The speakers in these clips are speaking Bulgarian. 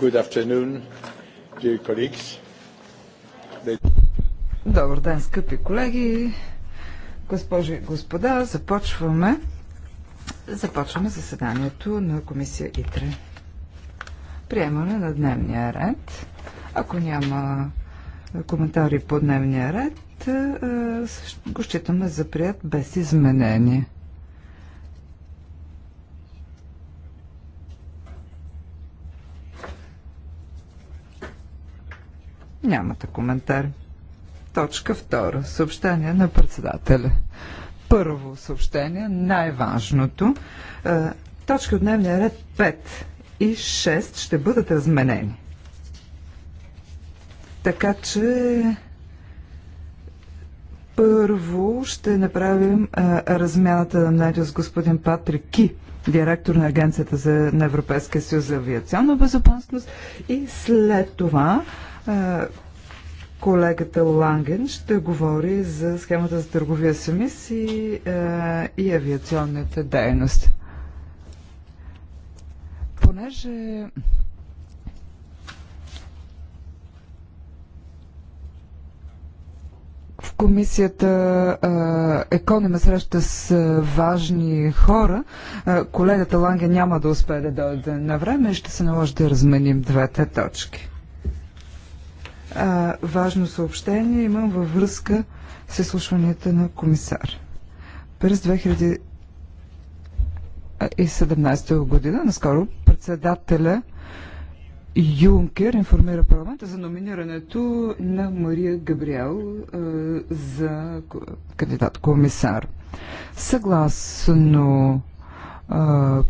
Good afternoon, dear colleagues. Добър ден, скъпи колеги, госпожи и господа, започваме. Започваме заседанието на комисия ИТРЕ. Приемане на дневния ред. Ако няма коментари по дневния ред, го считаме за прият без изменение. имате коментари? Точка 2. Съобщение на председателя. Първо съобщение, най-важното. Е, точки от дневния ред 5 и 6 ще бъдат разменени. Така че първо ще направим а, е, размяната на мнение с господин Патрик Ки, директор на Агенцията за, на Европейския съюз за авиационна безопасност и след това а, е, Колегата Ланген ще говори за схемата за търговия с емисии е, и авиационната дейност. Понеже в комисията е, Економа среща с важни хора. Е, колегата Ланген няма да успее да дойде на време и ще се наложи да разменим двете точки а, важно съобщение имам във връзка с изслушванията на комисар. През 2017 година, наскоро, председателя Юнкер информира парламента за номинирането на Мария Габриел а, за кандидат-комисар. Съгласно а,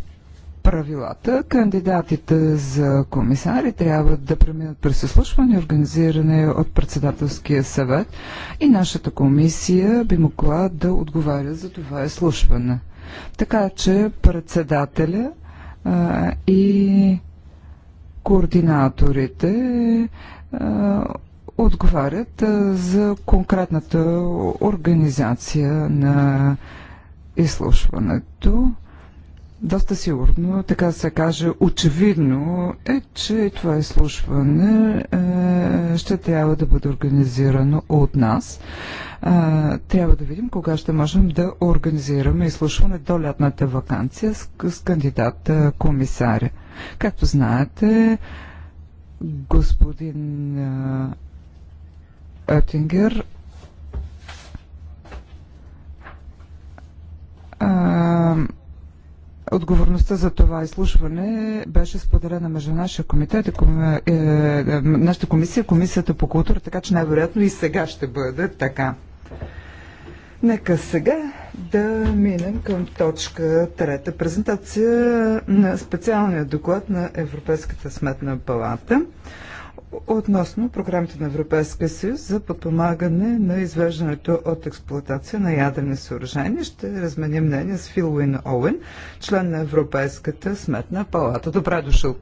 правилата. Кандидатите за комисари трябва да преминат през изслушване, организиране от председателския съвет и нашата комисия би могла да отговаря за това изслушване. Така че председателя а, и координаторите а, отговарят а, за конкретната организация на изслушването. Доста сигурно, така се каже, очевидно е, че това изслушване е, ще трябва да бъде организирано от нас. Е, трябва да видим кога ще можем да организираме изслушване до лятната вакансия с, с кандидата е, комисаря. Както знаете, господин е, Оттингер е, Отговорността за това изслушване беше споделена между нашия комитет и коми... Е, е, нашата комисия, комисията по култура, така че най-вероятно и сега ще бъде така. Нека сега да минем към точка трета. Презентация на специалния доклад на Европейската сметна палата относно програмите на Европейския съюз за подпомагане на извеждането от експлуатация на ядрени съоръжения. Ще разменим мнение с Фил Уин Оуен, член на Европейската сметна палата. Добре дошъл!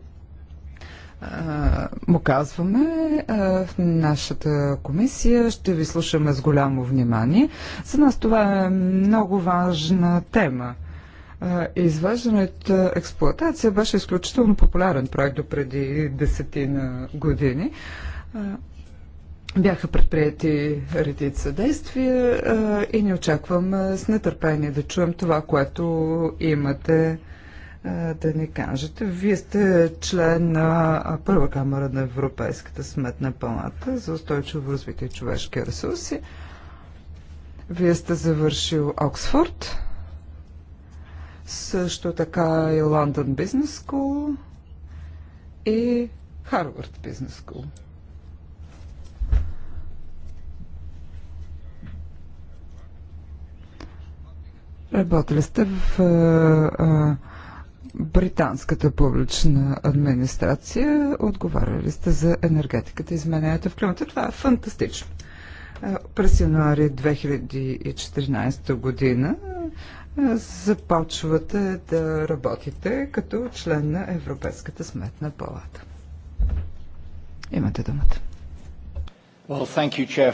му казваме в нашата комисия. Ще ви слушаме с голямо внимание. За нас това е много важна тема. Изваждането експлоатация беше изключително популярен проект до преди десетина години. Бяха предприяти редица действия и ни очаквам с нетърпение да чуем това, което имате да ни кажете. Вие сте член на Първа камера на Европейската сметна палата за устойчиво развитие и човешки ресурси. Вие сте завършил Оксфорд също така и е Лондон Бизнес Скул и Харвард Бизнес Скул. Работили сте в а, британската публична администрация, отговаряли сте за енергетиката и в климата. Това е фантастично. През януари 2014 година започвате да работите като член на Европейската сметна палата. Имате думата. Well, you, Chair,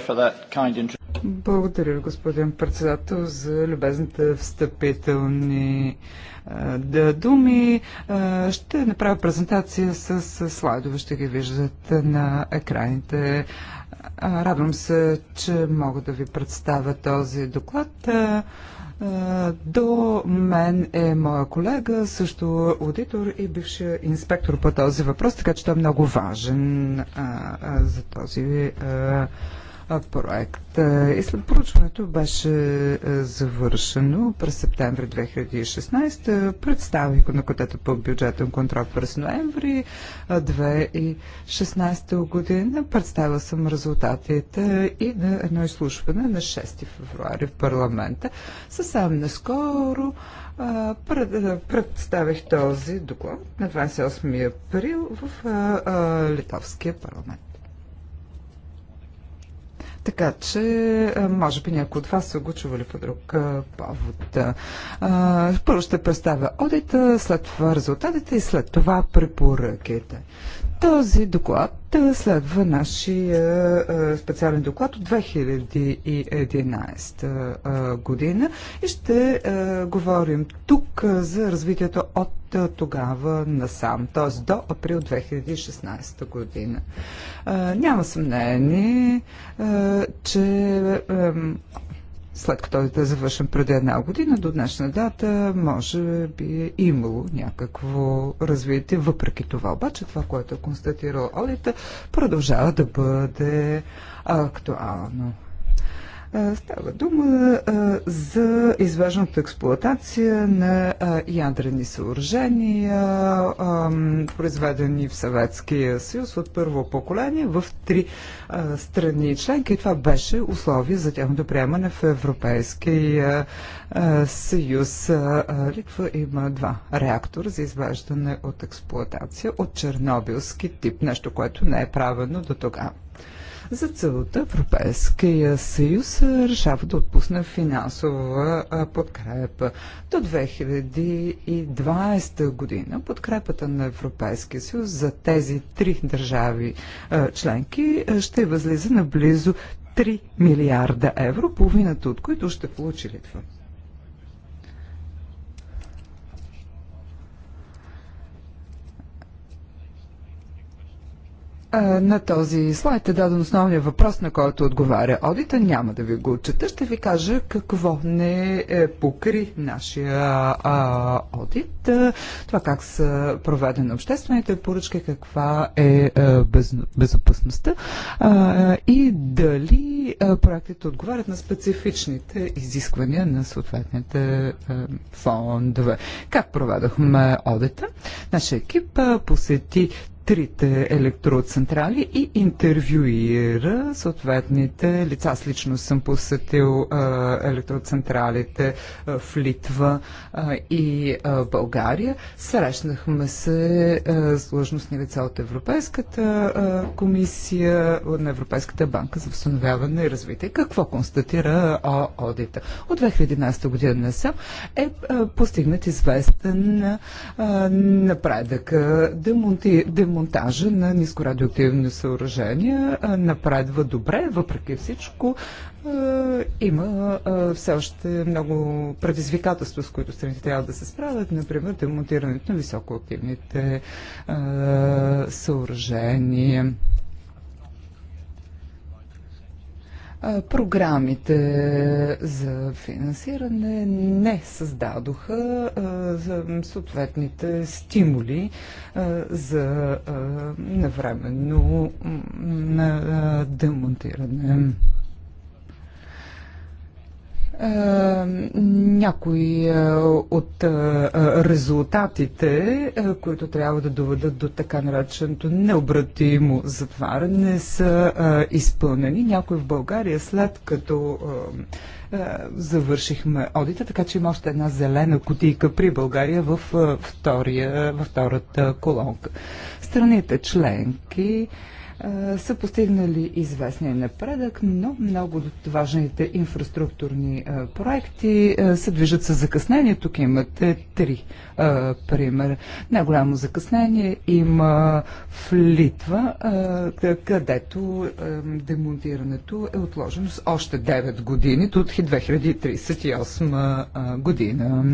kind... Благодаря, господин председател, за любезните встъпителни да, думи. Ще направя презентация с слайдове, ще ги виждате на екраните. Радвам се, че мога да ви представя този доклад. Е, до мен е моя колега, също аудитор и бивш инспектор по този въпрос, така че той е много важен а, а, за този а, е, проект. Е, и след проучването беше е, завършено през септември 2016. Представих на котето по бюджетен контрол през ноември 2016 е, година. Представил съм резултатите и на едно изслушване на 6 февруари в парламента. Съвсем наскоро представих този доклад на 28 април в Литовския парламент. Така че, може би някои от вас са го чували по друг повод. Първо ще представя одита, след това резултатите и след това препоръките. Този доклад Та е, следва нашия е, специален доклад от 2011 е, година и ще говорим тук за развитието от тогава насам, т.е. до април 2016 година. Няма съмнение, че след като да е завършен преди една година, до днешна дата може би е имало някакво развитие. Въпреки това, обаче, това, което е констатирал Олита, продължава да бъде актуално. Става дума за изважната експлуатация на ядрени съоръжения, произведени в Съветския съюз от първо поколение в три страни членки. Това беше условие за тяхното приемане в Европейския съюз. Литва има два реактора за изваждане от експлуатация от чернобилски тип, нещо, което не е правено до тогава. За целта Европейския съюз решава да отпусне финансова подкрепа. До 2020 година подкрепата на Европейския съюз за тези три държави членки ще възлиза на близо 3 милиарда евро, половината от които ще получи Литва. На този слайд е даден основния въпрос, на който отговаря одита. Няма да ви го отчета. Ще ви кажа какво не е покри нашия а, одит. Това как са проведени обществените поръчки, каква е без, безопасността а, и дали проектите отговарят на специфичните изисквания на съответните а, фондове. Как проведохме одита? Нашия екип посети трите електроцентрали и интервюира съответните лица. Аз лично съм посетил а, електроцентралите а, в Литва а, и а, България. Срещнахме се а, с длъжностни лица от Европейската а, комисия, на Европейската банка за възстановяване и развитие. Какво констатира а, одита? От 2011 година сам е а, постигнат известен а, напредък. Демонти, демонтажа на нискорадиоактивни съоръжения напредва добре, въпреки всичко има все още много предизвикателства, с които страните трябва да се справят, например демонтирането на високоактивните съоръжения Програмите за финансиране не създадоха съответните стимули за навременно демонтиране. Е, някои е, от е, резултатите, които трябва да доведат до така нареченото необратимо затваряне, са изпълнени. Някои в България, след като завършихме одита, така че има още една зелена кутийка при България във, втория, във втората колонка. Страните членки е, са постигнали известния напредък, но много от важните инфраструктурни е, проекти е, се движат с закъснение. Тук имате три примера. Най-голямо закъснение има в Литва, където демонтирането е отложено с още 9 години, до 2038 година.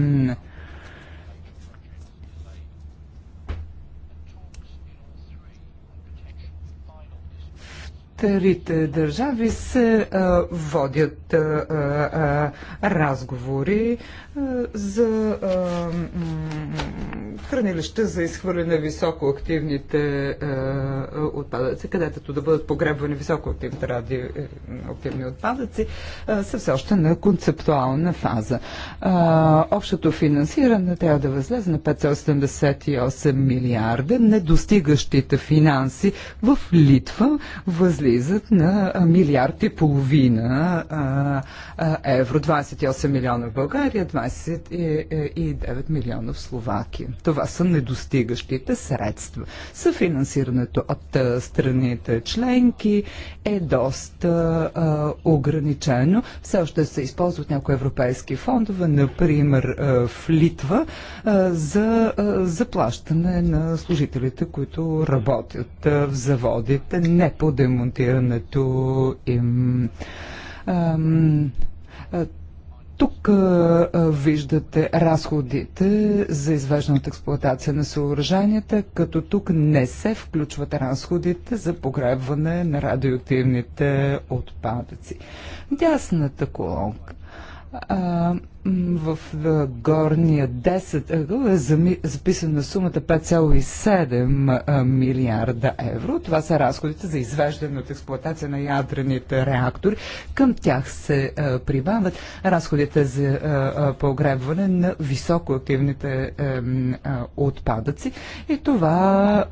трите държави се а, водят а, а, разговори а, за а, хранилища за изхвърляне на високоактивните а, отпадъци, където да бъдат погребвани високоактивните радиоактивни е, отпадъци, а, са все още на концептуална фаза. А, общото финансиране трябва да възлезе на 578 милиарда, недостигащите финанси в Литва възлезе възлизат на милиард и половина евро. 28 милиона в България, 29 милиона в Словакия. Това са недостигащите средства. Съфинансирането от страните членки е доста а, ограничено. Все още се използват някои европейски фондове, например а, в Литва, а, за заплащане на служителите, които работят в заводите не по демон транспортирането им. Тук а, виждате разходите за извеждане от експлуатация на съоръженията, като тук не се включват разходите за погребване на радиоактивните отпадъци. Дясната колонка. А, в горния 10 ъгъл е, е записана сумата 5,7 е, милиарда евро. Това са разходите за извеждане от експлуатация на ядрените реактори. Към тях се е, прибавят разходите за погребване на високоактивните отпадъци и това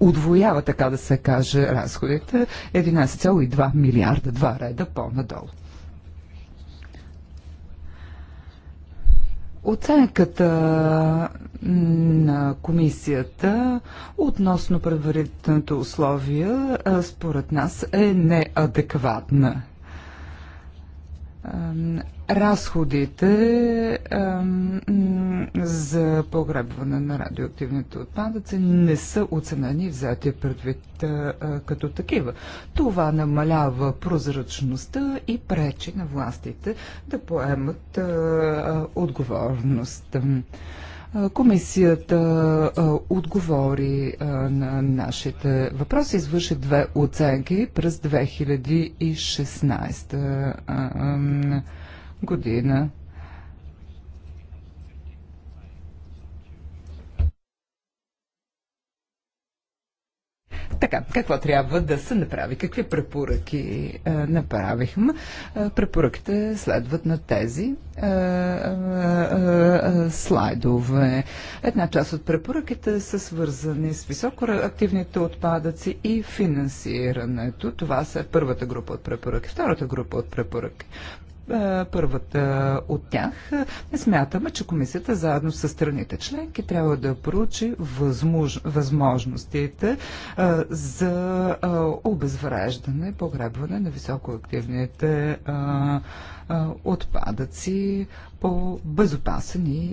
удвоява, така да се каже, разходите 11,2 милиарда, два реда по-надолу. Оценката на комисията относно предварителните условия според нас е неадекватна разходите за погребване на радиоактивните отпадъци не са оценени и взети предвид като такива. Това намалява прозрачността и пречи на властите да поемат отговорност. Комисията а, отговори а, на нашите въпроси, извърши две оценки през 2016 а, година. Така, какво трябва да се направи? Какви препоръки е, направихме? Е, препоръките следват на тези е, е, е, е, слайдове. Една част от препоръките са свързани с високоактивните отпадъци и финансирането. Това са първата група от препоръки. Втората група от препоръки. Е, първата от тях. Не смятаме, че комисията заедно с страните членки трябва да проучи възмож... възможностите а, е, за а, е, обезвреждане, погребване на високоактивните а, отпадъци по безопасен и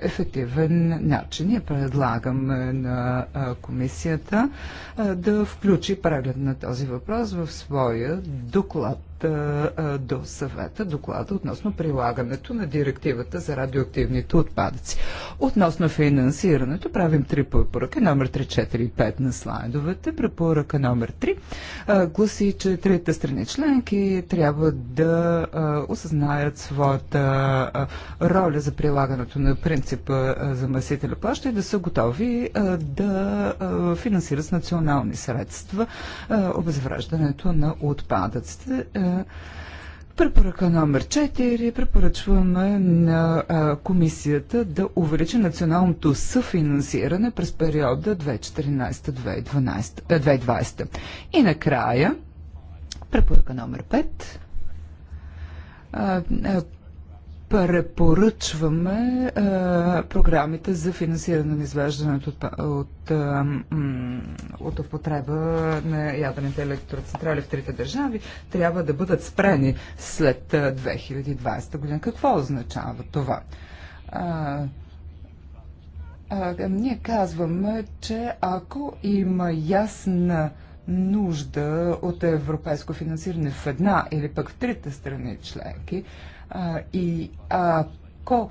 ефективен начин. Ние предлагаме на комисията да включи преглед на този въпрос в своя доклад до съвета доклада относно прилагането на директивата за радиоактивните отпадъци. Относно финансирането правим три препоръки. Номер 3, 4 и 5 на слайдовете. Препоръка номер 3 гласи, че трите страни членки трябва да осъзнаят своята роля за прилагането на принципа масителя плаща и да са готови да финансират с национални средства обезвреждането на отпадъците Препоръка номер 4 препоръчваме на а, комисията да увеличи националното съфинансиране през периода 2014-2020. И накрая, препоръка номер 5 препоръчваме програмите за финансиране на извеждането от, от, от употреба на ядрените електроцентрали в трите държави, трябва да бъдат спрени след 2020 година. Какво означава това? А, а, ние казваме, че ако има ясна нужда от европейско финансиране в една или пък в трите страни членки, и ако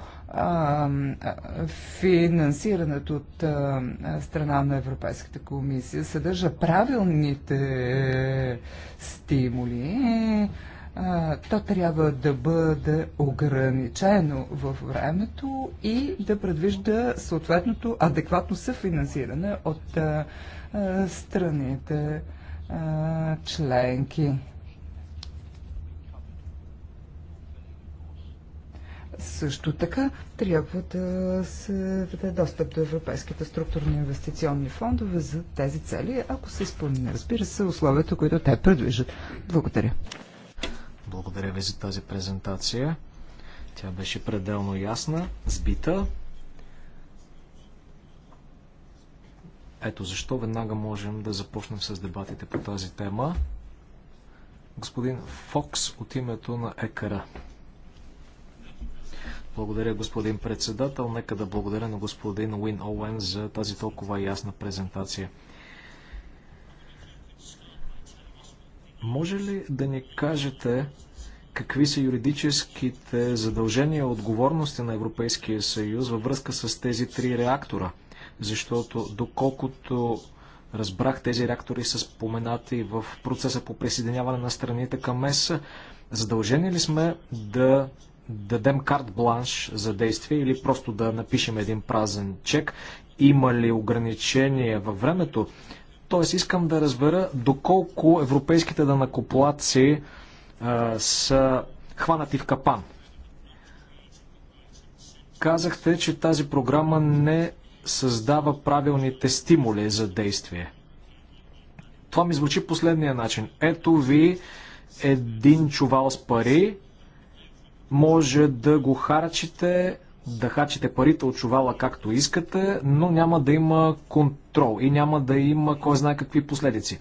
финансирането от страна на Европейската комисия съдържа правилните стимули, то трябва да бъде ограничено във времето и да предвижда съответното адекватно съфинансиране от страните членки. Също така трябва да се даде достъп до европейските структурни инвестиционни фондове за тези цели, ако се изпълни, разбира се, условията, които те предвиждат. Благодаря. Благодаря ви за тази презентация. Тя беше пределно ясна, сбита. Ето защо веднага можем да започнем с дебатите по тази тема. Господин Фокс от името на ЕКАРА. Благодаря, господин председател. Нека да благодаря на господин Уин Оуен за тази толкова ясна презентация. Може ли да ни кажете какви са юридическите задължения и отговорности на Европейския съюз във връзка с тези три реактора? Защото доколкото разбрах, тези реактори са споменати в процеса по присъединяване на страните към ЕС. Задължени ли сме да дадем карт бланш за действие или просто да напишем един празен чек? Има ли ограничения във времето? Тоест искам да разбера доколко европейските данакоплаци а, са хванати в капан. Казахте, че тази програма не създава правилните стимули за действие. Това ми звучи последния начин. Ето ви един чувал с пари, може да го харчите, да хачите парите от чувала както искате, но няма да има контрол и няма да има кой знае какви последици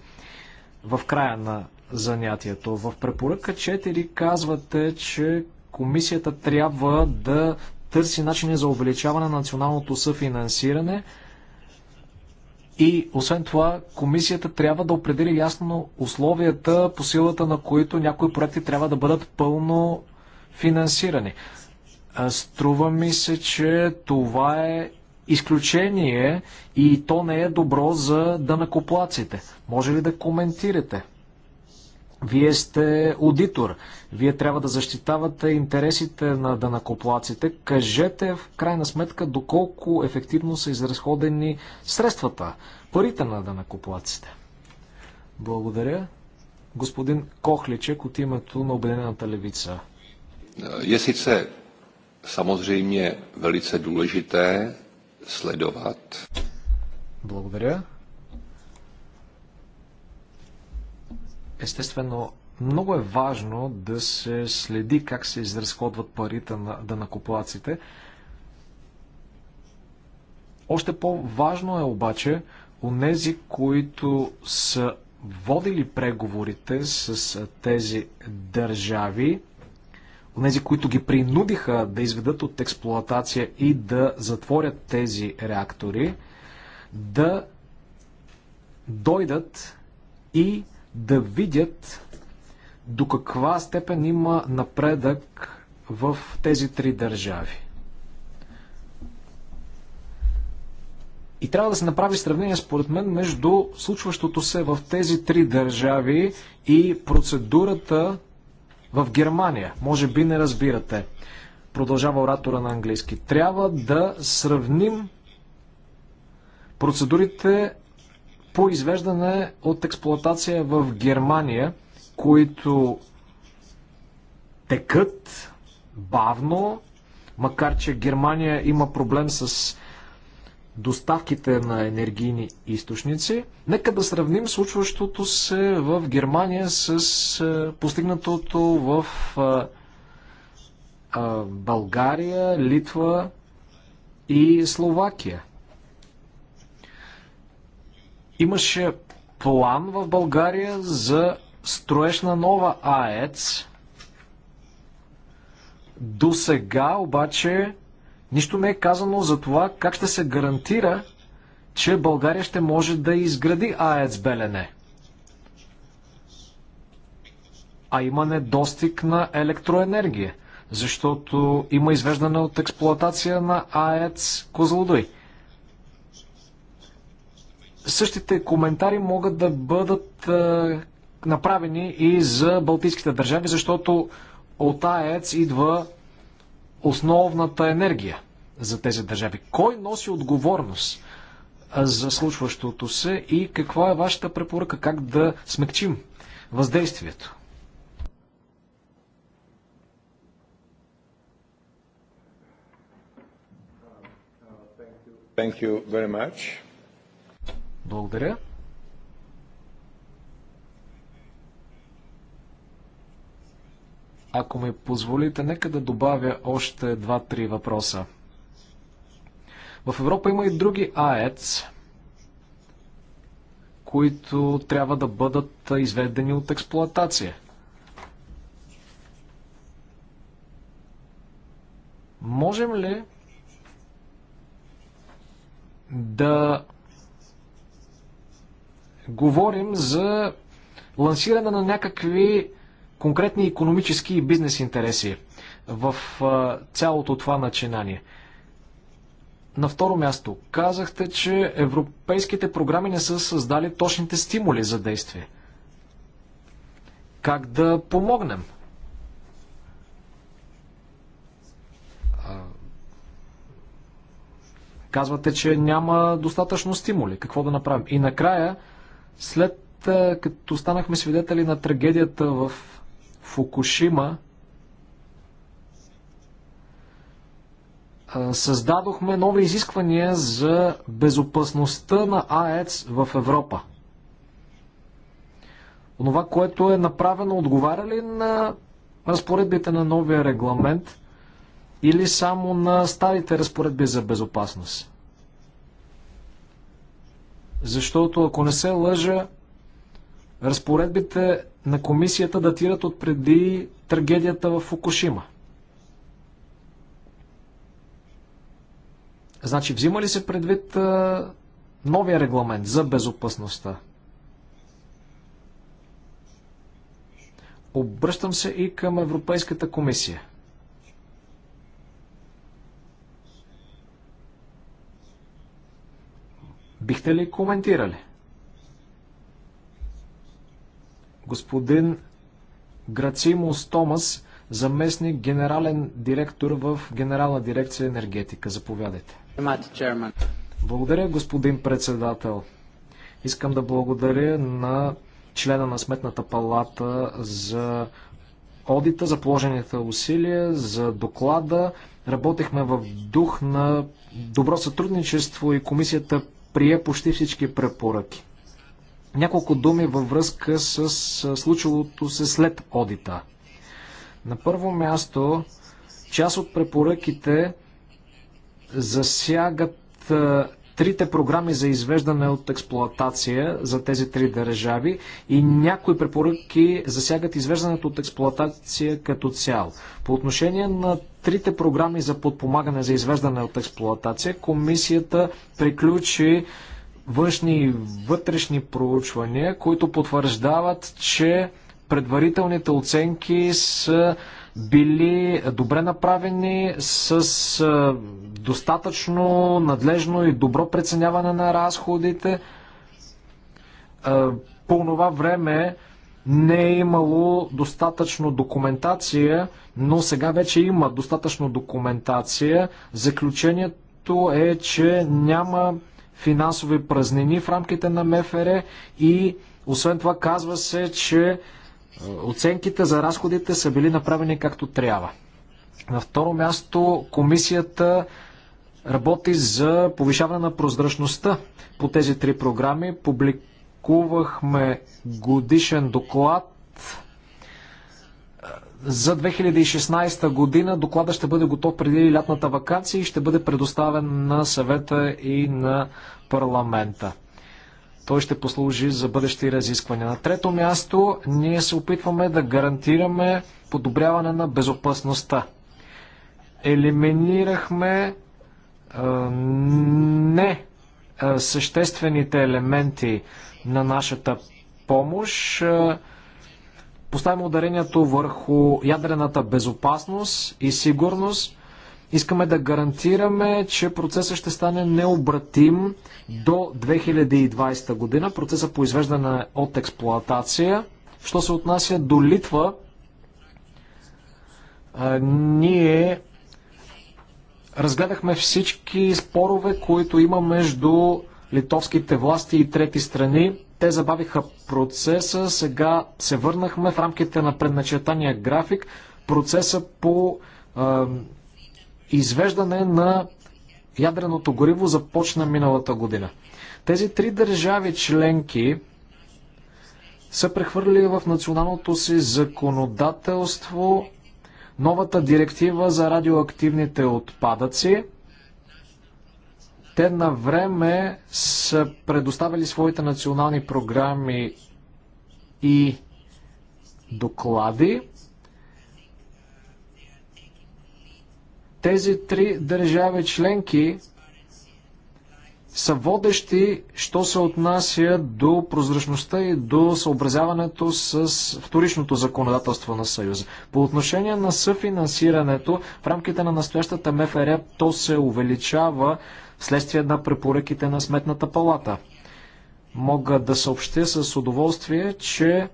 в края на занятието. В препоръка 4 казвате, че комисията трябва да търси начини за увеличаване на националното съфинансиране и освен това комисията трябва да определи ясно условията по силата на които някои проекти трябва да бъдат пълно финансирани. Струва ми се, че това е изключение и то не е добро за дънакоплаците. Може ли да коментирате? Вие сте аудитор. Вие трябва да защитавате интересите на данакоплаците. Кажете в крайна сметка доколко ефективно са изразходени средствата, парите на данакоплаците. Благодаря. Господин Кохличек от името на Обединената левица. Je sice samozřejmě velice důležité sledovat. Благодаря. Естествено, много е важно да се следи как се изразходват парите на данакоплаците. Още по-важно е обаче нези, които са водили преговорите с тези държави, тези, които ги принудиха да изведат от експлоатация и да затворят тези реактори, да дойдат и да видят до каква степен има напредък в тези три държави. И трябва да се направи сравнение, според мен, между случващото се в тези три държави и процедурата в Германия. Може би не разбирате. Продължава оратора на английски. Трябва да сравним процедурите по извеждане от експлоатация в Германия, които текат бавно, макар че Германия има проблем с доставките на енергийни източници. Нека да сравним случващото се в Германия с е, постигнатото в е, е, България, Литва и Словакия. Имаше план в България за строеж на нова АЕЦ. До сега обаче Нищо не е казано за това как ще се гарантира, че България ще може да изгради АЕЦ Белене. А има недостиг на електроенергия, защото има извеждане от експлоатация на АЕЦ Козлодой. Същите коментари могат да бъдат е, направени и за Балтийските държави, защото от АЕЦ идва основната енергия за тези държави. Кой носи отговорност за случващото се и каква е вашата препоръка? Как да смекчим въздействието? Thank you very much. Благодаря. Ако ми позволите, нека да добавя още два-три въпроса. В Европа има и други АЕЦ, които трябва да бъдат изведени от експлоатация. Можем ли да говорим за лансиране на някакви конкретни економически и бизнес интереси в цялото това начинание. На второ място, казахте, че европейските програми не са създали точните стимули за действие. Как да помогнем? Казвате, че няма достатъчно стимули. Какво да направим? И накрая, след като станахме свидетели на трагедията в Фукушима създадохме нови изисквания за безопасността на АЕЦ в Европа. Онова, което е направено, отговаря ли на разпоредбите на новия регламент или само на старите разпоредби за безопасност? Защото, ако не се лъжа, разпоредбите на комисията датират от преди трагедията в Фукушима. Значи, взима ли се предвид а, новия регламент за безопасността? Обръщам се и към Европейската комисия. Бихте ли коментирали? господин Грацимус Томас, заместник генерален директор в Генерална дирекция енергетика. Заповядайте. Благодаря, господин председател. Искам да благодаря на члена на Сметната палата за одита, за положените усилия, за доклада. Работехме в дух на добро сътрудничество и комисията прие почти всички препоръки. Няколко думи във връзка с случилото се след одита. На първо място, част от препоръките засягат трите програми за извеждане от експлоатация за тези три държави и някои препоръки засягат извеждането от експлоатация като цяло. По отношение на трите програми за подпомагане за извеждане от експлоатация, комисията приключи външни и вътрешни проучвания, които потвърждават, че предварителните оценки са били добре направени с достатъчно надлежно и добро преценяване на разходите. По това време не е имало достатъчно документация, но сега вече има достатъчно документация. Заключението е, че няма финансови празнини в рамките на МФР и освен това казва се, че е, оценките за разходите са били направени както трябва. На второ място комисията работи за повишаване на прозрачността по тези три програми. Публикувахме годишен доклад за 2016 година доклада ще бъде готов преди лятната вакансия и ще бъде предоставен на съвета и на парламента. Той ще послужи за бъдещи разисквания. На трето място, ние се опитваме да гарантираме подобряване на безопасността. Елиминирахме е, не е, съществените елементи на нашата помощ. Е, Поставяме ударението върху ядрената безопасност и сигурност. Искаме да гарантираме, че процесът ще стане необратим до 2020 година, процеса по извеждане от експлоатация. Що се отнася до Литва, ние разгледахме всички спорове, които има между литовските власти и трети страни. Те забавиха процеса, сега се върнахме в рамките на предначертания график. Процеса по е, извеждане на ядреното гориво започна миналата година. Тези три държави членки са прехвърлили в националното си законодателство новата директива за радиоактивните отпадъци – те на време са предоставили своите национални програми и доклади. Тези три държави членки са водещи, що се отнася до прозрачността и до съобразяването с вторичното законодателство на Съюза. По отношение на съфинансирането, в рамките на настоящата МФР то се увеличава вследствие на препоръките на Сметната палата. Мога да съобщя с удоволствие, че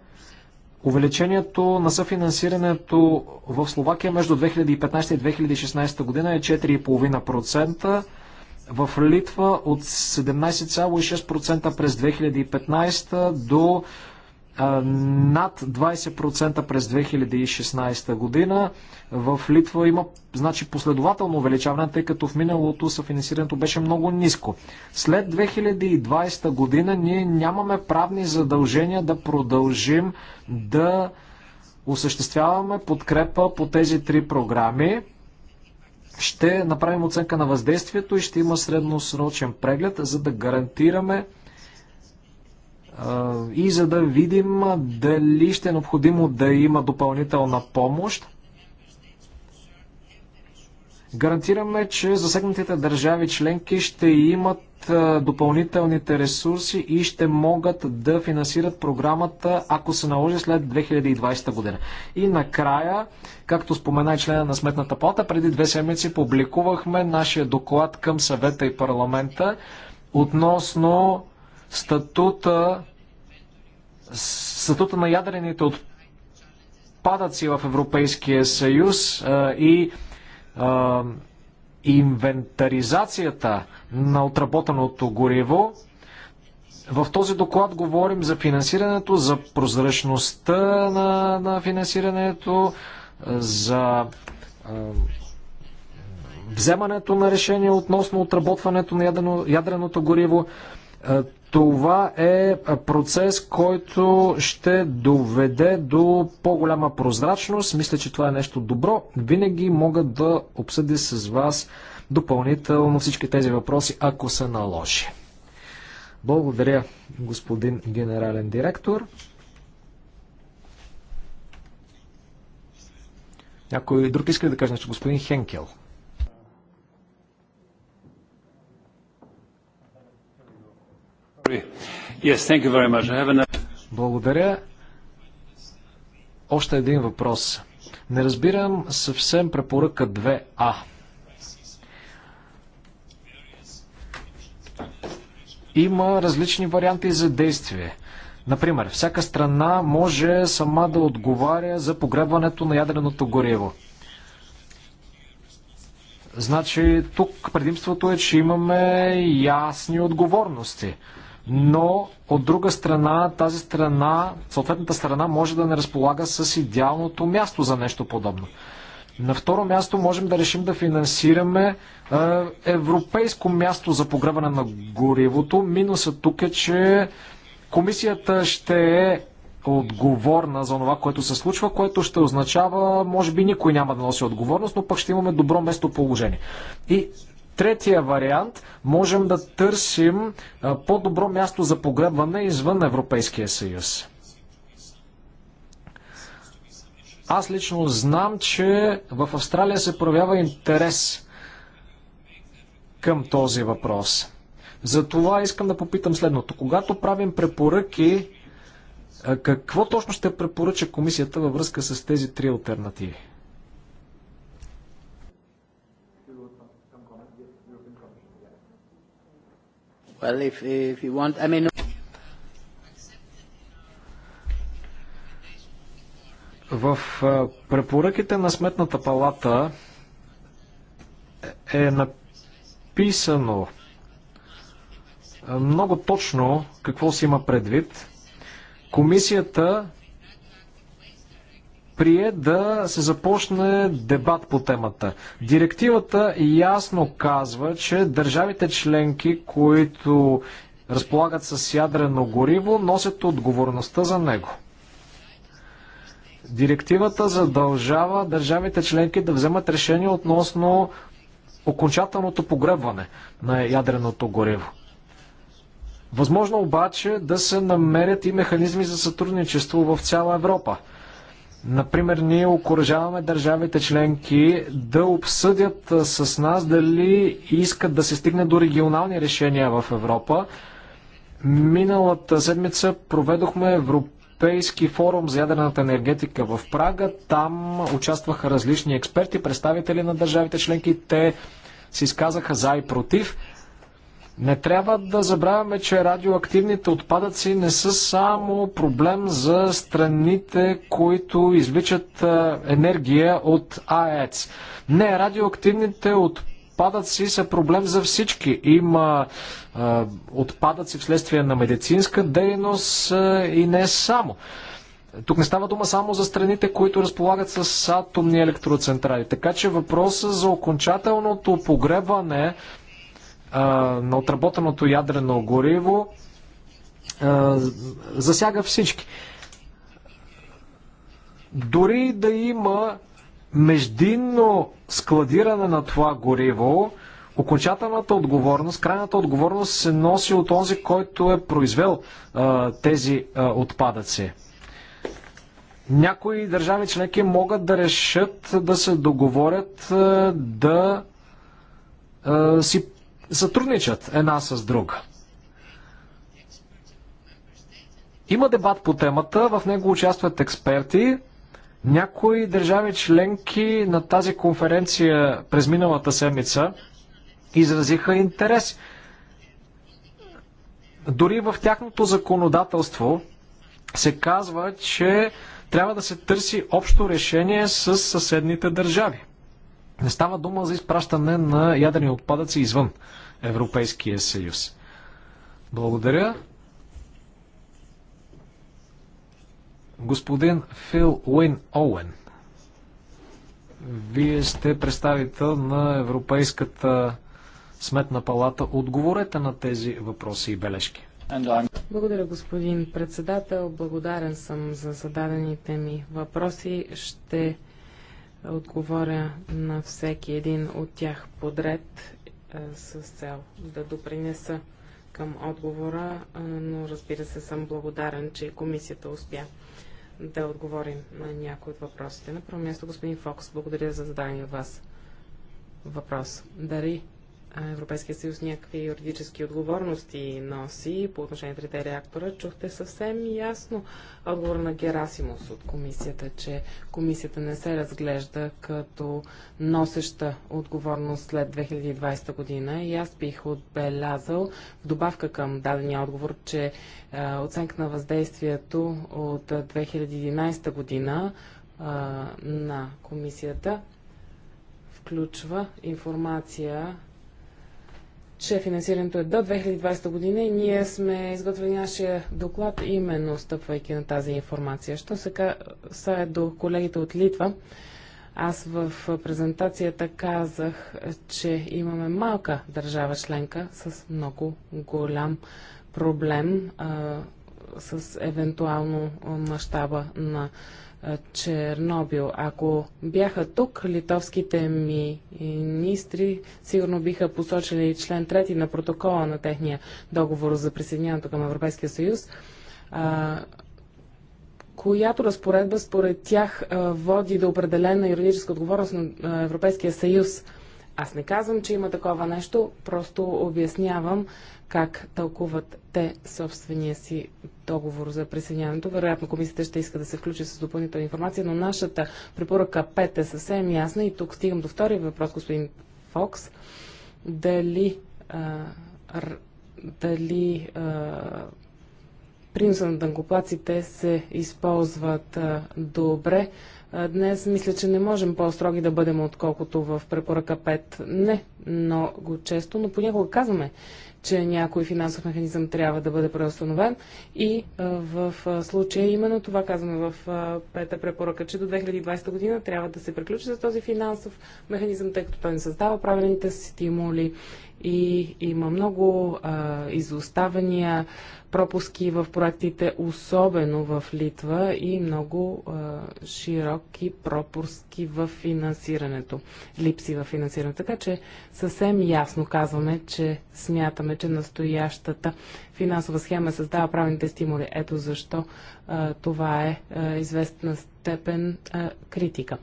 увеличението на съфинансирането в Словакия между 2015 и 2016 година е 4,5%, в Литва от 17,6% през 2015 до над 20% през 2016 година. В Литва има значи, последователно увеличаване, тъй като в миналото съфинансирането беше много ниско. След 2020 година ние нямаме правни задължения да продължим да осъществяваме подкрепа по тези три програми. Ще направим оценка на въздействието и ще има средносрочен преглед, за да гарантираме и за да видим дали ще е необходимо да има допълнителна помощ. Гарантираме, че засегнатите държави членки ще имат допълнителните ресурси и ще могат да финансират програмата, ако се наложи след 2020 година. И накрая, както спомена и члена на Сметната плата, преди две седмици публикувахме нашия доклад към съвета и парламента относно статута, статута на ядрените отпадъци в Европейския съюз и инвентаризацията на отработеното гориво. В този доклад говорим за финансирането, за прозрачността на, на финансирането, за вземането на решение относно отработването на ядрено, ядреното гориво това е процес, който ще доведе до по-голяма прозрачност. Мисля, че това е нещо добро. Винаги мога да обсъдя с вас допълнително всички тези въпроси, ако се наложи. Благодаря, господин генерален директор. Някой друг иска да каже нещо? Господин Хенкел. Благодаря. Още един въпрос. Не разбирам съвсем препоръка 2А. Има различни варианти за действие. Например, всяка страна може сама да отговаря за погребването на ядреното гориво. Значи тук предимството е, че имаме ясни отговорности но от друга страна, тази страна, съответната страна може да не разполага с идеалното място за нещо подобно. На второ място можем да решим да финансираме е, европейско място за погребане на горивото. Минусът тук е, че комисията ще е отговорна за това, което се случва, което ще означава, може би никой няма да носи отговорност, но пък ще имаме добро местоположение. И третия вариант можем да търсим по-добро място за погребване извън Европейския съюз. Аз лично знам, че в Австралия се проявява интерес към този въпрос. Затова искам да попитам следното. Когато правим препоръки, какво точно ще препоръча комисията във връзка с тези три альтернативи? Well, if, if you want, I mean... В препоръките на Сметната палата е написано много точно какво си има предвид. Комисията прие да се започне дебат по темата. Директивата ясно казва, че държавите членки, които разполагат с ядрено гориво, носят отговорността за него. Директивата задължава държавите членки да вземат решение относно окончателното погребване на ядреното гориво. Възможно обаче да се намерят и механизми за сътрудничество в цяла Европа. Например, ние окоръжаваме държавите членки да обсъдят с нас дали искат да се стигне до регионални решения в Европа. Миналата седмица проведохме Европейски форум за ядрената енергетика в Прага. Там участваха различни експерти, представители на държавите членки. Те се изказаха за и против. Не трябва да забравяме, че радиоактивните отпадъци не са само проблем за страните, които извличат енергия от АЕЦ. Не, радиоактивните отпадъци са проблем за всички. Има е, отпадъци вследствие на медицинска дейност е, и не само. Тук не става дума само за страните, които разполагат с атомни електроцентрали. Така че въпросът за окончателното погребане на отработеното ядрено гориво засяга всички. Дори да има междинно складиране на това гориво, окончателната отговорност, крайната отговорност се носи от този, който е произвел а, тези а, отпадъци. Някои държави членки могат да решат да се договорят а, да а, си сътрудничат една с друга. Има дебат по темата, в него участват експерти. Някои държави членки на тази конференция през миналата седмица изразиха интерес. Дори в тяхното законодателство се казва, че трябва да се търси общо решение с съседните държави. Не става дума за изпращане на ядрени отпадъци извън Европейския съюз. Благодаря. Господин Фил Уин Оуен. Вие сте представител на Европейската сметна палата. Отговорете на тези въпроси и бележки. Благодаря, господин председател. Благодарен съм за зададените ми въпроси. Ще отговоря на всеки един от тях подред с цел да допринеса към отговора, но разбира се съм благодарен, че комисията успя да отговорим на някои от въпросите. На първо място, господин Фокс, благодаря за зададения вас въпрос. дари. Европейския съюз някакви юридически отговорности носи по отношение на трите реактора, чухте съвсем ясно отговор на Герасимус от комисията, че комисията не се разглежда като носеща отговорност след 2020 година и аз бих отбелязал в добавка към дадения отговор, че оценка на въздействието от 2011 година на комисията включва информация че финансирането е до 2020 година и ние сме изготвили нашия доклад именно стъпвайки на тази информация. Що се касае до колегите от Литва, аз в презентацията казах, че имаме малка държава членка с много голям проблем а, с евентуално мащаба на Чернобил. Ако бяха тук, литовските ми министри сигурно биха посочили член 3 на протокола на техния договор за присъединяването към Европейския съюз, а, която разпоредба според тях води до определена юридическа отговорност на Европейския съюз. Аз не казвам, че има такова нещо, просто обяснявам как тълкуват те собствения си договор за присъединяването. Вероятно комисията ще иска да се включи с допълнителна информация, но нашата препоръка 5 е съвсем ясна и тук стигам до втория въпрос, господин Фокс. Дали, а, дали а, приноса на дънкоплаците се използват а, добре? Днес мисля, че не можем по-строги да бъдем, отколкото в препоръка 5. Не, много често, но понякога казваме, че някой финансов механизъм трябва да бъде преустановен. И е, в е, случая именно това казваме в е, пета препоръка, че до 2020 година трябва да се приключи с този финансов механизъм, тъй като той не създава правилните стимули и има много а, изоставания, пропуски в проектите, особено в Литва и много а, широки пропуски в финансирането, липси в финансирането. Така че съвсем ясно казваме, че смятаме, че настоящата финансова схема създава правилните стимули. Ето защо а, това е а, известна степен а, критика.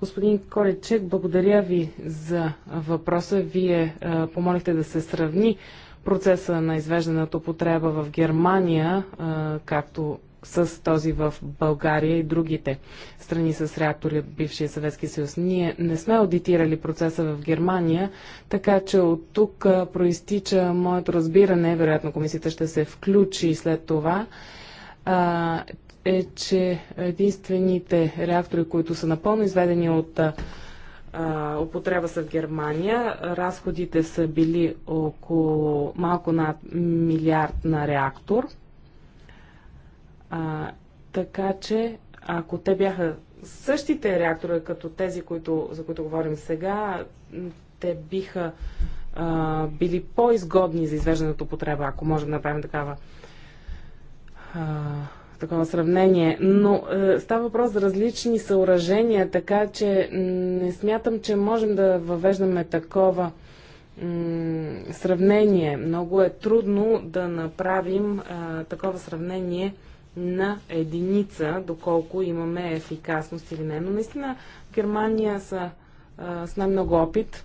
Господин Коречек, благодаря ви за въпроса. Вие е, помолихте да се сравни процеса на извеждането потреба употреба в Германия, е, както с този в България и другите страни с реактори от бившия Съветски съюз. Ние не сме аудитирали процеса в Германия, така че от тук е, проистича моето разбиране, вероятно комисията ще се включи след това, е, че единствените реактори, които са напълно изведени от а, употреба са в Германия. Разходите са били около малко над милиард на реактор. А, така че, ако те бяха същите реактори, като тези, които, за които говорим сега, те биха а, били по-изгодни за извеждането употреба, ако можем да направим такава а, такова сравнение, но е, става въпрос за различни съоръжения, така че не смятам, че можем да въвеждаме такова сравнение. Много е трудно да направим е, такова сравнение на единица, доколко имаме ефикасност или не. Но наистина в Германия са, е, с най-много опит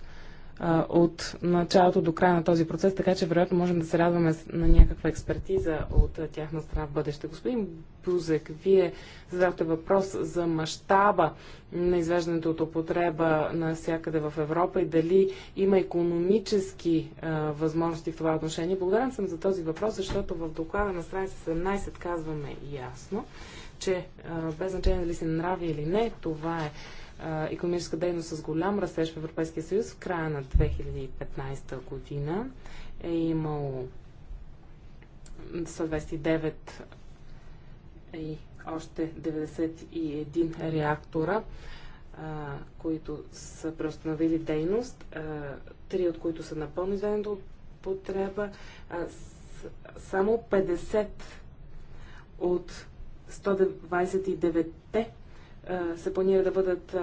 от началото до края на този процес, така че вероятно можем да се радваме на някаква експертиза от тяхна страна в бъдеще. Господин Бузек, вие задахте въпрос за мащаба на извеждането от употреба навсякъде в Европа и дали има економически а, възможности в това отношение. Благодарен съм за този въпрос, защото в доклада на страница 17 казваме ясно, че а, без значение дали се нрави или не, това е економическа дейност с голям растеж в Европейския съюз в края на 2015 година е имало 129 и още 91 реактора, а, които са преустановили дейност, а, три от които са напълно изведени до употреба. Само 50 от 129-те се планира да бъдат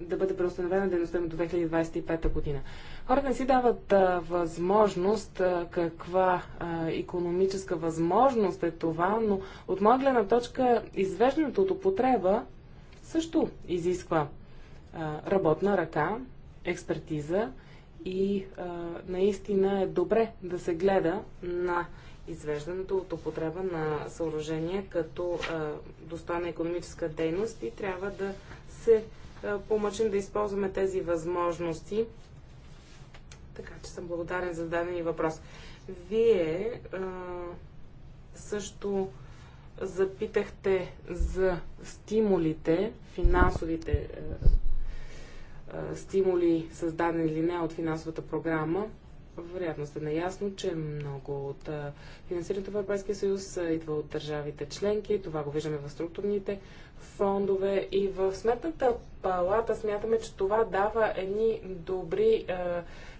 да бъде преустановена дейността до 2025 година. Хората не си дават а, възможност а, каква а, економическа възможност е това, но от моя гледна точка извеждането от употреба също изисква а, работна ръка, експертиза и а, наистина е добре да се гледа на извеждането от употреба на съоръжения като достойна економическа дейност и трябва да се помъчим да използваме тези възможности. Така че съм благодарен за дадения въпрос. Вие също запитахте за стимулите, финансовите стимули, създадени или не от финансовата програма вероятно сте наясно, че много от финансирането в Европейския съюз идва от държавите членки. Това го виждаме в структурните фондове и в сметната палата смятаме, че това дава едни добри е,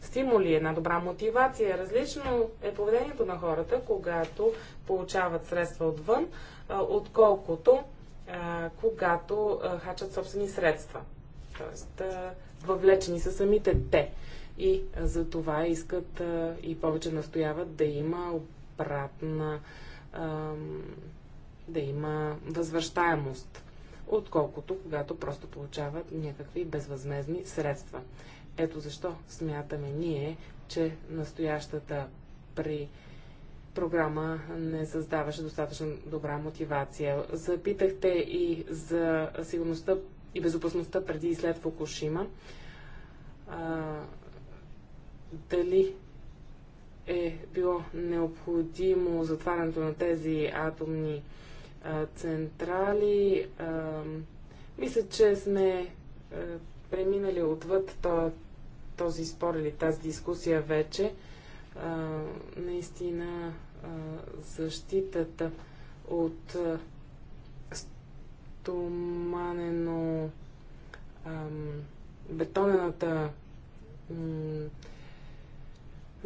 стимули, една добра мотивация. Различно е поведението на хората, когато получават средства отвън, е, отколкото е, когато е, хачат собствени средства. Тоест, е, въвлечени са самите те и за това искат и повече настояват да има обратна, да има възвръщаемост, отколкото когато просто получават някакви безвъзмезни средства. Ето защо смятаме ние, че настоящата при програма не създаваше достатъчно добра мотивация. Запитахте и за сигурността и безопасността преди и след Фукушима дали е било необходимо затварянето на тези атомни а, централи. А, мисля, че сме а, преминали отвъд то, този спор или тази дискусия вече. А, наистина а, защитата от а, стоманено а, бетонената а,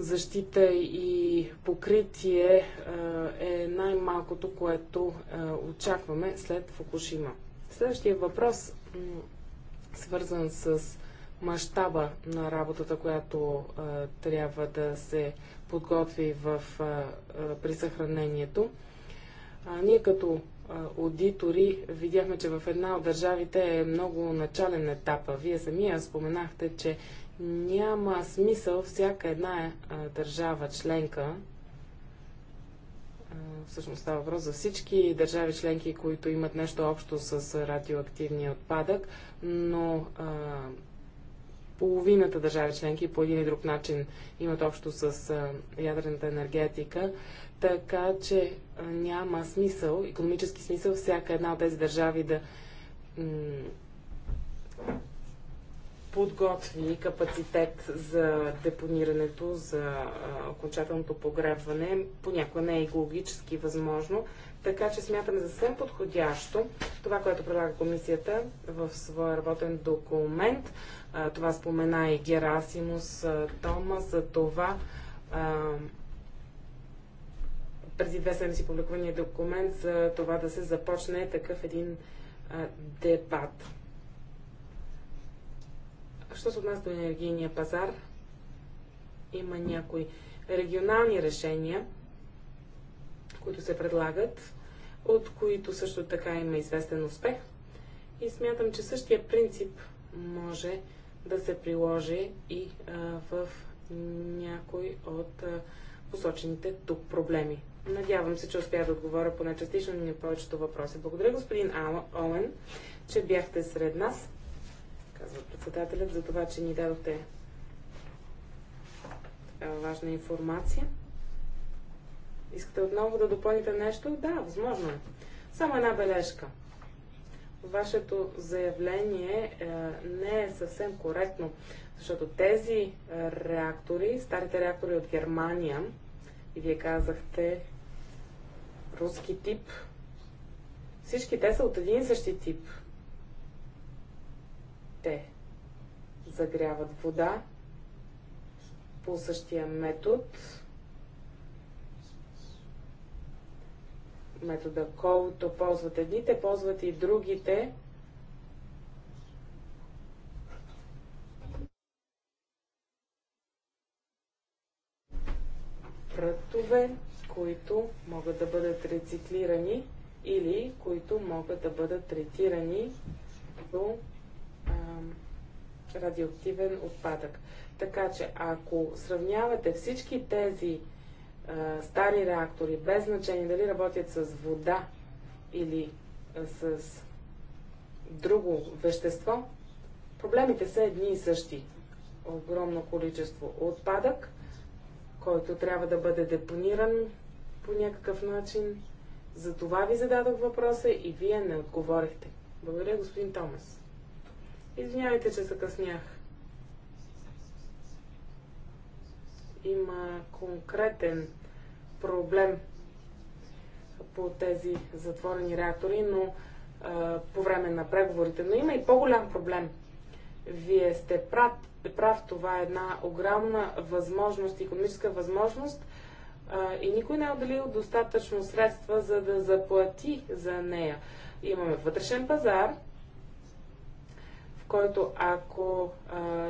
защита и покритие е, е най-малкото, което е, очакваме след Фукушима. Следващия въпрос, свързан с мащаба на работата, която е, трябва да се подготви в, при съхранението. Ние като аудитори видяхме, че в една от държавите е много начален етап. Вие самия споменахте, че няма смисъл всяка една а, държава членка, а, всъщност става въпрос за всички държави членки, които имат нещо общо с радиоактивния отпадък, но а, половината държави членки по един или друг начин имат общо с а, ядрената енергетика, така че а, няма смисъл, економически смисъл, всяка една от тези държави да подготви капацитет за депонирането, за окончателното погребване. Понякога не е екологически възможно, така че смятаме за съвсем подходящо това, което предлага комисията в своя работен документ. това спомена и Герасимус Тома за това преди две седмици публикувания документ за това да се започне такъв един дебат. Що се отнася до енергийния пазар, има някои регионални решения, които се предлагат, от които също така има известен успех. И смятам, че същия принцип може да се приложи и в някой от посочените тук проблеми. Надявам се, че успях да отговоря поне частично на повечето въпроси. Благодаря, господин Олен, че бяхте сред нас казва председателят, за това, че ни дадохте такава важна информация. Искате отново да допълните нещо? Да, възможно е. Само една бележка. Вашето заявление е, не е съвсем коректно, защото тези е, реактори, старите реактори от Германия, и вие казахте руски тип, всички те са от един и същи тип. Те загряват вода по същия метод. Метода, колкото ползват едните, ползват и другите. прътове, които могат да бъдат рециклирани или които могат да бъдат третирани до радиоактивен отпадък. Така че ако сравнявате всички тези а, стари реактори, без значение дали работят с вода или а, с друго вещество, проблемите са едни и същи. Огромно количество отпадък, който трябва да бъде депониран по някакъв начин. За това ви зададох въпроса и вие не отговорихте. Благодаря, господин Томас. Извинявайте, че закъснях. Има конкретен проблем по тези затворени реактори, но а, по време на преговорите. Но има и по-голям проблем. Вие сте прав, прав, това е една огромна възможност, економическа възможност а, и никой не е отделил достатъчно средства, за да заплати за нея. Имаме вътрешен пазар, който ако,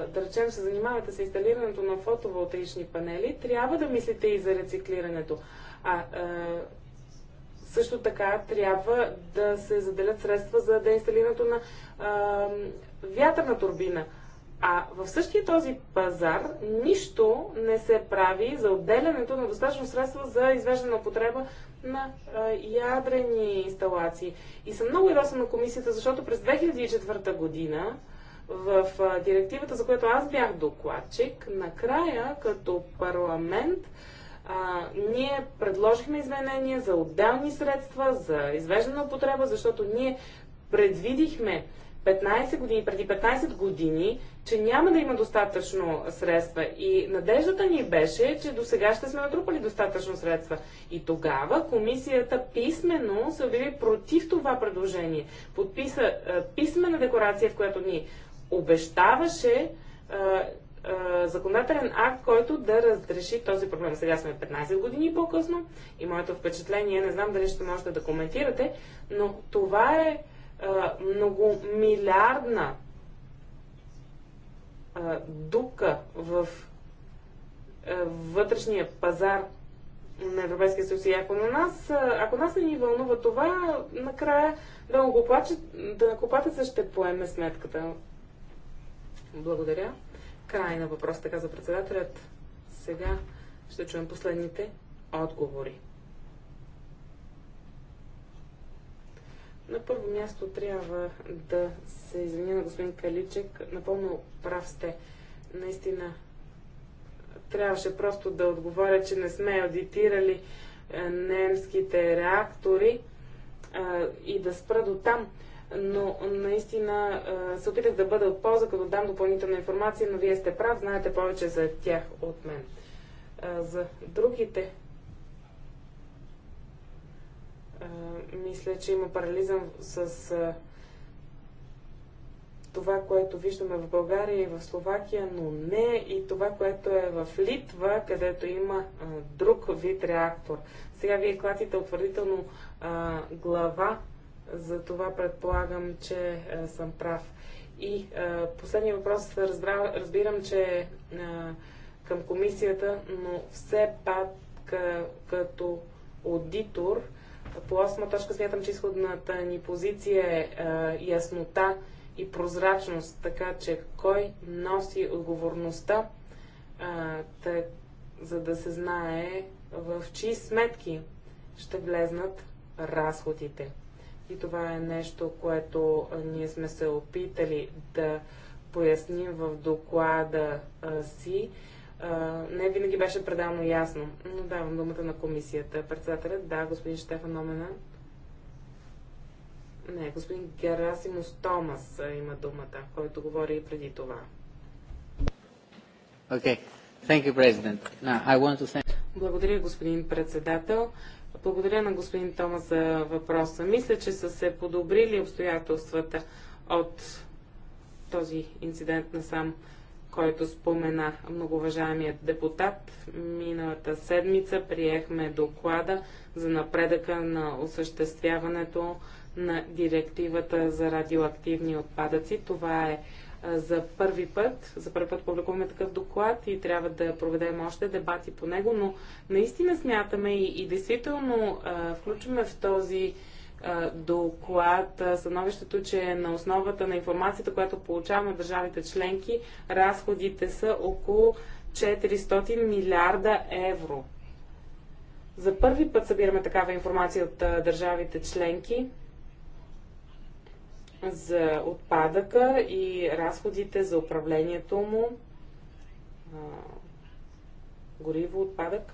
да речем, се занимавате с инсталирането на фотоволтаични панели, трябва да мислите и за рециклирането. А, също така трябва да се заделят средства за деинсталирането на а, вятърна турбина. А в същия този пазар нищо не се прави за отделянето на достатъчно средства за извеждане на употреба на ядрени инсталации. И съм много ядосна на комисията, защото през 2004 година в директивата, за която аз бях докладчик, накрая като парламент а, ние предложихме изменения за отделни средства, за извеждана употреба, защото ние предвидихме 15 години, преди 15 години, че няма да има достатъчно средства. И надеждата ни беше, че до сега ще сме натрупали достатъчно средства. И тогава комисията писменно се обяви против това предложение. Подписа а, е, писмена декларация, в която ни обещаваше а, е, а, е, законодателен акт, който да разреши този проблем. Сега сме 15 години по-късно и моето впечатление, не знам дали ще можете да коментирате, но това е многомилиардна дупка в вътрешния пазар на Европейския съюз. И ако, на нас, ако нас не ни вълнува това, накрая плачат, да ще поеме сметката. Благодаря. Край на въпроса, така за председателят. Сега ще чуем последните отговори. На първо място трябва да се извиня на господин Каличек. Напълно прав сте. Наистина трябваше просто да отговоря, че не сме аудитирали е, немските реактори а, е, и да спра до там. Но наистина е, се опитах да бъда от полза, като дам допълнителна информация, но вие сте прав, знаете повече за тях от мен. А, за другите мисля, че има парализъм с това, което виждаме в България и в Словакия, но не и това, което е в Литва, където има а, друг вид реактор. Сега вие клатите утвърдително а, глава, за това предполагам, че а, съм прав. И а, последния въпрос, разбра, разбирам, че е към комисията, но все пак като аудитор, по осма точка смятам, че изходната ни позиция е а, яснота и прозрачност, така че кой носи отговорността, а, за да се знае в чии сметки ще влезнат разходите. И това е нещо, което ние сме се опитали да поясним в доклада а, си не винаги беше пределно ясно. Но давам думата на комисията. Председателят, да, господин Штефан Номена. Не, господин Герасимус Томас има думата, който говори и преди това. Okay. Thank you, President. Now, I want to thank... Благодаря, господин председател. Благодаря на господин Томас за въпроса. Мисля, че са се подобрили обстоятелствата от този инцидент насам. сам който спомена многоважаемият депутат. Миналата седмица приехме доклада за напредъка на осъществяването на директивата за радиоактивни отпадъци. Това е за първи път. За първи път публикуваме такъв доклад и трябва да проведем още дебати по него, но наистина смятаме и, и действително включваме в този доклад становището, че на основата на информацията, която получаваме от държавите членки, разходите са около 400 милиарда евро. За първи път събираме такава информация от държавите членки за отпадъка и разходите за управлението му. гориво отпадък.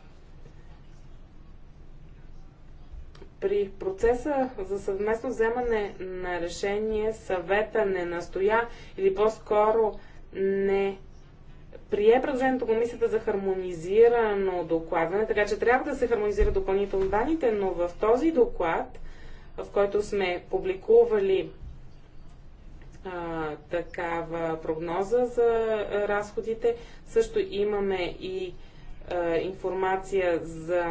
При процеса за съвместно вземане на решение съвета не настоя или по-скоро не прие предложението комисията за хармонизирано докладване, така че трябва да се хармонизира допълнително данните, но в този доклад, в който сме публикували а, такава прогноза за разходите, също имаме и а, информация за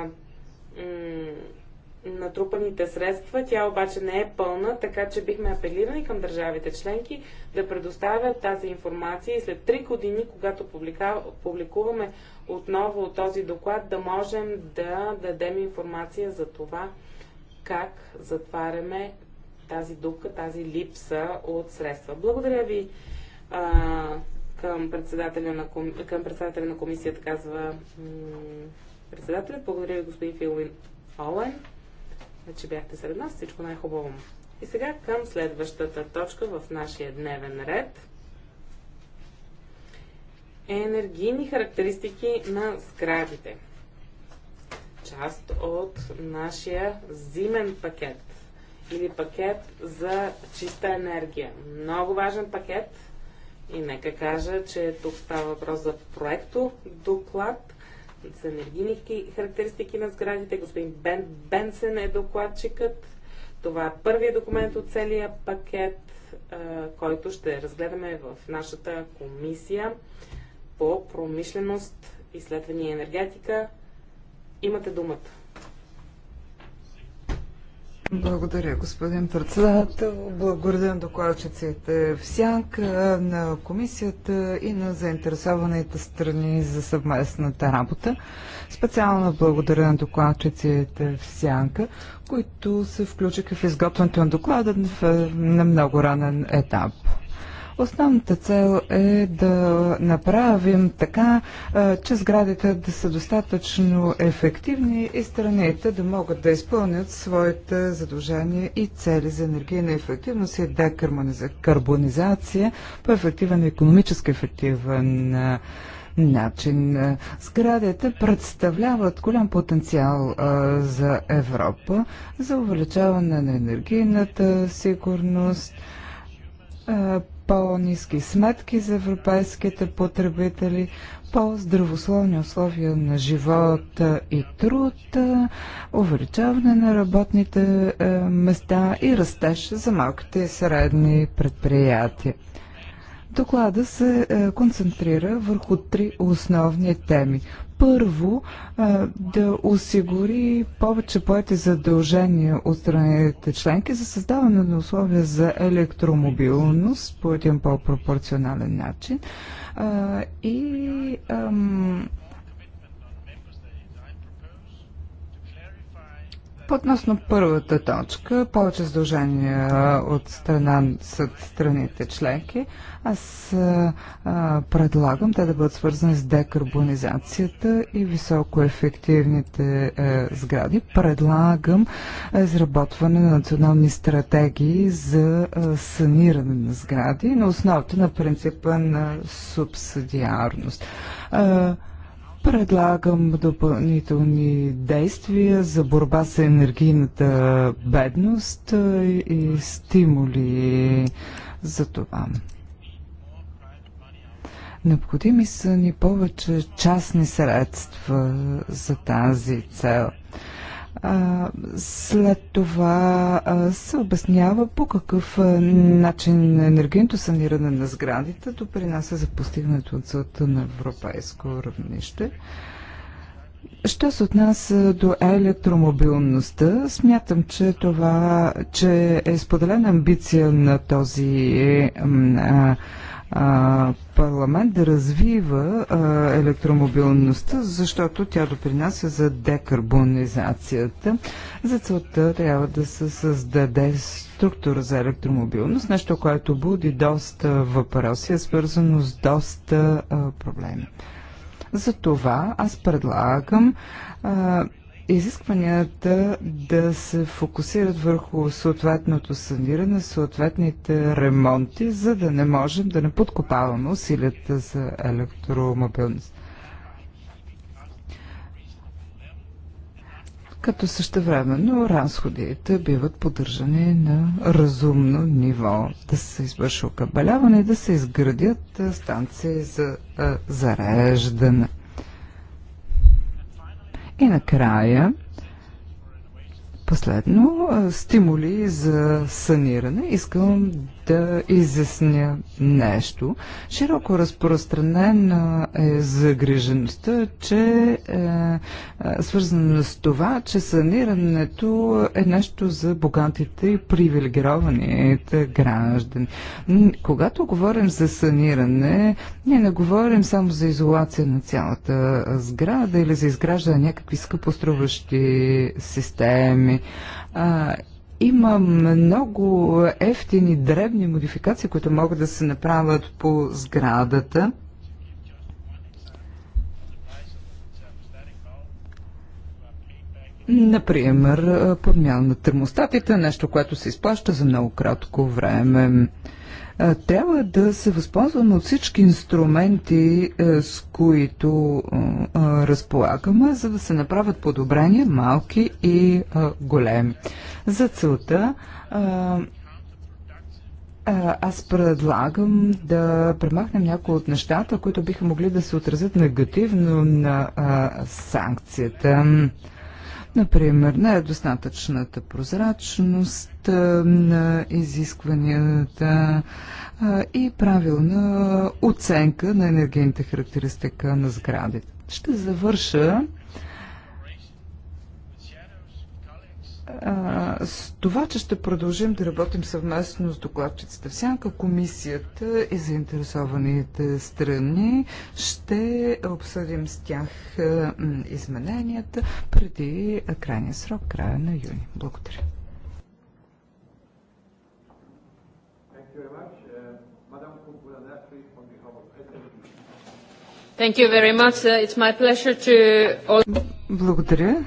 натрупаните средства. Тя обаче не е пълна, така че бихме апелирани към държавите членки да предоставят тази информация и след 3 години, когато публикуваме отново този доклад, да можем да дадем информация за това как затваряме тази дупка, тази липса от средства. Благодаря ви към председателя на, ком... към председателя на комисията, казва председателят. Благодаря ви, господин Филвин Олен че бяхте сред нас. Всичко най-хубаво. И сега към следващата точка в нашия дневен ред. Енергийни характеристики на сградите. Част от нашия зимен пакет или пакет за чиста енергия. Много важен пакет. И нека кажа, че тук става въпрос за проекто доклад за енергийни характеристики на сградите. Господин Бен Бенсен е докладчикът. Това е първият документ от целия пакет, който ще разгледаме в нашата комисия по промишленост, изследвания и енергетика. Имате думата. Благодаря, господин председател. Благодаря на докладчиците в сянка, на комисията и на заинтересованите страни за съвместната работа. Специално благодаря на докладчиците в сянка, които се включиха в изготвянето на доклада на много ранен етап. Основната цел е да направим така, че сградите да са достатъчно ефективни и страните да могат да изпълнят своите задължения и цели за енергийна ефективност и декарбонизация по ефективен и економически ефективен начин. Сградите представляват голям потенциал а, за Европа за увеличаване на енергийната сигурност, а, по-низки сметки за европейските потребители, по-здравословни условия на живот и труд, увеличаване на работните места и растеж за малките и средни предприятия. Доклада се концентрира върху три основни теми първо да осигури повече поети задължения от страните членки за създаване на условия за електромобилност по един по-пропорционален начин и Относно първата точка, повече задължения от страна от страните членки, аз а, предлагам те да бъдат свързани с декарбонизацията и високоефективните е, сгради. Предлагам изработване на национални стратегии за е, саниране на сгради на основата на принципа на субсидиарност. Е, Предлагам допълнителни действия за борба с енергийната бедност и стимули за това. Необходими са ни повече частни средства за тази цел – а, след това а, се обяснява по какъв а, начин енергийното саниране на сградите допринася за постигането от целта на европейско равнище. Що се отнася до електромобилността, смятам, че това, че е споделена амбиция на този а, а, парламент да развива а, електромобилността, защото тя допринася за декарбонизацията. За целта трябва да се създаде структура за електромобилност, нещо, което буди доста въпроси, е свързано с доста а, проблеми. Затова аз предлагам а, изискванията да се фокусират върху съответното саниране, съответните ремонти, за да не можем да не подкопаваме усилията за електромобилност. като същевременно разходите биват поддържани на разумно ниво, да се извърши окабеляване и да се изградят станции за зареждане. И накрая, последно, стимули за саниране. Искам да изясня нещо. Широко разпространена е загрижеността, че е, е, свързана с това, че санирането е нещо за богатите и привилегированите граждани. Когато говорим за саниране, ние не говорим само за изолация на цялата сграда или за изграждане на някакви скъпоструващи системи. А, има много ефтини, дребни модификации, които могат да се направят по сградата. Например, подмяна на термостатите, нещо, което се изплаща за много кратко време. Трябва да се възползваме от всички инструменти, е, с които разполагаме, за да се направят подобрения малки и големи. За целта аз предлагам да премахнем някои от нещата, които биха могли да се отразят негативно на санкцията. Например, не е достатъчната прозрачност на изискванията и правилна оценка на енергийната характеристика на сградите. Ще завърша с това, че ще продължим да работим съвместно с докладчицата в Сянка, комисията и заинтересованите страни, ще обсъдим с тях измененията преди крайния срок, края на юни. Благодаря. Uh, Благодаря.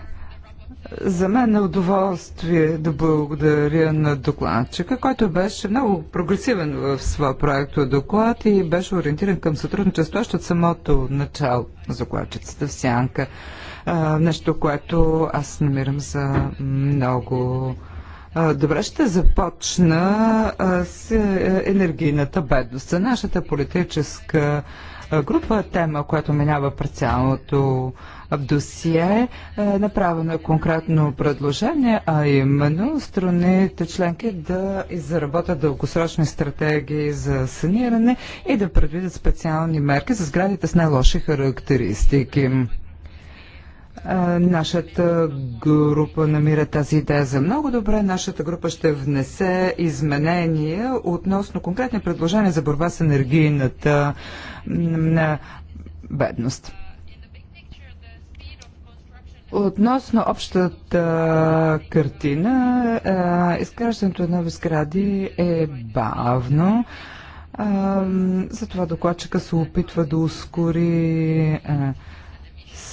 За мен е удоволствие да благодаря на докладчика, който беше много прогресивен в своя проекто доклад и беше ориентиран към сътрудничество още от самото начало на докладчицата в Сянка. нещо, което аз намирам за много Добре, ще започна с е, енергийната бедност. За нашата политическа група тема, която минава през цялото досие. Е, направено е конкретно предложение, а именно страните членки да изработят дългосрочни стратегии за саниране и да предвидят специални мерки за сградите с най-лоши характеристики. Нашата група намира тази идея за много добре. Нашата група ще внесе изменения относно конкретни предложения за борба с енергийната бедност. Относно общата картина, изграждането на нови сгради е бавно. Затова докладчика се опитва да ускори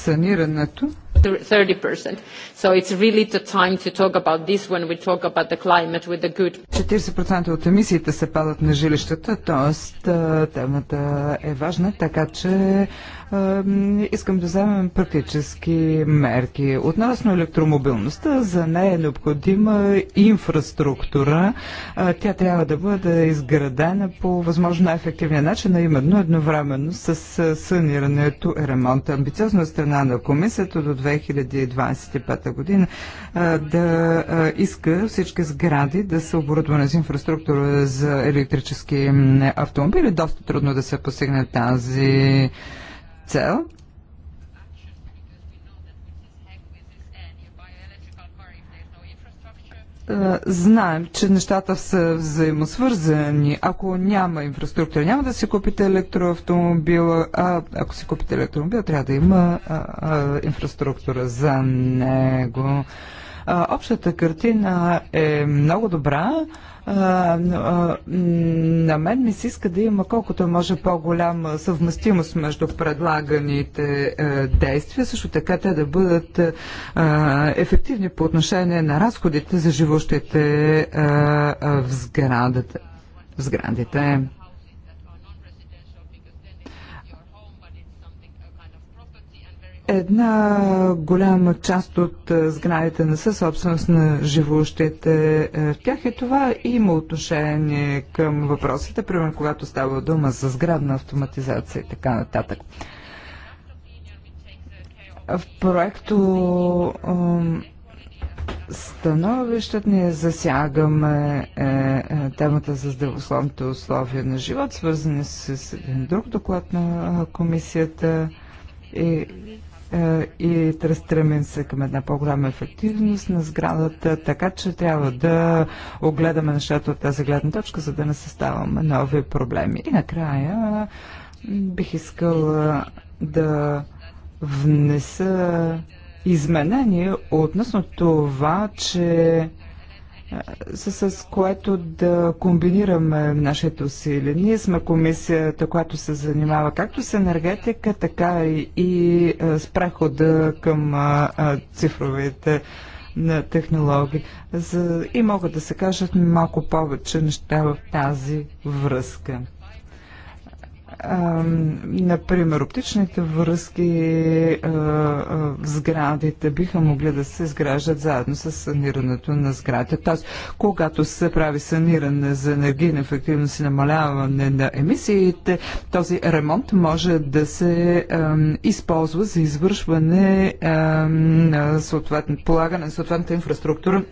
санирането. 30%. So it's really the time to talk about this when we talk about the climate with the good. 40% от емисиите се падат на жилищата, т.е. темата е важна, така че искам да вземем практически мерки. Относно електромобилността, за нея е необходима инфраструктура. Тя трябва да бъде изградена по възможно най-ефективния начин, а именно едновременно с санирането и ремонта. Амбициозна страна на комисията до 2025 година да иска всички сгради да са оборудвани с инфраструктура за електрически автомобили. Доста трудно да се постигне тази cell. Е, знаем, че нещата са взаимосвързани. Ако няма инфраструктура, няма да си купите електроавтомобил, а ако си купите електромобил, трябва да има а, а, инфраструктура за него. А, общата картина е много добра на мен ми се иска да има колкото е може по-голяма съвместимост между предлаганите действия, също така те да бъдат ефективни по отношение на разходите за живущите в сградата. В сградите. Една голяма част от е, сградите не са собственост на живущите е, в тях и това има отношение към въпросите, примерно когато става дума за сградна автоматизация и така нататък. В проекто становищът ни засягаме е, е, темата за здравословните условия на живот, свързани с един друг доклад на комисията и е, и стремим се към една по-голяма ефективност на сградата, така че трябва да огледаме нещата от тази гледна точка, за да не съставаме нови проблеми. И накрая бих искала да внеса изменение относно това, че с, с което да комбинираме нашите усилия. Ние сме комисията, която се занимава както с енергетика, така и, и с прехода към а, цифровите на технологии. За, и могат да се кажат малко повече неща в тази връзка например, оптичните връзки в сградите биха могли да се изграждат заедно с санирането на сградите. Тоест, когато се прави саниране за енергийна ефективност и намаляване на емисиите, този ремонт може да се използва за извършване на съответно, полагане на съответната инфраструктура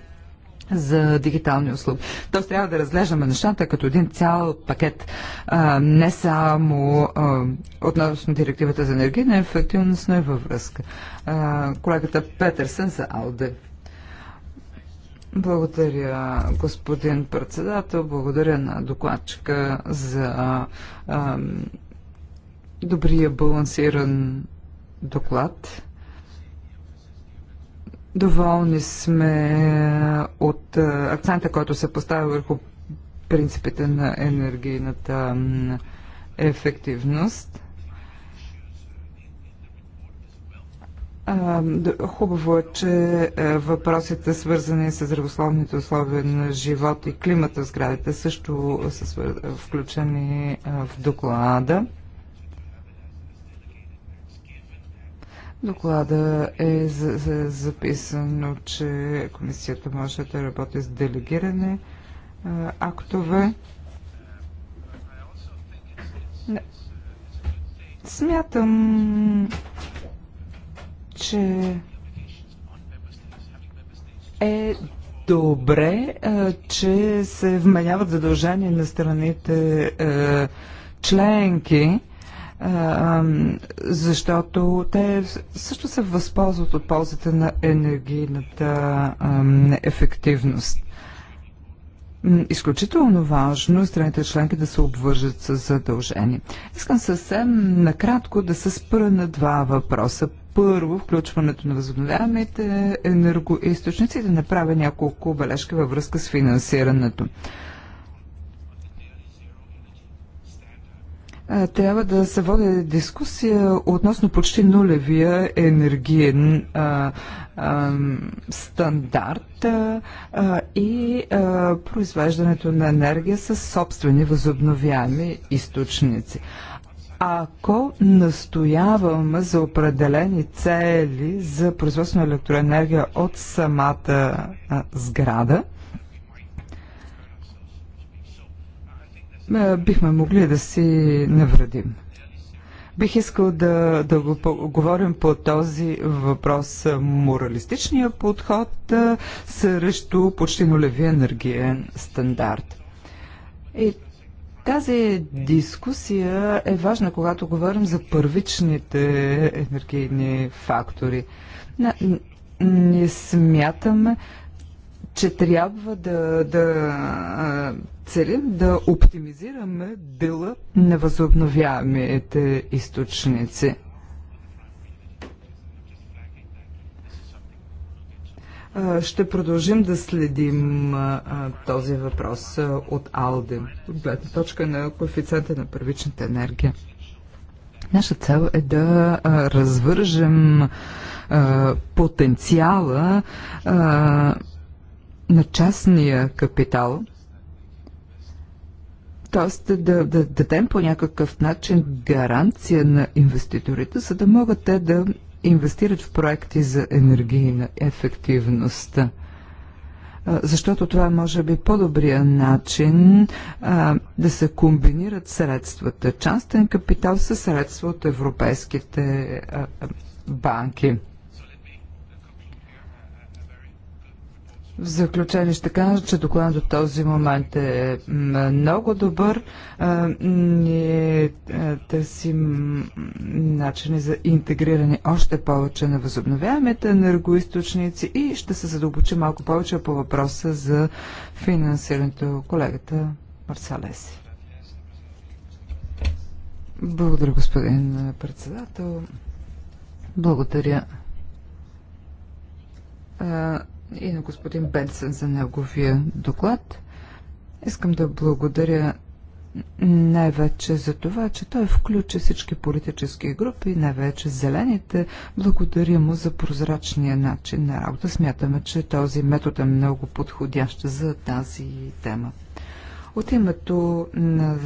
за дигитални услуги. Тоест трябва да разглеждаме нещата като един цял пакет, а, не само а, относно директивата за енергийна ефективност, но и във връзка. А, колегата Петърсен за АЛДЕ. Благодаря, господин председател. Благодаря на докладчика за а, добрия балансиран доклад. Доволни сме е, от е, акцента, който се поставя върху принципите на енергийната ефективност. Е, хубаво е, че въпросите свързани с здравословните условия на живот и климата в сградите също са включени в доклада. доклада е записано, че комисията може да работи с делегиране актове. Смятам, че е добре, че се вменяват задължения на страните членки защото те също се възползват от ползата на енергийната ефективност. Изключително важно е страните членки да се обвържат с задължени. Искам съвсем накратко да се спра на два въпроса. Първо, включването на възобновяемите енергоисточници да направя няколко бележки във връзка с финансирането. трябва да се води дискусия относно почти нулевия енергиен а, а, стандарт а, и а, произвеждането на енергия с собствени възобновяеми източници. Ако настояваме за определени цели за производство на електроенергия от самата а, сграда, Е, бихме могли да си навредим. Бих искал да, да го говорим по този въпрос. Моралистичния подход е, срещу почти нулевия енергиен стандарт. И тази дискусия е важна, когато говорим за първичните енергийни фактори. Не смятаме, че трябва да, да целим да оптимизираме дела на възобновяемите източници. Ще продължим да следим този въпрос от Алден, от гледна точка на коефициента на първичната енергия. Наша цел е да развържем потенциала на частния капитал, т.е. Да, да дадем по някакъв начин гаранция на инвеститорите, за да могат те да инвестират в проекти за енергийна ефективност защото това може би по-добрия начин а, да се комбинират средствата, частен капитал с средства от европейските а, банки. В заключение ще кажа, че докладът до този момент е много добър. Ние търсим начини за интегриране още повече на възобновяемите енергоисточници и ще се задълбочи малко повече по въпроса за финансирането колегата Марсалеси. Благодаря, господин председател. Благодаря и на господин Бенсън за неговия доклад. Искам да благодаря най-вече за това, че той включи всички политически групи, най-вече зелените. Благодаря му за прозрачния начин на работа. Смятаме, че този метод е много подходящ за тази тема. От името на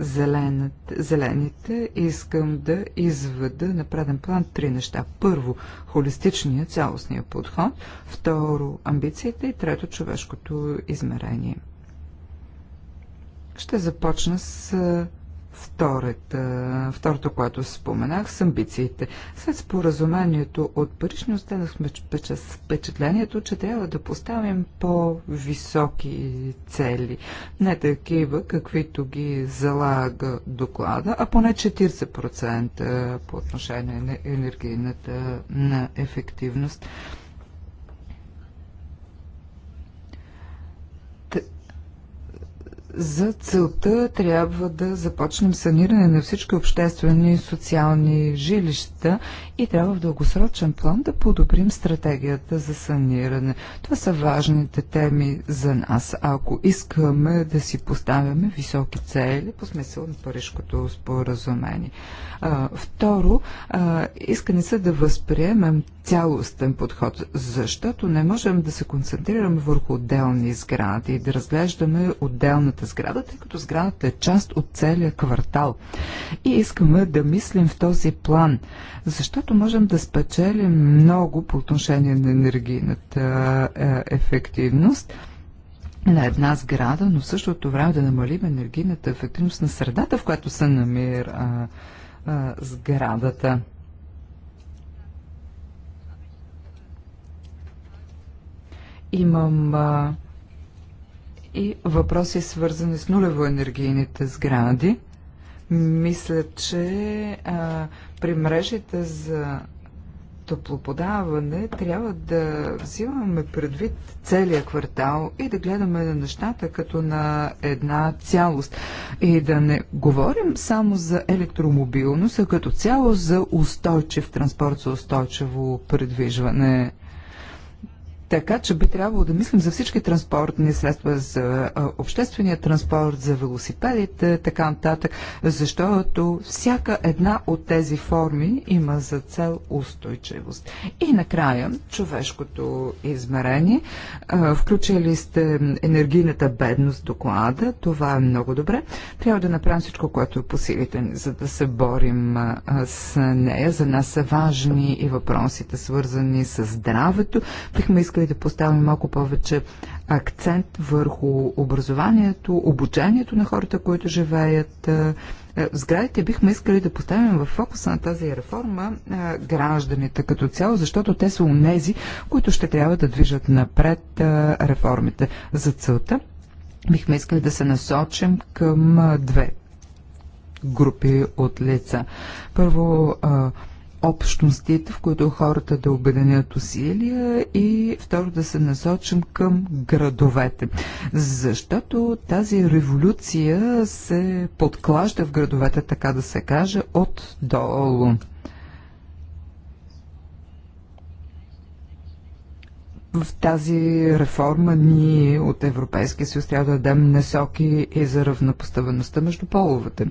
зеленът, зелените искам да изведа на преден план три неща. Първо, холистичния, цялостния подход. Второ, амбициите. И трето, човешкото измерение. Ще започна с Втората, второто, което споменах, с амбициите. След споразумението от Париж ни останахме с впечатлението, че трябва да поставим по-високи цели. Не такива, каквито ги залага доклада, а поне 40% по отношение на енергийната на ефективност. За целта трябва да започнем саниране на всички обществени и социални жилища и трябва в дългосрочен план да подобрим стратегията за саниране. Това са важните теми за нас, ако искаме да си поставяме високи цели по смисъл на Парижкото споразумение. А, второ, а, искане са да възприемем цялостен подход, защото не можем да се концентрираме върху отделни сгради и да разглеждаме отделната сграда, тъй като сградата е част от целия квартал. И искаме да мислим в този план, защото можем да спечелим много по отношение на енергийната е, ефективност на една сграда, но в същото време да намалим енергийната ефективност на средата, в която се намира сградата. Имам а, и въпроси свързани с нулево енергийните сгради. Мисля, че а, при мрежите за топлоподаване трябва да взимаме предвид целия квартал и да гледаме на нещата като на една цялост. И да не говорим само за електромобилност, а като цяло за устойчив транспорт, за устойчиво предвижване така че би трябвало да мислим за всички транспортни средства, за обществения транспорт, за велосипедите, така нататък, защото всяка една от тези форми има за цел устойчивост. И накрая, човешкото измерение. Включили сте енергийната бедност доклада. Това е много добре. Трябва да направим всичко, което е по силите ни, за да се борим с нея. За нас са важни и въпросите, свързани с здравето. Бихме искали и да поставим малко повече акцент върху образованието, обучението на хората, които живеят е, в сградите. Бихме искали да поставим в фокуса на тази реформа гражданите като цяло, защото те са унези, които ще трябва да движат напред реформите. За целта бихме искали да се насочим към две групи от лица. Първо, общностите, в които хората да обединят усилия и второ да се насочим към градовете. Защото тази революция се подклажда в градовете, така да се каже, от долу. в тази реформа ние от Европейския съюз трябва да дадем насоки и за равнопоставеността между половете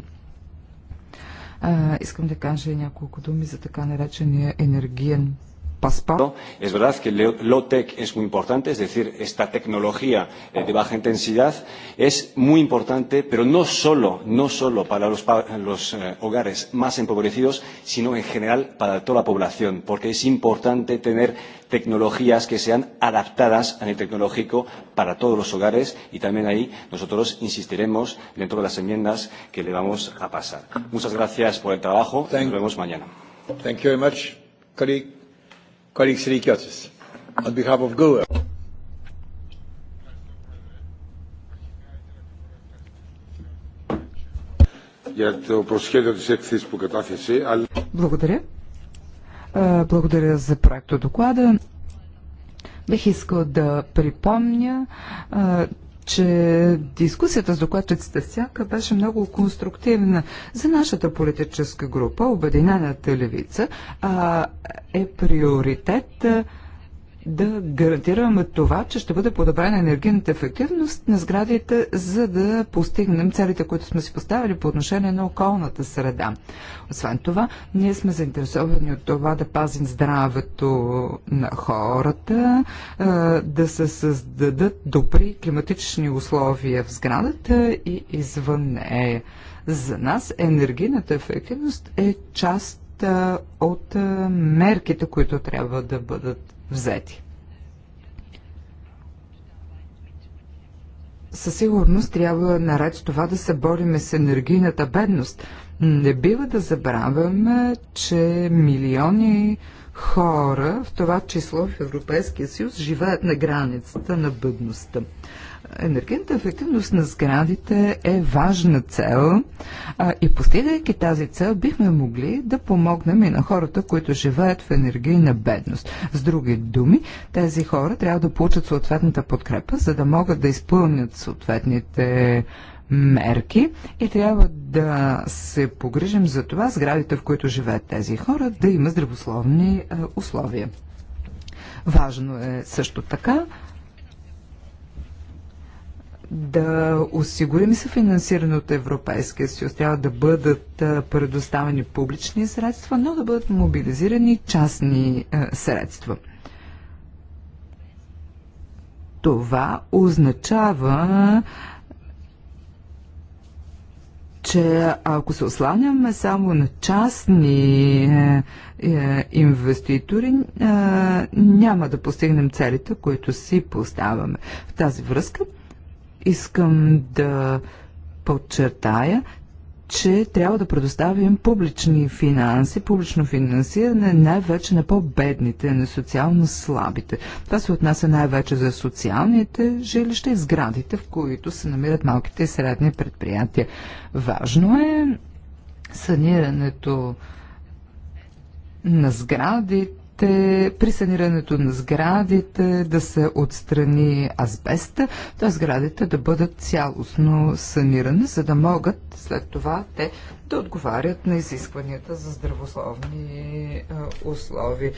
искам да кажа няколко думи за така наречения енергиен Paspa. Es verdad que low-tech es muy importante, es decir, esta tecnología de baja intensidad es muy importante, pero no solo, no solo para los, los eh, hogares más empobrecidos, sino en general para toda la población, porque es importante tener tecnologías que sean adaptadas a nivel tecnológico para todos los hogares y también ahí nosotros insistiremos dentro de las enmiendas que le vamos a pasar. Muchas gracias por el trabajo. Nos vemos mañana. Thank you very much, colleague. Colleague Sirikiotis, on behalf of GUE. για το προσχέδιο της έκθεσης που κατάθεσε. Αλλά... Благодаря. Благодаря за проекто доклада. Бих искал да припомня, че дискусията с докладчиците всяка беше много конструктивна. За нашата политическа група, Обединената левица, е приоритет да гарантираме това, че ще бъде подобрена енергийната ефективност на сградите, за да постигнем целите, които сме си поставили по отношение на околната среда. Освен това, ние сме заинтересовани от това да пазим здравето на хората, да се създадат добри климатични условия в сградата и извън нея. За нас енергийната ефективност е част от мерките, които трябва да бъдат взети. Със сигурност трябва наред с това да се бориме с енергийната бедност. Не бива да забравяме, че милиони хора, в това число в Европейския съюз, живеят на границата на бедността. Енергийната ефективност на сградите е важна цел а, и постигайки тази цел бихме могли да помогнем и на хората, които живеят в енергийна бедност. С други думи, тези хора трябва да получат съответната подкрепа, за да могат да изпълнят съответните мерки и трябва да се погрижим за това сградите, в които живеят тези хора, да има здравословни а, условия. Важно е също така да осигурим съфинансиране от Европейския съюз. Трябва да бъдат предоставени публични средства, но да бъдат мобилизирани частни средства. Това означава че ако се осланяме само на частни е, е, инвеститори, е, няма да постигнем целите, които си поставяме. В тази връзка Искам да подчертая, че трябва да предоставим публични финанси, публично финансиране най-вече на по-бедните, на социално слабите. Това се отнася най-вече за социалните жилища и сградите, в които се намират малките и средни предприятия. Важно е санирането на сградите мерките при санирането на сградите, да се отстрани азбеста, т.е. сградите да бъдат цялостно санирани, за да могат след това те да отговарят на изискванията за здравословни условия.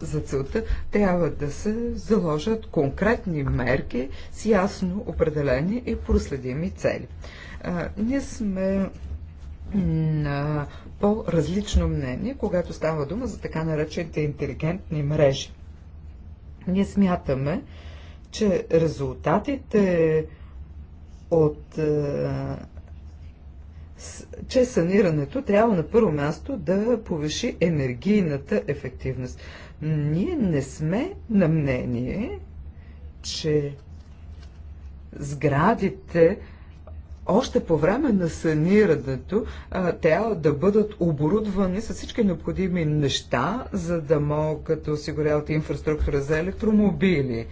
За целта трябва да се заложат конкретни мерки с ясно определени и проследими цели. Ние сме на по-различно мнение, когато става дума за така наречените интелигентни мрежи. Ние смятаме, че резултатите от е, че санирането трябва на първо място да повиши енергийната ефективност. Ние не сме на мнение, че сградите още по време на санирането трябва да бъдат оборудвани с всички необходими неща, за да могат да осигуряват инфраструктура за електромобили.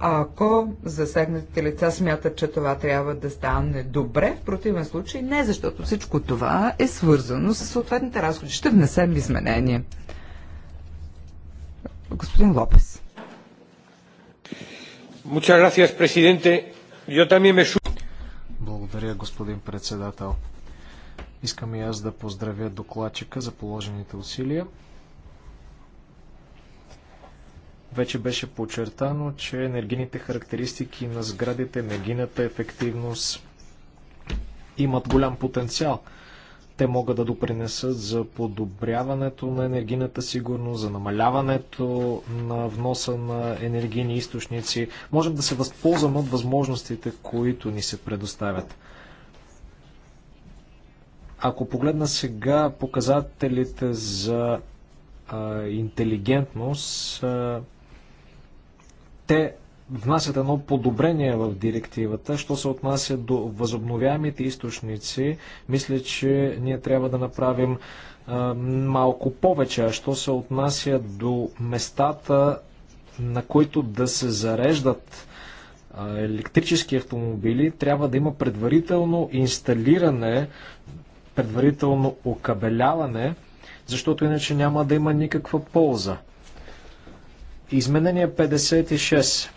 А ако засегнатите лица смятат, че това трябва да стане добре, в противен случай не, защото всичко това е свързано с съответните разходи. Ще внесем изменения. Господин Лопес. Muchas gracias, presidente. Благодаря, господин председател. Искам и аз да поздравя докладчика за положените усилия. Вече беше подчертано, че енергийните характеристики на сградите, енергийната ефективност имат голям потенциал – те могат да допринесат за подобряването на енергийната сигурност, за намаляването на вноса на енергийни източници. Можем да се възползваме от възможностите, които ни се предоставят. Ако погледна сега показателите за а, интелигентност, а, те внасят едно подобрение в директивата. Що се отнася до възобновяемите източници, мисля, че ние трябва да направим а, малко повече. А що се отнася до местата, на които да се зареждат а, електрически автомобили, трябва да има предварително инсталиране, предварително окабеляване, защото иначе няма да има никаква полза. Изменение 56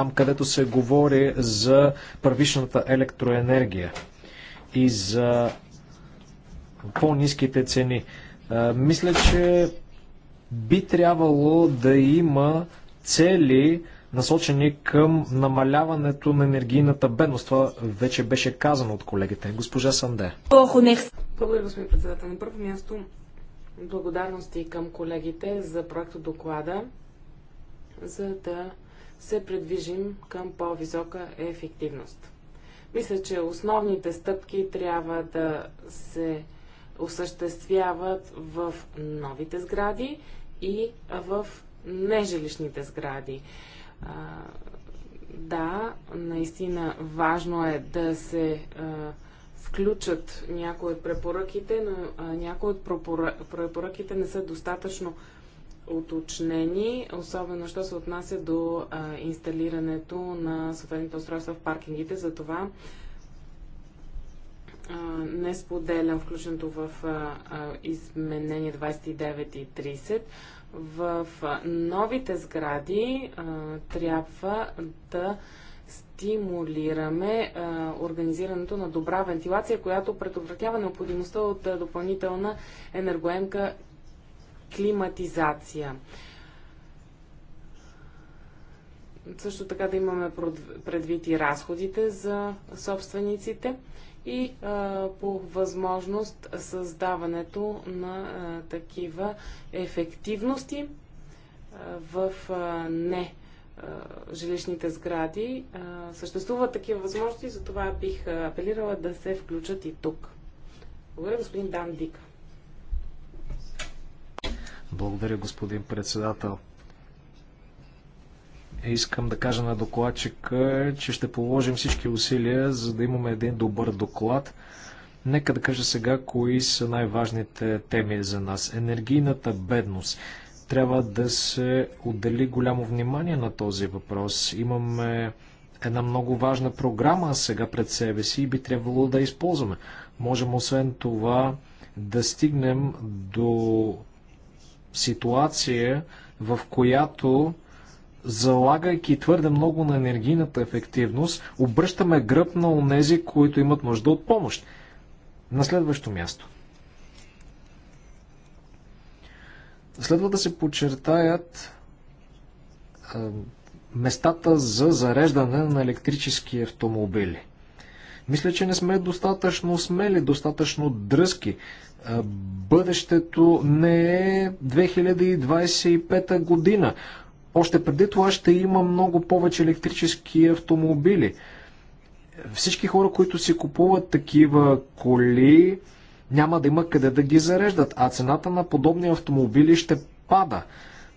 там където се говори за първичната електроенергия и за по-низките цени. Мисля, че би трябвало да има цели, насочени към намаляването на енергийната бедност. Това вече беше казано от колегите. Госпожа Санде. Благодаря, господин председател. На първо място благодарности към колегите за проекто доклада, за да се предвижим към по-висока ефективност. Мисля, че основните стъпки трябва да се осъществяват в новите сгради и в нежилищните сгради. да, наистина важно е да се включат някои от препоръките, но някои от препоръките не са достатъчно уточнени, особено що се отнася до а, инсталирането на съответните устройства в паркингите. Затова а, не споделям включеното в а, изменение 29 и 30. В новите сгради трябва да стимулираме а, организирането на добра вентилация, която предотвратява необходимостта от а, допълнителна енергоемка климатизация. Също така да имаме предвид и разходите за собствениците и а, по възможност създаването на а, такива ефективности а, в а, не а, жилищните сгради. А, съществуват такива възможности, затова бих апелирала да се включат и тук. Благодаря, господин Дан Дика. Благодаря, господин председател. Искам да кажа на докладчика, че ще положим всички усилия, за да имаме един добър доклад. Нека да кажа сега кои са най-важните теми за нас. Енергийната бедност. Трябва да се отдели голямо внимание на този въпрос. Имаме една много важна програма сега пред себе си и би трябвало да използваме. Можем освен това да стигнем до ситуация, в която залагайки твърде много на енергийната ефективност, обръщаме гръб на онези, които имат нужда от помощ. На следващо място. Следва да се подчертаят местата за зареждане на електрически автомобили. Мисля, че не сме достатъчно смели, достатъчно дръзки. Бъдещето не е 2025 година. Още преди това ще има много повече електрически автомобили. Всички хора, които си купуват такива коли, няма да има къде да ги зареждат, а цената на подобни автомобили ще пада.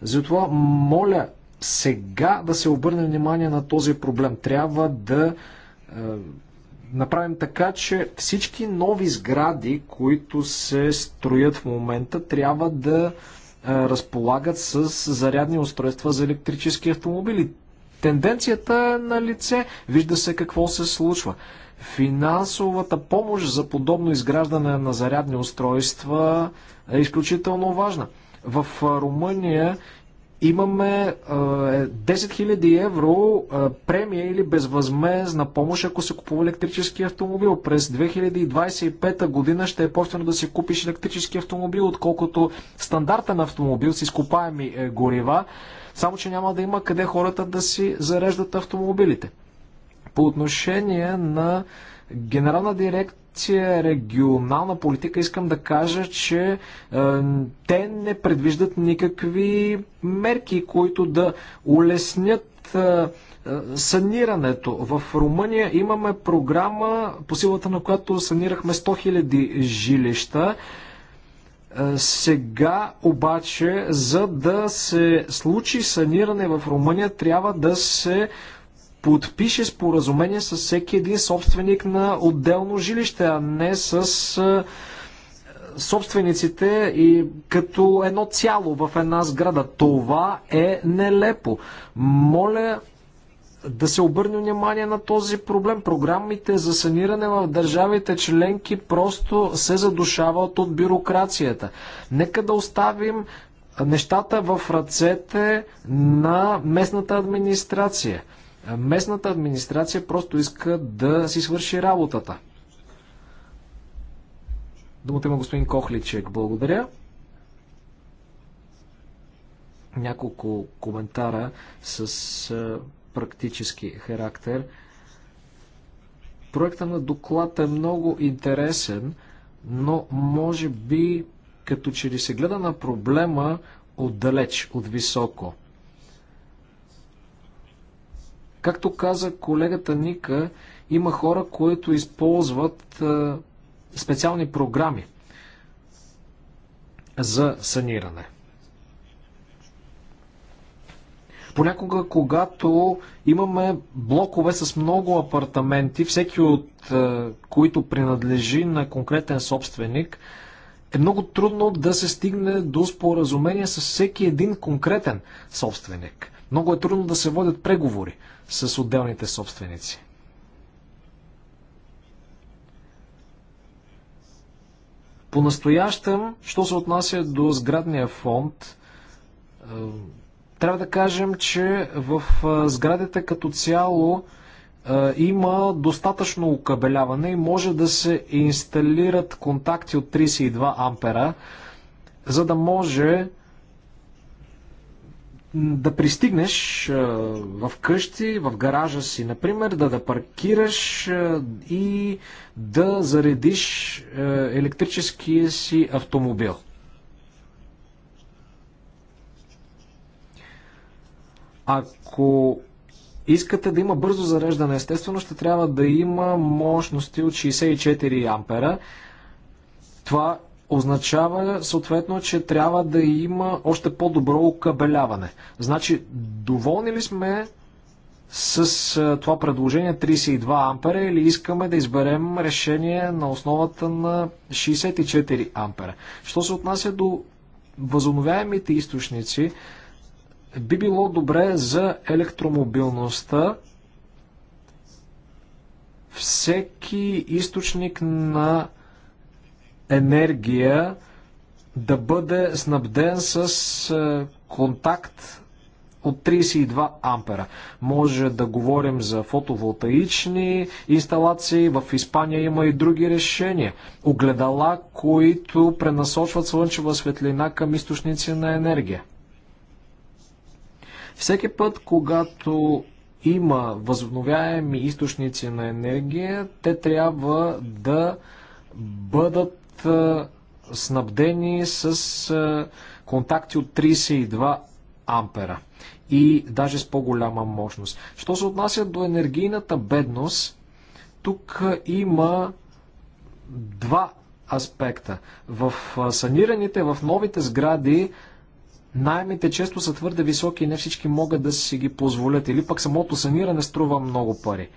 Затова моля сега да се обърне внимание на този проблем. Трябва да е, направим така, че всички нови сгради, които се строят в момента, трябва да е, разполагат с зарядни устройства за електрически автомобили. Тенденцията е на лице. Вижда се какво се случва. Финансовата помощ за подобно изграждане на зарядни устройства е изключително важна. В е, Румъния имаме 10 000 е, евро премия или безвъзмезна помощ, ако се купува електрически автомобил. През 2025 година ще е по-ефтино да си купиш електрически автомобил, отколкото стандартен автомобил с изкопаеми е, горива, само че няма да има къде хората да си зареждат автомобилите. По отношение на Генерална дирекция регионална политика искам да кажа, че е, те не предвиждат никакви мерки, които да улеснят е, е санирането. В Румъния имаме програма, по силата на която санирахме 100 000 жилища. Е, сега обаче, за да се случи саниране в Румъния, трябва да се подпише споразумение с всеки един собственик на отделно жилище, а не с собствениците и като едно цяло в една сграда. Това е нелепо. Моля да се обърне внимание на този проблем. Програмите за саниране в държавите членки просто се задушават от бюрокрацията. Нека да оставим нещата в ръцете на местната администрация. Местната администрация просто иска да си свърши работата. Думата има господин Кохличек. Благодаря. Няколко коментара с практически характер. Проекта на доклад е много интересен, но може би като че ли се гледа на проблема отдалеч, от високо. Както каза колегата Ника, има хора, които използват специални програми за саниране. Понякога, когато имаме блокове с много апартаменти, всеки от които принадлежи на конкретен собственик, е много трудно да се стигне до споразумение с всеки един конкретен собственик. Много е трудно да се водят преговори с отделните собственици. По-настоящем, що се отнася до сградния фонд, е, трябва да кажем, че в е, сградите като цяло е, има достатъчно окабеляване и може да се инсталират контакти от 32 ампера, за да може да пристигнеш в къщи, в гаража си, например, да, да паркираш и да заредиш електрическия си автомобил. Ако искате да има бързо зареждане, естествено ще трябва да има мощности от 64 ампера. Това означава съответно, че трябва да има още по-добро окабеляване. Значи, доволни ли сме с това предложение 32 ампера или искаме да изберем решение на основата на 64 ампера? Що се отнася до възобновяемите източници, би било добре за електромобилността всеки източник на енергия да бъде снабден с е, контакт от 32 ампера. Може да говорим за фотоволтаични инсталации. В Испания има и други решения. Огледала, които пренасочват слънчева светлина към източници на енергия. Всеки път, когато има възобновяеми източници на енергия, те трябва да бъдат снабдени с е, контакти от 32 ампера и даже с по-голяма мощност. Що се отнася до енергийната бедност, тук има два аспекта. В е, санираните, в новите сгради, найемите често са твърде високи и не всички могат да си ги позволят. Или пък самото саниране струва много пари.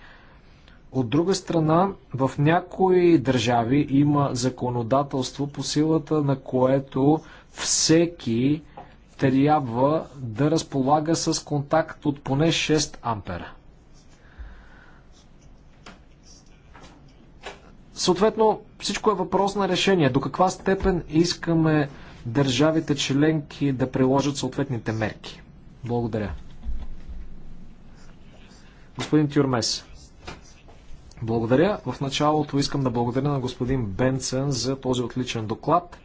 От друга страна, в някои държави има законодателство по силата на което всеки трябва да разполага с контакт от поне 6 ампера. Съответно, всичко е въпрос на решение. До каква степен искаме държавите членки да приложат съответните мерки? Благодаря. Господин Тюрмес. Благодаря. В началото искам да благодаря на господин Бенцен за този отличен доклад.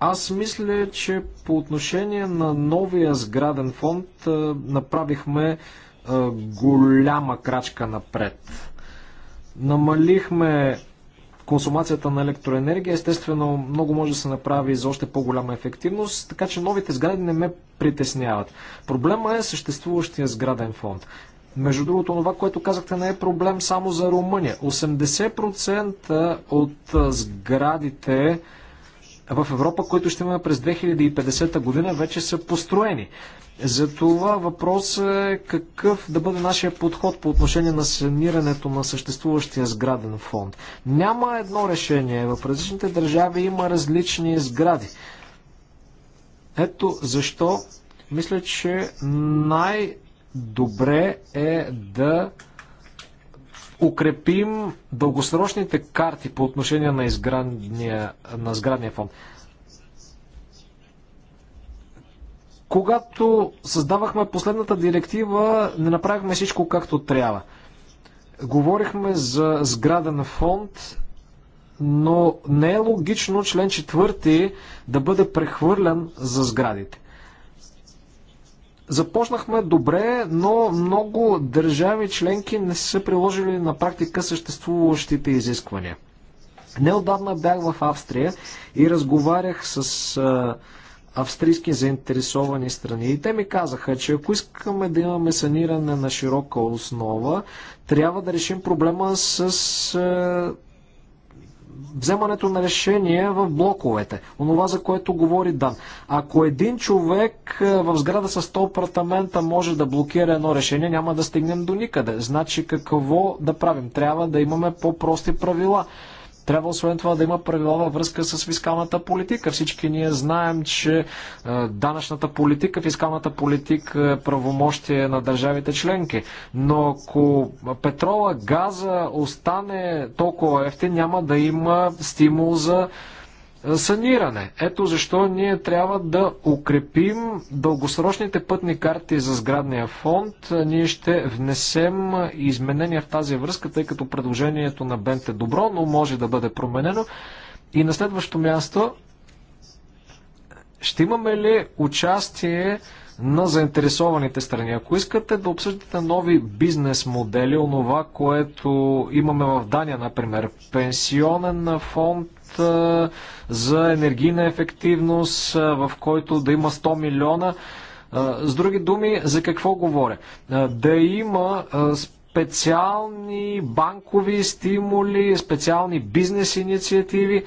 Аз мисля, че по отношение на новия сграден фонд направихме голяма крачка напред. Намалихме консумацията на електроенергия. Естествено, много може да се направи за още по-голяма ефективност, така че новите сгради не ме притесняват. Проблема е съществуващия сграден фонд. Между другото, това, което казахте, не е проблем само за Румъния. 80% от сградите в Европа, които ще имаме през 2050 година, вече са построени. Затова въпрос е какъв да бъде нашия подход по отношение на санирането на съществуващия сграден фонд. Няма едно решение. В различните държави има различни сгради. Ето защо мисля, че най-добре е да укрепим дългосрочните карти по отношение на, изградния, на сградния фонд. Когато създавахме последната директива, не направихме всичко както трябва. Говорихме за сграден фонд, но не е логично член четвърти да бъде прехвърлен за сградите. Започнахме добре, но много държави членки не са приложили на практика съществуващите изисквания. Неодавна бях в Австрия и разговарях с а, австрийски заинтересовани страни и те ми казаха, че ако искаме да имаме саниране на широка основа, трябва да решим проблема с а, вземането на решение в блоковете. Онова, за което говори Дан. Ако един човек е, в сграда с 100 апартамента може да блокира едно решение, няма да стигнем до никъде. Значи какво да правим? Трябва да имаме по-прости правила трябва освен това да има правила във връзка с фискалната политика. Всички ние знаем, че е, данъчната политика, фискалната политика е правомощие на държавите членки. Но ако петрола, газа остане толкова ефтин, няма да има стимул за саниране. Ето защо ние трябва да укрепим дългосрочните пътни карти за сградния фонд. Ние ще внесем изменения в тази връзка, тъй като предложението на Бент е добро, но може да бъде променено. И на следващо място, ще имаме ли участие на заинтересованите страни. Ако искате да обсъждате нови бизнес модели, онова, което имаме в Дания, например, пенсионен фонд, за енергийна ефективност, в който да има 100 милиона. С други думи, за какво говоря? Да има специални банкови стимули, специални бизнес инициативи.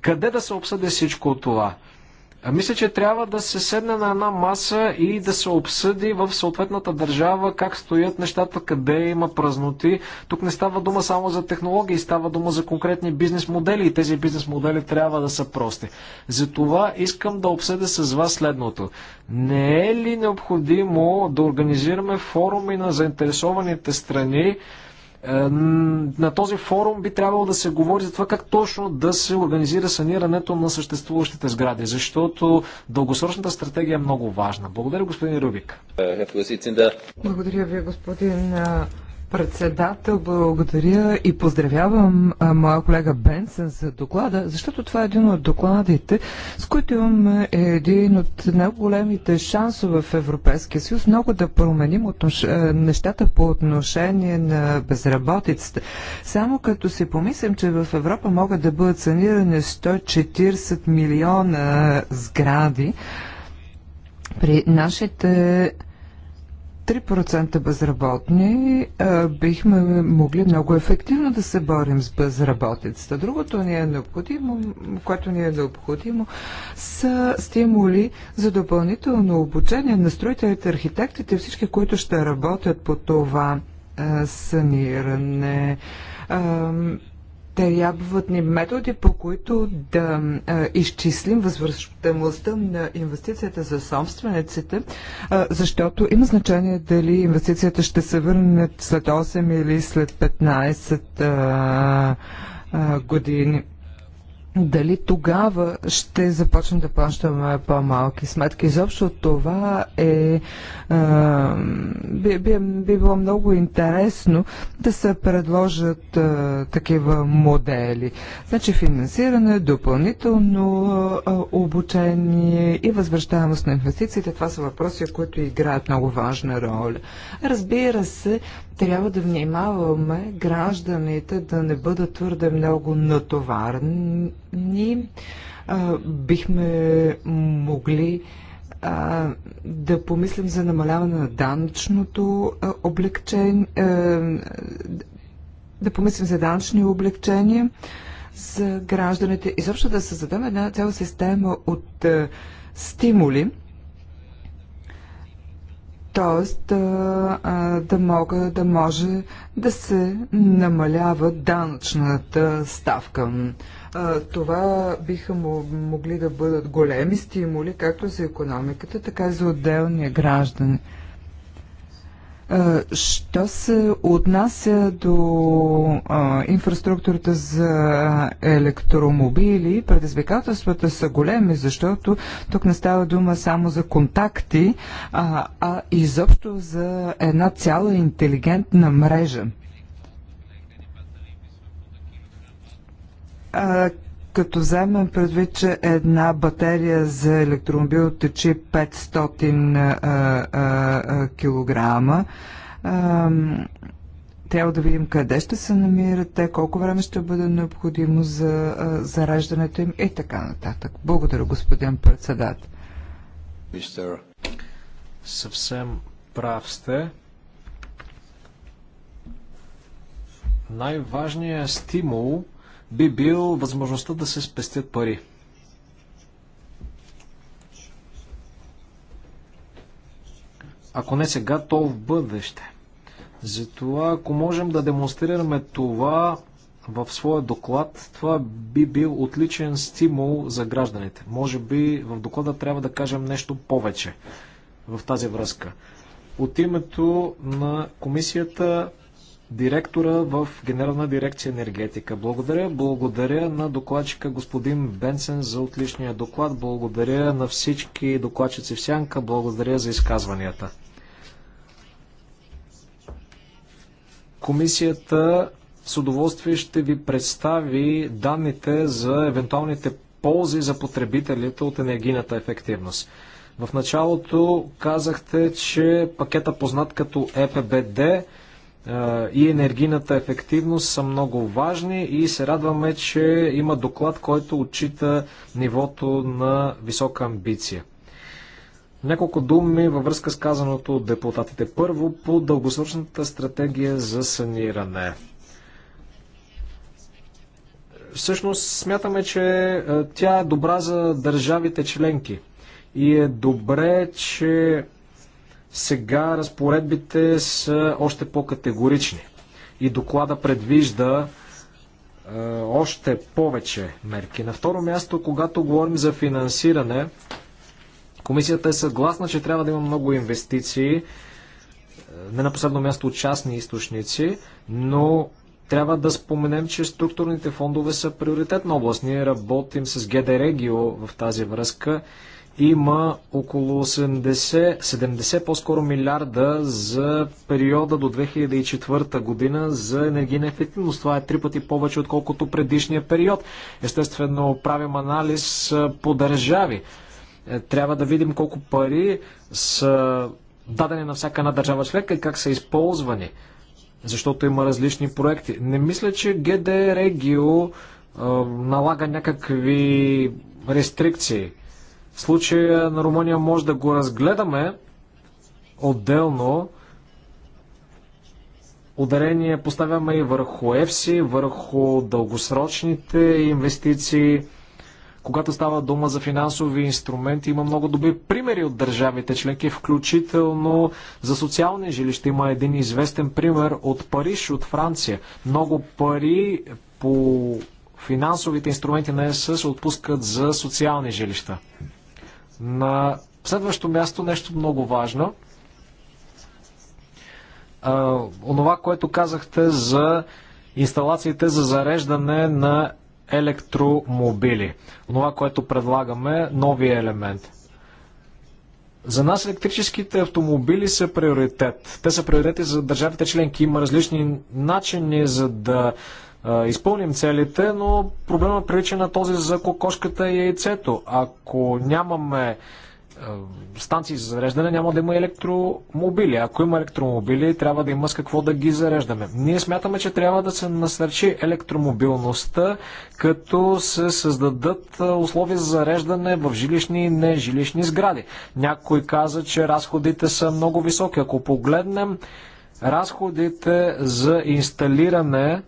Къде да се обсъди всичко това? Мисля, че трябва да се седне на една маса и да се обсъди в съответната държава как стоят нещата, къде има празноти. Тук не става дума само за технологии, става дума за конкретни бизнес модели и тези бизнес модели трябва да са прости. Затова искам да обсъдя с вас следното. Не е ли необходимо да организираме форуми на заинтересованите страни, на този форум би трябвало да се говори за това как точно да се организира санирането на съществуващите сгради, защото дългосрочната стратегия е много важна. Благодаря, господин Рубик. Благодаря ви, господин Председател, благодаря и поздравявам а, моя колега Бенсен за доклада, защото това е един от докладите, с които имам един от най-големите шансове в Европейския съюз много да променим отнош... нещата по отношение на безработицата. Само като си помислям, че в Европа могат да бъдат санирани 140 милиона сгради, при нашите 3% безработни, бихме могли много ефективно да се борим с безработицата. Другото ни е необходимо, което ни е необходимо, са стимули за допълнително обучение на строителите, архитектите, всички, които ще работят по това саниране Трябват ни методи, по които да изчислим възвръщаемостта на инвестицията за собствениците, защото има значение дали инвестицията ще се върне след 8 или след 15 години дали тогава ще започнем да плащаме по-малки сметки. Изобщо това е, е би, би, би било много интересно да се предложат е, такива модели. Значи финансиране, допълнително е, обучение и възвръщаемост на инвестициите. Това са въпроси, които играят много важна роля. Разбира се, трябва да внимаваме гражданите да не бъдат твърде много натоварни ние а, бихме могли а, да помислим за намаляване на данъчното а, облегчение, а, да помислим за данъчни облегчения за гражданите. и също да създадем една цяла система от а, стимули, т.е. Да, да, мога, да може да се намалява данъчната ставка. Това биха могли да бъдат големи стимули както за економиката, така и за отделния граждани. Що се отнася до а, инфраструктурата за електромобили, предизвикателствата са големи, защото тук не става дума само за контакти, а, а изобщо за една цяла интелигентна мрежа. А, като вземем предвид, че една батерия за електромобил течи 500 кг, килограма, трябва да видим къде ще се намират те, колко време ще бъде необходимо за зараждането им и така нататък. Благодаря, господин председател. Мистер. Съвсем прав сте. Най-важният стимул – би бил възможността да се спестят пари. Ако не сега, то в бъдеще. Затова, ако можем да демонстрираме това в своя доклад, това би бил отличен стимул за гражданите. Може би в доклада трябва да кажем нещо повече в тази връзка. От името на комисията директора в Генерална дирекция енергетика. Благодаря. Благодаря на докладчика господин Бенсен за отличния доклад. Благодаря на всички докладчици в Сянка. Благодаря за изказванията. Комисията с удоволствие ще ви представи данните за евентуалните ползи за потребителите от енергийната ефективност. В началото казахте, че пакета познат като ЕПБД и енергийната ефективност са много важни и се радваме, че има доклад, който отчита нивото на висока амбиция. Няколко думи във връзка с казаното от депутатите. Първо, по дългосрочната стратегия за саниране. Всъщност смятаме, че тя е добра за държавите членки. И е добре, че сега разпоредбите са още по-категорични и доклада предвижда е, още повече мерки. На второ място, когато говорим за финансиране, комисията е съгласна, че трябва да има много инвестиции, е, не на последно място от частни източници, но трябва да споменем, че структурните фондове са приоритетна област. Ние работим с ГД Регио в тази връзка има около 80, 70 по-скоро милиарда за периода до 2004 година за енергийна ефективност. Това е три пъти повече, отколкото предишния период. Естествено, правим анализ по държави. Е, трябва да видим колко пари са дадени на всяка една държава членка и как са използвани. Защото има различни проекти. Не мисля, че ГД Регио налага някакви рестрикции Случая на Румъния може да го разгледаме отделно. Ударение поставяме и върху ЕФСИ, върху дългосрочните инвестиции. Когато става дума за финансови инструменти, има много добри примери от държавите членки, включително за социални жилища. Има един известен пример от Париж, от Франция. Много пари по финансовите инструменти на ЕС се отпускат за социални жилища. На следващо място нещо много важно. А, онова, което казахте за инсталациите за зареждане на електромобили. Онова, което предлагаме, новия елемент. За нас електрическите автомобили са приоритет. Те са приоритети за държавите членки. Има различни начини за да изпълним целите, но проблема прилича на този за кокошката и яйцето. Ако нямаме станции за зареждане, няма да има електромобили. Ако има електромобили, трябва да има с какво да ги зареждаме. Ние смятаме, че трябва да се насърчи електромобилността, като се създадат условия за зареждане в жилищни и нежилищни сгради. Някой каза, че разходите са много високи. Ако погледнем разходите за инсталиране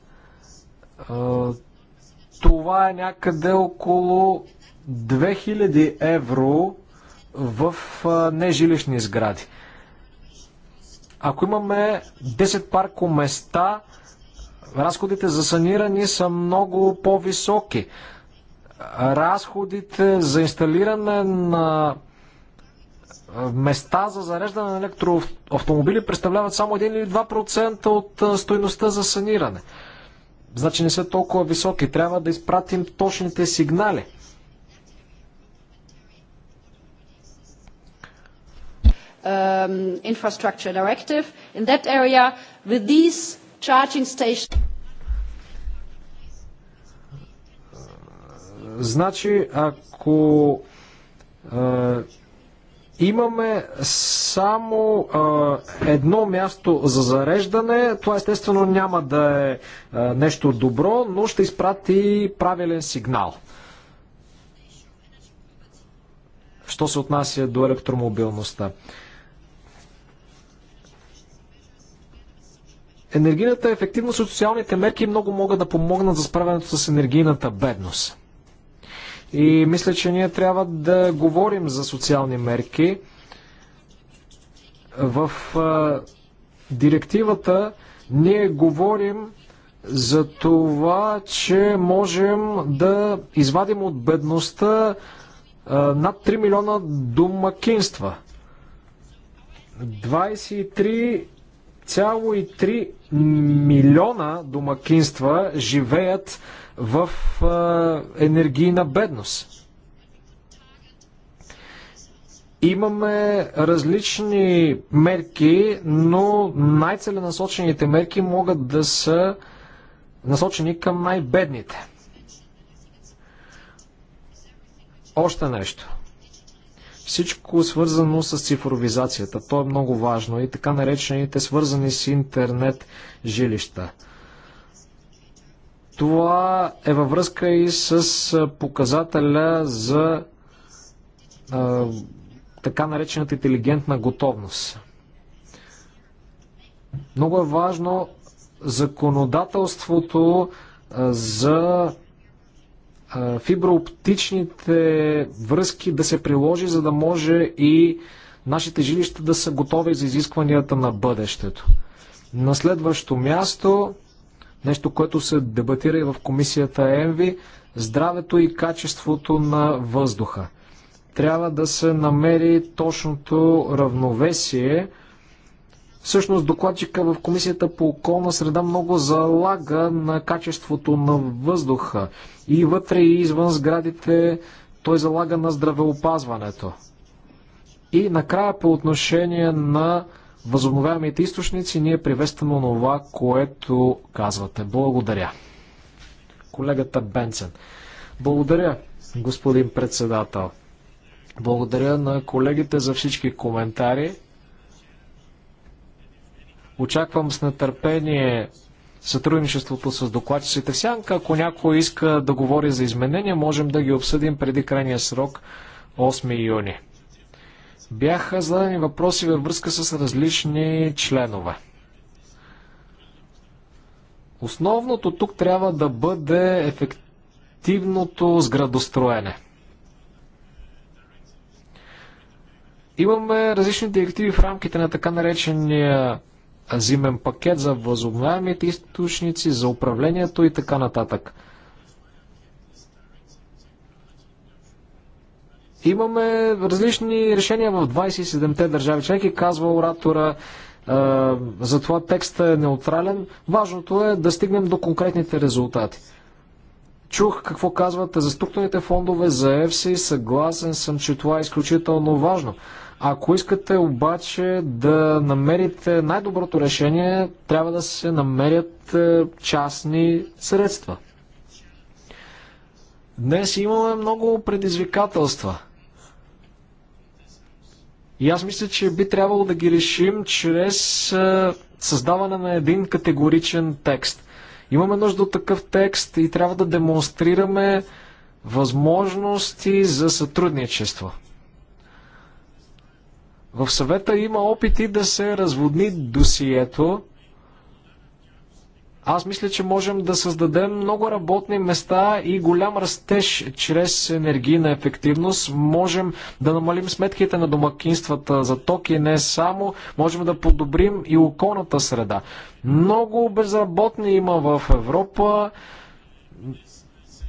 това е някъде около 2000 евро в нежилищни сгради. Ако имаме 10 парко места, разходите за саниране са много по-високи. Разходите за инсталиране на места за зареждане на електроавтомобили представляват само 1 или 2% от стоеността за саниране. Значи не са толкова високи. Трябва да изпратим точните сигнали. um, infrastructure directive. In that area, with these charging stations. Значи, ако Имаме само а, едно място за зареждане. Това естествено няма да е а, нещо добро, но ще изпрати правилен сигнал. Що се отнася до електромобилността? Енергийната ефективност и социалните мерки много могат да помогнат за справянето с енергийната бедност. И мисля, че ние трябва да говорим за социални мерки. В директивата ние говорим за това, че можем да извадим от бедността над 3 милиона домакинства. 23,3 милиона домакинства живеят в енергийна бедност. Имаме различни мерки, но най-целенасочените мерки могат да са насочени към най-бедните. Още нещо. Всичко свързано с цифровизацията. То е много важно и така наречените свързани с интернет жилища. Това е във връзка и с показателя за а, така наречената интелигентна готовност. Много е важно законодателството а, за а, фиброоптичните връзки да се приложи, за да може и нашите жилища да са готови за изискванията на бъдещето. На следващо място Нещо, което се дебатира и в комисията ЕМВИ, здравето и качеството на въздуха. Трябва да се намери точното равновесие. Всъщност докладчика в Комисията по околна среда много залага на качеството на въздуха. И вътре и извън сградите той залага на здравеопазването. И накрая по отношение на възобновяемите източници, ние приветстваме това, което казвате. Благодаря. Колегата Бенсен. Благодаря, господин председател. Благодаря на колегите за всички коментари. Очаквам с нетърпение сътрудничеството с докладчиците Сянка. Ако някой иска да говори за изменения, можем да ги обсъдим преди крайния срок 8 юни. Бяха зададени въпроси във връзка с различни членове. Основното тук трябва да бъде ефективното сградостроене. Имаме различни директиви в рамките на така наречения зимен пакет за възобновяемите източници, за управлението и така нататък. Имаме различни решения в 27-те държави членки, казва оратора. Затова текстът е неутрален. Важното е да стигнем до конкретните резултати. Чух какво казвате за структурните фондове, за ЕФСИ. Съгласен съм, че това е изключително важно. Ако искате обаче да намерите най-доброто решение, трябва да се намерят е, частни средства. Днес имаме много предизвикателства – и аз мисля, че би трябвало да ги решим чрез създаване на един категоричен текст. Имаме нужда от такъв текст и трябва да демонстрираме възможности за сътрудничество. В съвета има опити да се разводни досието. Аз мисля, че можем да създадем много работни места и голям растеж чрез енергийна ефективност. Можем да намалим сметките на домакинствата за ток и не само. Можем да подобрим и околната среда. Много безработни има в Европа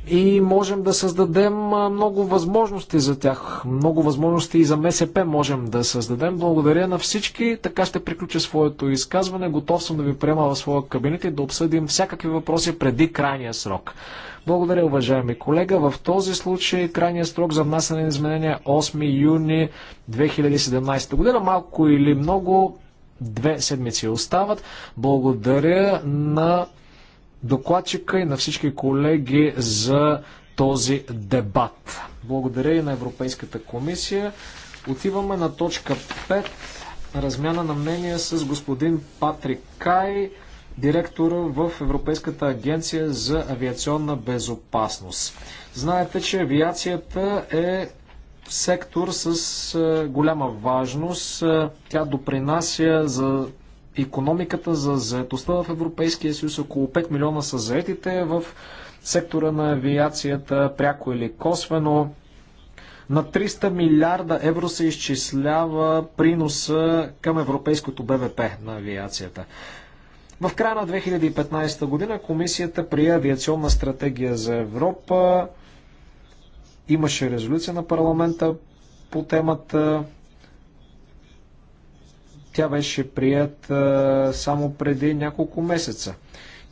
и можем да създадем много възможности за тях. Много възможности и за МСП можем да създадем. Благодаря на всички. Така ще приключа своето изказване. Готов съм да ви приема в своя кабинет и да обсъдим всякакви въпроси преди крайния срок. Благодаря, уважаеми колега. В този случай крайният срок за внасяне на изменения 8 е юни 2017 година. Малко или много, две седмици остават. Благодаря на докладчика и на всички колеги за този дебат. Благодаря и на Европейската комисия. Отиваме на точка 5. Размяна на мнение с господин Патрик Кай, директора в Европейската агенция за авиационна безопасност. Знаете, че авиацията е сектор с е, голяма важност. Е, тя допринася за економиката, за заетостта в Европейския съюз. Около 5 милиона са заетите в сектора на авиацията, пряко или косвено. На 300 милиарда евро се изчислява приноса към европейското БВП на авиацията. В края на 2015 година комисията прие авиационна стратегия за Европа. Имаше резолюция на парламента по темата. Тя беше прията само преди няколко месеца.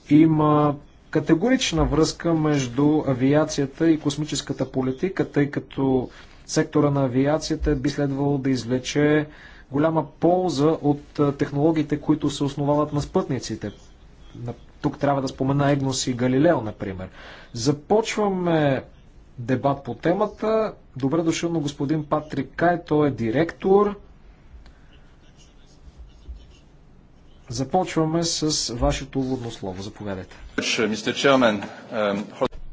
Има категорична връзка между авиацията и космическата политика, тъй като сектора на авиацията би следвало да извлече голяма полза от технологиите, които се основават на спътниците. Тук трябва да спомена Егнос и Галилео, например. Започваме дебат по темата. Добре дошъл на господин Патрик Кай, той е директор Започваме с вашето уводно слово. Заповядайте.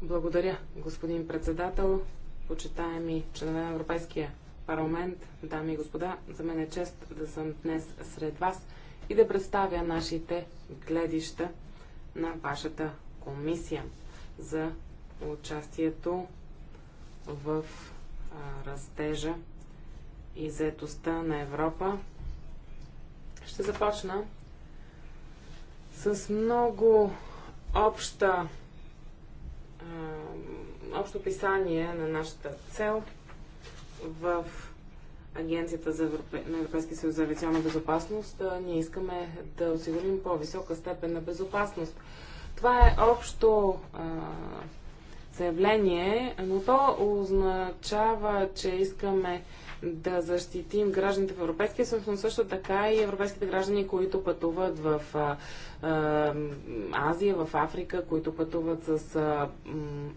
Благодаря, господин председател, почитаеми членове на Европейския парламент, дами и господа. За мен е чест да съм днес сред вас и да представя нашите гледища на вашата комисия за участието в растежа и заетостта на Европа. Ще започна с много обща, общо писание на нашата цел в Агенцията за Европе... на Европейския съюз за авиационна безопасност. ние искаме да осигурим по-висока степен на безопасност. Това е общо а, заявление, но то означава, че искаме да защитим гражданите в Европейския съюз, но също така и европейските граждани, които пътуват в Азия, в Африка, които пътуват с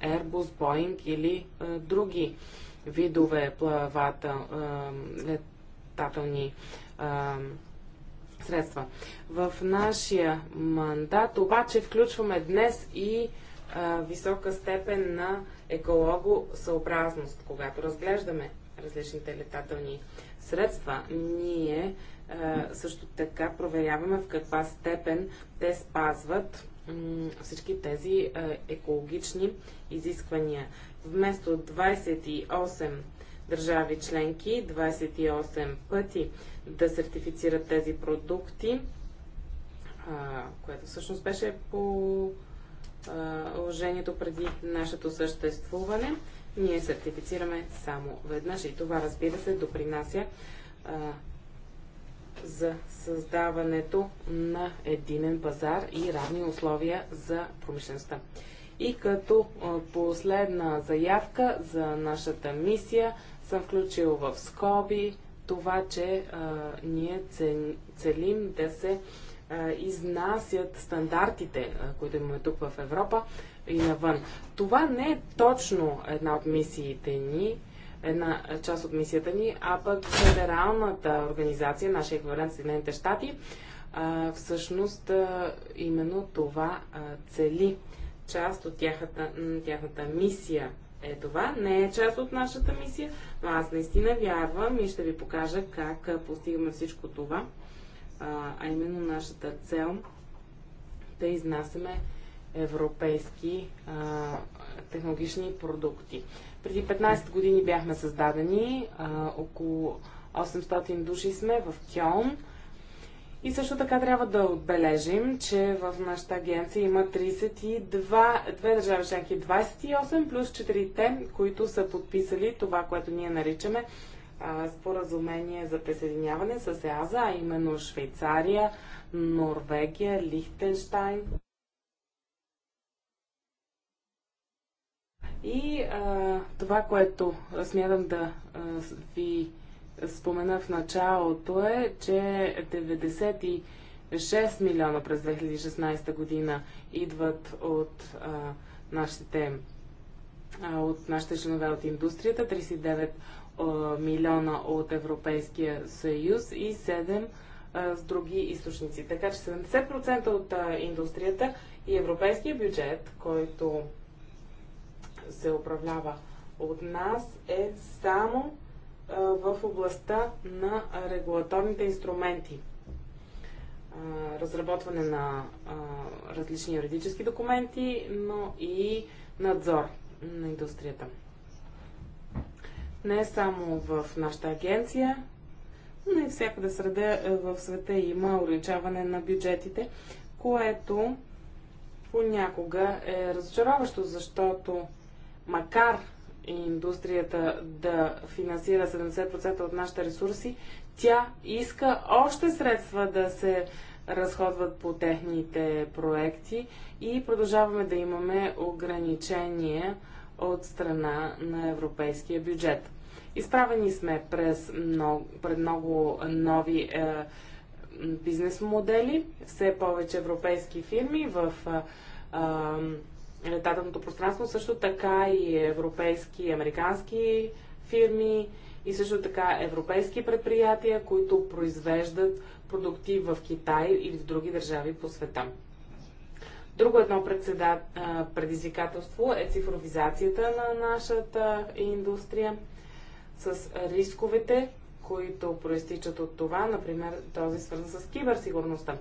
Airbus, Boeing или други видове плавата летателни средства. В нашия мандат обаче включваме днес и висока степен на екологосъобразност, когато разглеждаме различните летателни средства. Ние е, също така проверяваме в каква степен те спазват всички тези е, екологични изисквания. Вместо 28 държави членки, 28 пъти да сертифицират тези продукти, е, което всъщност беше по положението преди нашето съществуване. Ние сертифицираме само веднъж и това, разбира се, допринася а, за създаването на единен пазар и равни условия за промишлеността. И като последна заявка за нашата мисия съм включил в скоби това, че а, ние целим да се а, изнасят стандартите, а, които имаме тук в Европа, и навън. Това не е точно една от мисиите ни, една част от мисията ни, а пък федералната организация, нашия еквивалент Съединените щати, всъщност именно това цели. Част от тяхната, тяхната мисия е това. Не е част от нашата мисия, но аз наистина вярвам и ще ви покажа как постигаме всичко това, а именно нашата цел да изнасяме европейски а, технологични продукти. Преди 15 години бяхме създадени, а, около 800 души сме в Кьон. И също така трябва да отбележим, че в нашата агенция има 32 две държави членки, 28 плюс 4-те, които са подписали това, което ние наричаме а, споразумение за присъединяване с ЕАЗа, а именно Швейцария, Норвегия, Лихтенштайн. И а, това, което смятам да а, ви спомена в началото е, че 96 милиона през 2016 година идват от а, нашите а, от нашите членове от индустрията, 39 а, милиона от Европейския съюз и 7 а, с други източници. Така че 70% от а, индустрията и европейския бюджет, който се управлява от нас е само в областта на регулаторните инструменти. разработване на различни юридически документи, но и надзор на индустрията. Не само в нашата агенция, но и всякъде среда е, в света има увеличаване на бюджетите, което понякога е разочароващо, защото макар и индустрията да финансира 70% от нашите ресурси, тя иска още средства да се разходват по техните проекти и продължаваме да имаме ограничения от страна на европейския бюджет. Изправени сме през много, пред много нови е, бизнес модели, все повече европейски фирми в е, е даденото пространство, също така и европейски и американски фирми и също така европейски предприятия, които произвеждат продукти в Китай или в други държави по света. Друго едно предизвикателство е цифровизацията на нашата индустрия с рисковете, които проистичат от това, например този свързан с киберсигурността.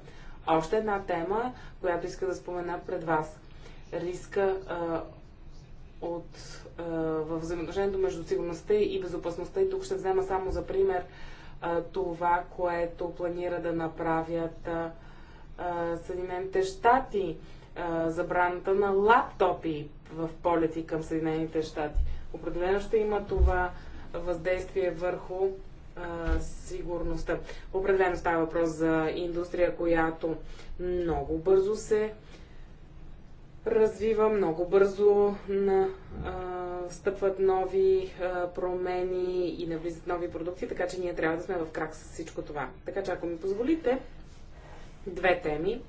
Още една тема, която иска да спомена пред вас – риска а, от, а, в взаимоотношението между сигурността и безопасността. И тук ще взема само за пример а, това, което планира да направят а, Съединените щати, а, забраната на лаптопи в полети към Съединените щати. Определено ще има това въздействие върху а, сигурността. Определено става въпрос за индустрия, която много бързо се развива, много бързо на, а, стъпват нови а, промени и навлизат нови продукти, така че ние трябва да сме в крак с всичко това. Така че ако ми позволите, две теми,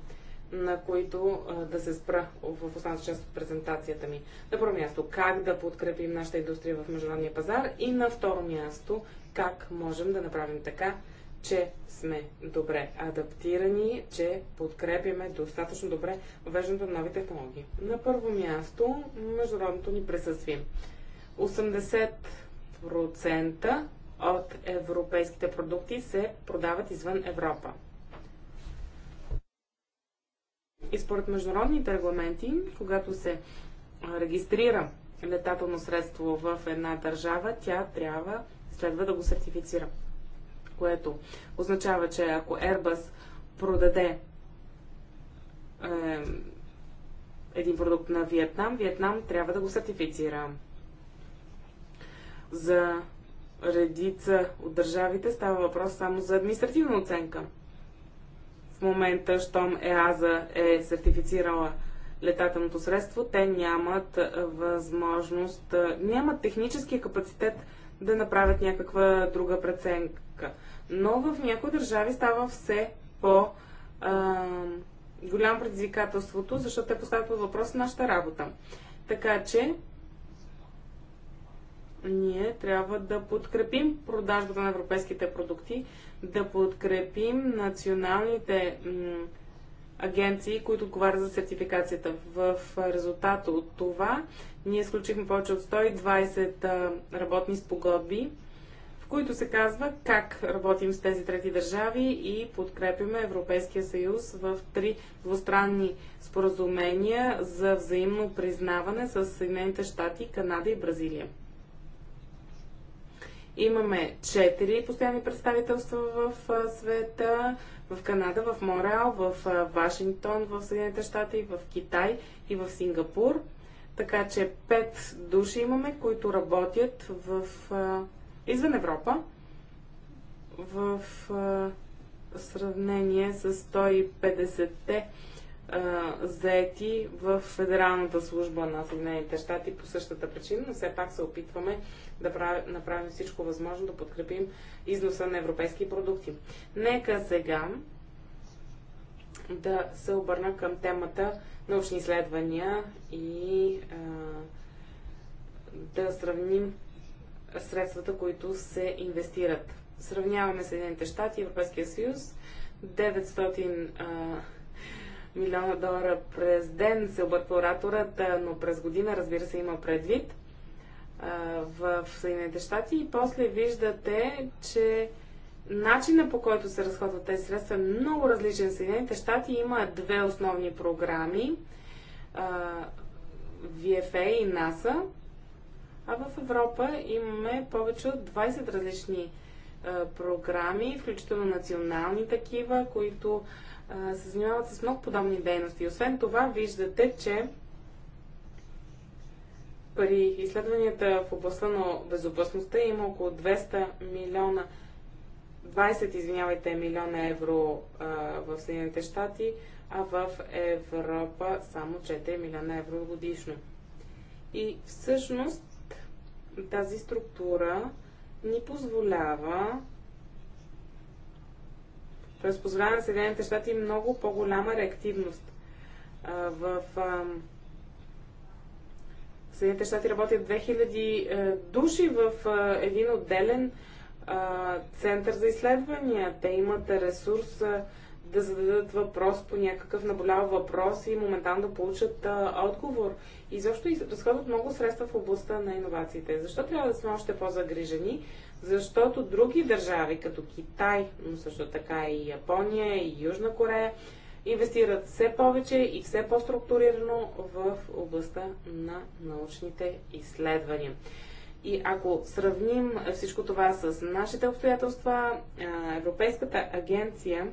на които а, да се спра в останалата част от презентацията ми. На първо място, как да подкрепим нашата индустрия в международния пазар и на второ място, как можем да направим така, че сме добре адаптирани, че подкрепяме достатъчно добре въвеждането на нови технологии. На първо място, международното ни присъствие. 80% от европейските продукти се продават извън Европа. И според международните регламенти, когато се регистрира летателно средство в една държава, тя трябва, следва да го сертифицира което означава, че ако Airbus продаде е, един продукт на Виетнам, Виетнам трябва да го сертифицира. За редица от държавите става въпрос само за административна оценка. В момента, щом ЕАЗа е сертифицирала летателното средство, те нямат е, възможност, е, нямат техническия капацитет да направят някаква друга преценка но в някои държави става все по- а, голямо предизвикателството, защото те поставят по въпрос на нашата работа. Така че ние трябва да подкрепим продажбата на европейските продукти, да подкрепим националните агенции, които отговарят за сертификацията. В резултат от това ние изключихме повече от 120 работни спогодби които се казва как работим с тези трети държави и подкрепяме Европейския съюз в три двустранни споразумения за взаимно признаване с Съединените щати, Канада и Бразилия. Имаме четири постоянни представителства в света, в Канада, в Мореал, в Вашингтон, в Съединените щати, в Китай и в Сингапур. Така че пет души имаме, които работят в извън Европа в сравнение с 150-те заети в Федералната служба на Съединените щати по същата причина, но все пак се опитваме да прави, направим всичко възможно да подкрепим износа на европейски продукти. Нека сега да се обърна към темата научни изследвания и а, да сравним средствата, които се инвестират. Сравняваме Съединените щати и Европейския съюз. 900 а, милиона долара през ден се обърква ораторът, но през година, разбира се, има предвид в Съединените щати и после виждате, че начина по който се разходват тези средства е много различен. Съединените щати има две основни програми VFA и NASA, а в Европа имаме повече от 20 различни а, е, програми, включително национални такива, които а, е, се занимават с много подобни дейности. Освен това, виждате, че при изследванията в областта на безопасността има около 200 милиона, 20, извинявайте, милиона евро а, е, в Съединените щати, а в Европа само 4 милиона евро годишно. И всъщност тази структура ни позволява т.е. позволява на Съединените щати много по-голяма реактивност. В Съединените щати работят 2000 е, души в е, един отделен център за изследвания. Те имат ресурс е, да зададат въпрос по някакъв наболял въпрос и моментално да получат а, отговор. И защо разходват много средства в областта на иновациите? Защо трябва да сме още по-загрижени? Защото други държави, като Китай, но също така и Япония, и Южна Корея, инвестират все повече и все по-структурирано в областта на научните изследвания. И ако сравним всичко това с нашите обстоятелства, Европейската агенция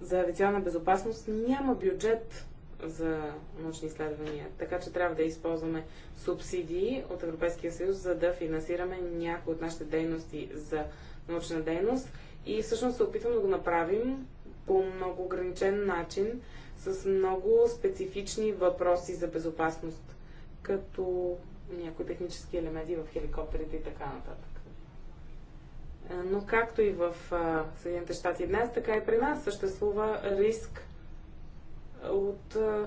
за авиационна безопасност няма бюджет за научни изследвания. Така че трябва да използваме субсидии от Европейския съюз, за да финансираме някои от нашите дейности за научна дейност. И всъщност се опитвам да го направим по много ограничен начин, с много специфични въпроси за безопасност, като някои технически елементи в хеликоптерите и така нататък. Е, но както и в е, Съединените щати днес, така и при нас съществува риск от е,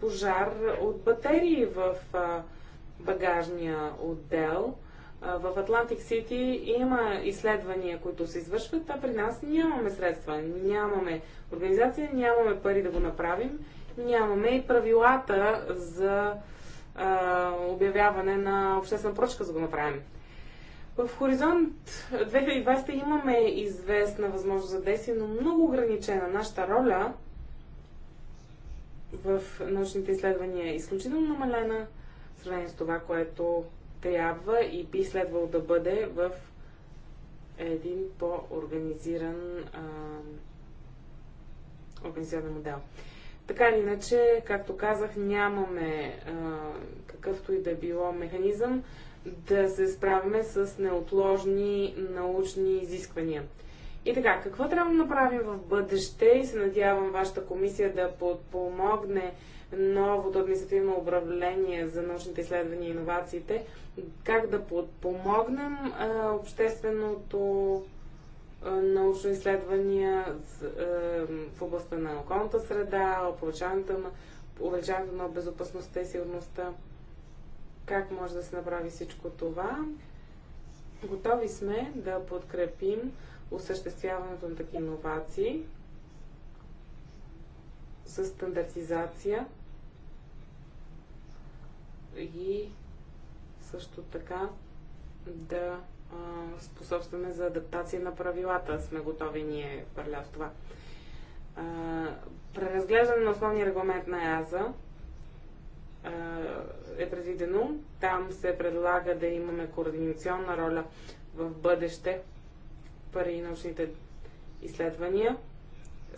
пожар от батерии в багажния отдел. В Атлантик Сити има изследвания, които се извършват, а при нас нямаме средства, нямаме организация, нямаме пари да го направим, нямаме и правилата за а, обявяване на обществена поръчка за да го направим. В Хоризонт 2020 имаме известна възможност за действие, но много ограничена. Нашата роля в научните изследвания е изключително намалена в сравнение с това, което трябва и би следвало да бъде в един по-организиран организиран модел. Така или иначе, както казах, нямаме а, какъвто и да е било механизъм да се справим с неотложни научни изисквания. И така, какво трябва да направим в бъдеще и се надявам вашата комисия да подпомогне новото административно управление за научните изследвания и иновациите, как да подпомогнем общественото научно изследвания в областта на околната среда, повечаването на, на безопасността и сигурността как може да се направи всичко това. Готови сме да подкрепим осъществяването на такива иновации с стандартизация и също така да а, способстваме за адаптация на правилата. Сме готови ние в това. А, преразглеждане на основния регламент на ЕАЗа е предвидено. Там се предлага да имаме координационна роля в бъдеще при научните изследвания.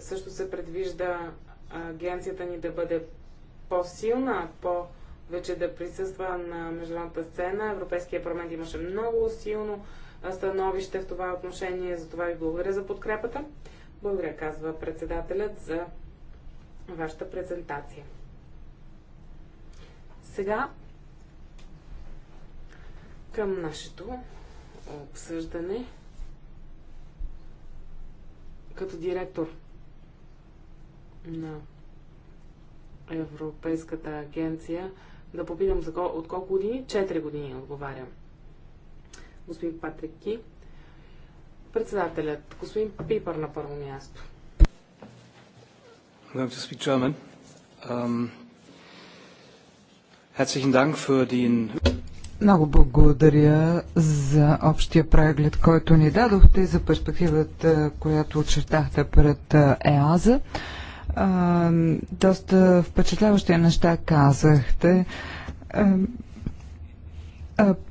Също се предвижда агенцията ни да бъде по-силна, по-вече да присъства на международната сцена. Европейския парламент имаше много силно становище в това отношение, затова ви благодаря за подкрепата. Благодаря, казва председателят, за вашата презентация. Сега към нашето обсъждане като директор на Европейската агенция да попитам за кол... от колко години? Четири години отговарям. Господин Патрики, председателят, господин Пипър на първо място. Господин going Um, много благодаря за общия преглед, който ни дадохте и за перспективата, която очертахте пред ЕАЗа. Доста впечатляващи неща казахте.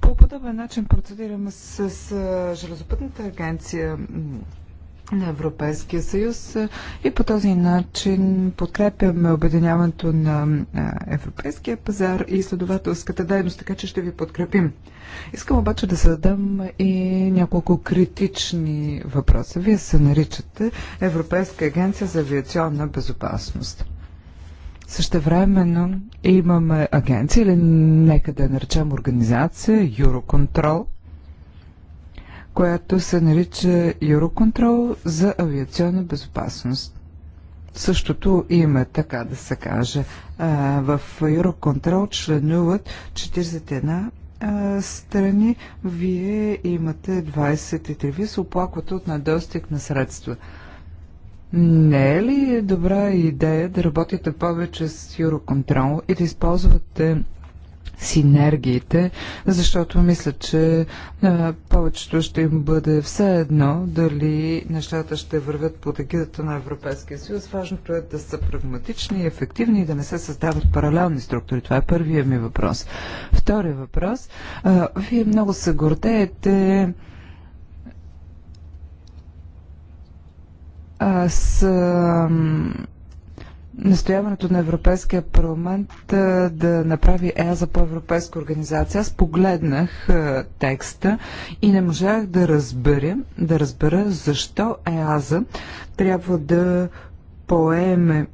По подобен начин процедираме с, с Железопътната агенция на Европейския съюз и по този начин подкрепяме обединяването на европейския пазар и следователската дейност, така че ще ви подкрепим. Искам обаче да задам и няколко критични въпроса. Вие се наричате Европейска агенция за авиационна безопасност. Същевременно имаме агенция или нека да наречем организация, Юроконтрол – която се нарича Юроконтрол за авиационна безопасност. Същото име, така да се каже. В Юроконтрол членуват 41 страни. Вие имате 23. Вие се оплаквате от недостиг на средства. Не е ли добра идея да работите повече с Юроконтрол и да използвате синергиите, защото мисля, че а, повечето ще им бъде все едно дали нещата ще вървят под егидата на Европейския съюз. Важното е да са прагматични и ефективни и да не се създават паралелни структури. Това е първият ми въпрос. Втория въпрос. А, вие много се гордеете с настояването на Европейския парламент да направи ЕАЗа по европейска организация. Аз погледнах текста и не можах да разбера, да разбера защо ЕАЗа трябва да поеме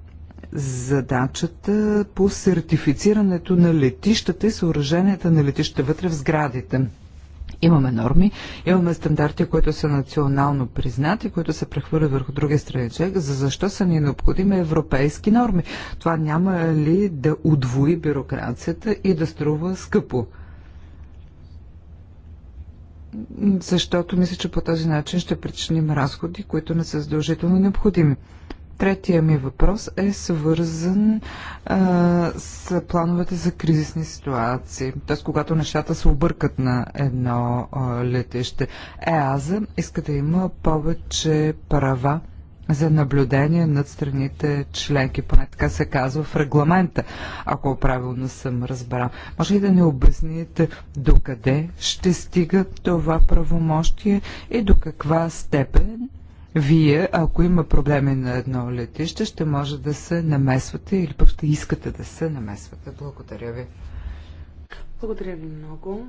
задачата по сертифицирането на летищата и съоръженията на летища вътре в сградите. Имаме норми, имаме стандарти, които са национално признати, които се прехвърлят върху други страни. За защо са ни необходими европейски норми? Това няма ли да удвои бюрокрацията и да струва скъпо? Защото мисля, че по този начин ще причиним разходи, които не са задължително необходими. Третия ми въпрос е свързан а, с плановете за кризисни ситуации, т.е. когато нещата се объркат на едно а, летище. ЕАЗа иска да има повече права за наблюдение над страните членки, поне така се казва в регламента, ако правилно съм разбрал. Може ли да ни обясните докъде ще стига това правомощие и до каква степен вие, ако има проблеми на едно летище, ще може да се намесвате или пък ще искате да се намесвате. Благодаря ви. Благодаря ви много.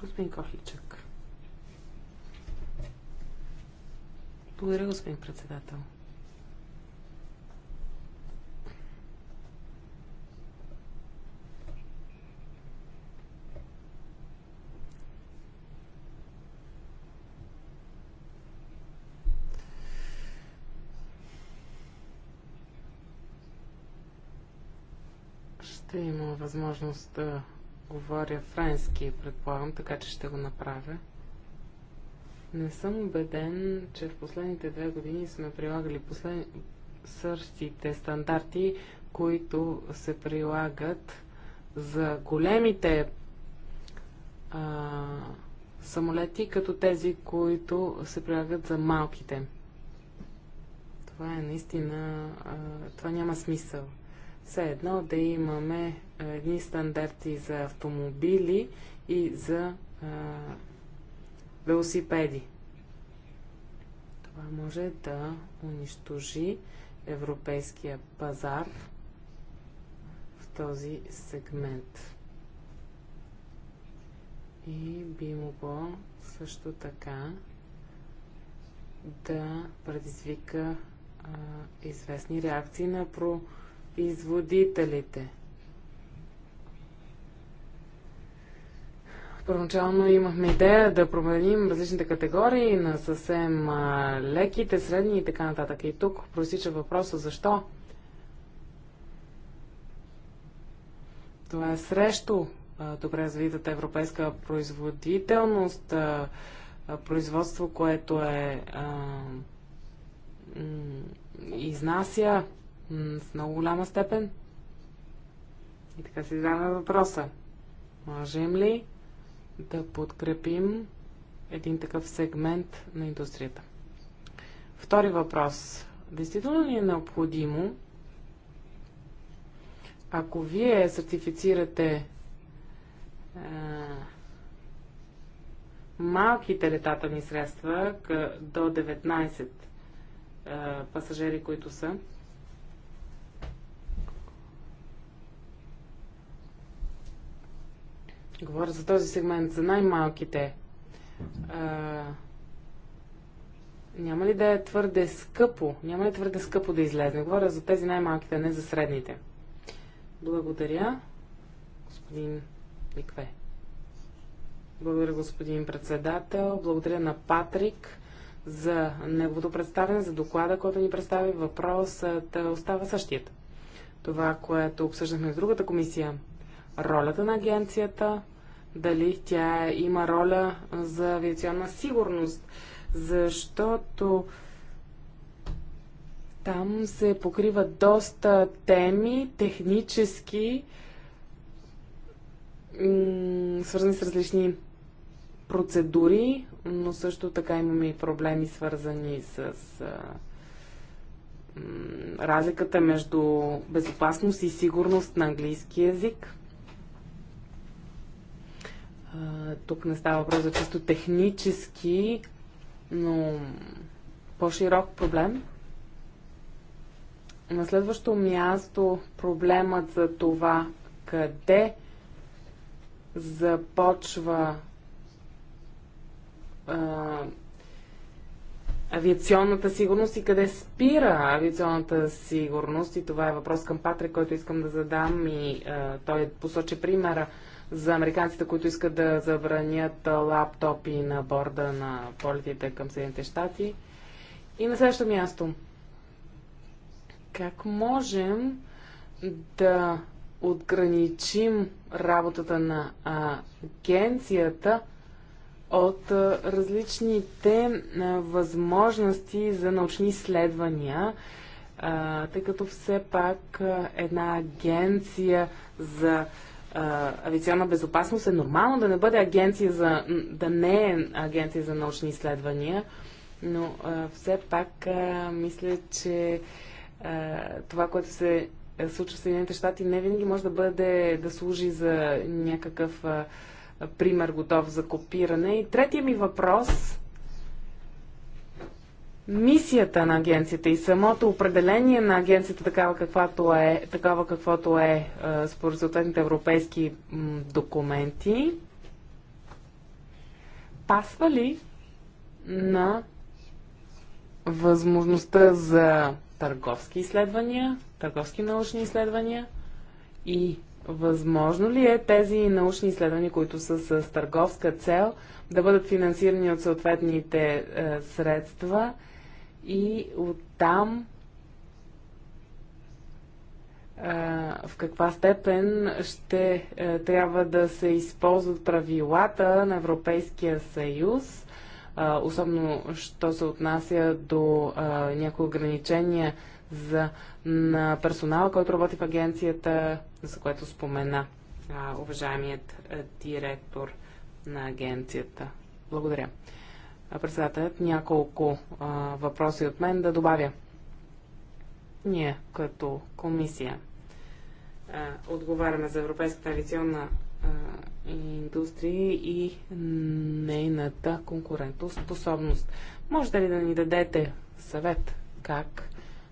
Господин Кохличък. Благодаря, господин председател. ще има възможност да говоря френски, предполагам, така че ще го направя. Не съм убеден, че в последните две години сме прилагали послед... същите стандарти, които се прилагат за големите а, самолети, като тези, които се прилагат за малките. Това е наистина. А, това няма смисъл все едно да имаме едни стандарти за автомобили и за а, велосипеди. Това може да унищожи европейския пазар в този сегмент. И би могло също така да предизвика а, известни реакции на про изводителите. Първоначално имахме идея да променим различните категории на съвсем а, леките, средни и така нататък. И тук просича въпроса защо. Това е срещу а, добре развитата европейска производителност, а, производство, което е изнася в много голяма степен. И така си задаваме въпроса. Можем ли да подкрепим един такъв сегмент на индустрията? Втори въпрос. Действително ли е необходимо, ако вие сертифицирате а, малките летателни средства къ, до 19 а, пасажери, които са, Говоря за този сегмент, за най-малките. няма ли да е твърде скъпо? Няма ли твърде скъпо да излезе? Говоря за тези най-малките, не за средните. Благодаря, господин Микве. Благодаря, господин председател. Благодаря на Патрик за неговото представяне, за доклада, който ни представи. Въпросът остава същият. Това, което обсъждахме с другата комисия, ролята на агенцията, дали тя има роля за авиационна сигурност, защото там се покриват доста теми, технически, свързани с различни процедури, но също така имаме и проблеми, свързани с разликата между безопасност и сигурност на английски язик тук не става въпрос за чисто технически, но по-широк проблем. На следващо място проблемът за това къде започва а, авиационната сигурност и къде спира авиационната сигурност. И това е въпрос към Патрик, който искам да задам и а, той посочи примера за американците, които искат да забранят лаптопи на борда на полетите към Съединените щати. И на следващото място. Как можем да отграничим работата на агенцията от различните възможности за научни изследвания, тъй като все пак една агенция за авиационна безопасност е нормално да не бъде агенция за, да не е агенция за научни изследвания, но а, все пак а, мисля, че а, това, което се е, случва в Съединените щати, не винаги може да бъде да служи за някакъв а, пример готов за копиране. И третия ми въпрос мисията на агенцията и самото определение на агенцията такава каквато е, такава каквото е, е според съответните европейски документи, пасва ли на възможността за търговски изследвания, търговски научни изследвания и възможно ли е тези научни изследвания, които са с търговска цел, да бъдат финансирани от съответните е, средства – и оттам в каква степен ще трябва да се използват правилата на Европейския съюз, особено що се отнася до някои ограничения за, на персонала, който работи в агенцията, за което спомена уважаемият директор на агенцията. Благодаря председателят няколко а, въпроси от мен да добавя. Ние като комисия а, отговаряме за европейската авиационна индустрия и нейната конкурентоспособност. Можете ли да ни дадете съвет как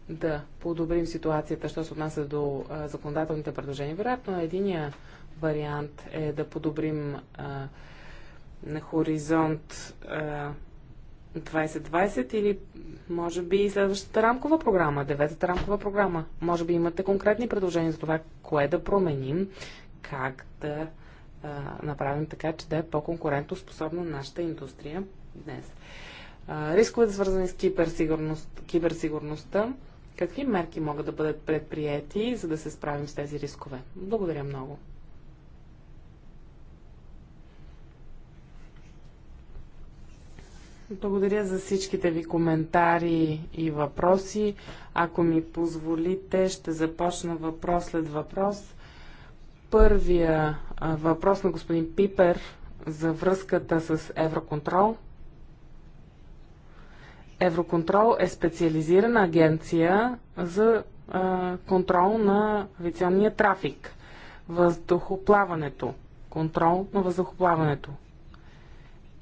да подобрим ситуацията, що се отнася до а, законодателните предложения? Вероятно, единия вариант е да подобрим а, на Хоризонт 2020 или може би и следващата рамкова програма, деветата рамкова програма. Може би имате конкретни предложения за това, кое да променим, как да направим така, че да е по-конкурентно способна нашата индустрия днес. А, рисковете свързани с киберсигурност, киберсигурността, какви мерки могат да бъдат предприяти, за да се справим с тези рискове? Благодаря много. Благодаря за всичките ви коментари и въпроси. Ако ми позволите, ще започна въпрос след въпрос. Първия въпрос на господин Пипер за връзката с Евроконтрол. Евроконтрол е специализирана агенция за контрол на авиационния трафик, въздухоплаването, контрол на въздухоплаването.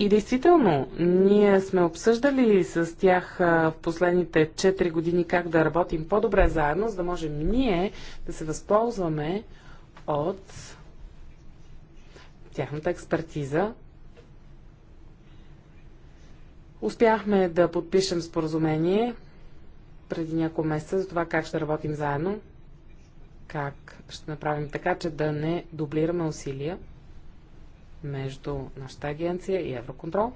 И действително, ние сме обсъждали с тях в последните 4 години как да работим по-добре заедно, за да можем ние да се възползваме от тяхната експертиза. Успяхме да подпишем споразумение преди няколко месеца за това как ще работим заедно, как ще направим така, че да не дублираме усилия между нашата агенция и Евроконтрол.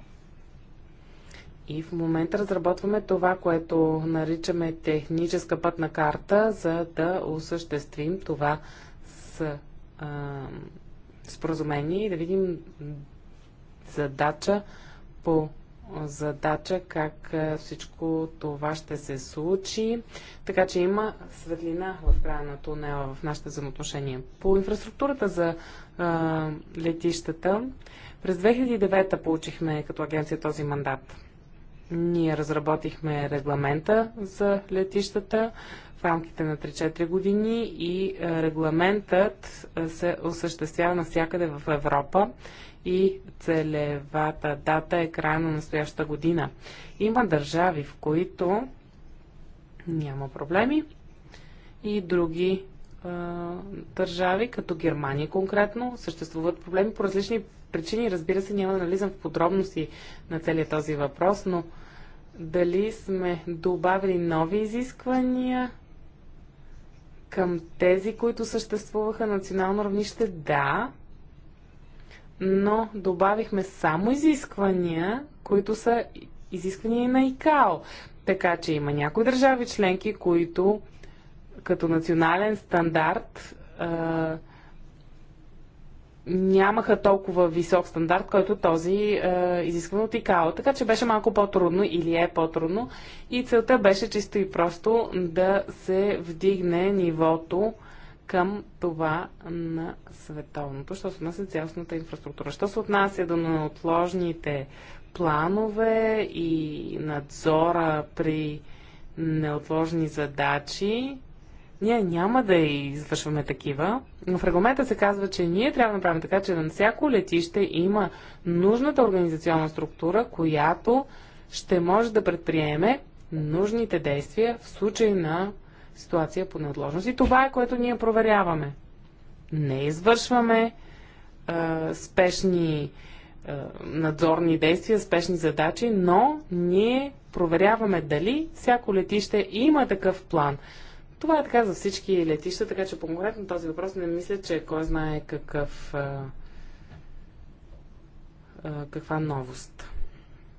И в момента разработваме това, което наричаме техническа пътна карта, за да осъществим това с а, споразумение и да видим задача по задача как всичко това ще се случи. Така че има светлина в края на тунела в нашите взаимоотношения. По инфраструктурата за а, летищата, през 2009 получихме като агенция този мандат. Ние разработихме регламента за летищата в рамките на 3-4 години и регламентът се осъществява навсякъде в Европа и целевата дата е края на настоящата година. Има държави, в които няма проблеми и други а, държави, като Германия конкретно, съществуват проблеми по различни причини. Разбира се, няма да нализам в подробности на целият този въпрос, но дали сме добавили нови изисквания към тези, които съществуваха национално равнище? Да, но добавихме само изисквания, които са изисквания на ИКАО. Така че има някои държави членки, които като национален стандарт а, нямаха толкова висок стандарт, който този е, изискван от ИКАО. Така че беше малко по-трудно или е по-трудно. И целта беше чисто и просто да се вдигне нивото към това на световното, що се отнася цялостната инфраструктура. Що се отнася до неотложните планове и надзора при неотложни задачи, ние няма да извършваме такива. Но в регламента се казва, че ние трябва да направим така, че на всяко летище има нужната организационна структура, която ще може да предприеме нужните действия в случай на ситуация по надложност И това е което ние проверяваме. Не извършваме а, е, спешни а, е, надзорни действия, спешни задачи, но ние проверяваме дали всяко летище има такъв план. Това е така за всички летища, така че по конкретно този въпрос не мисля, че кой знае какъв, а, е, а, каква новост.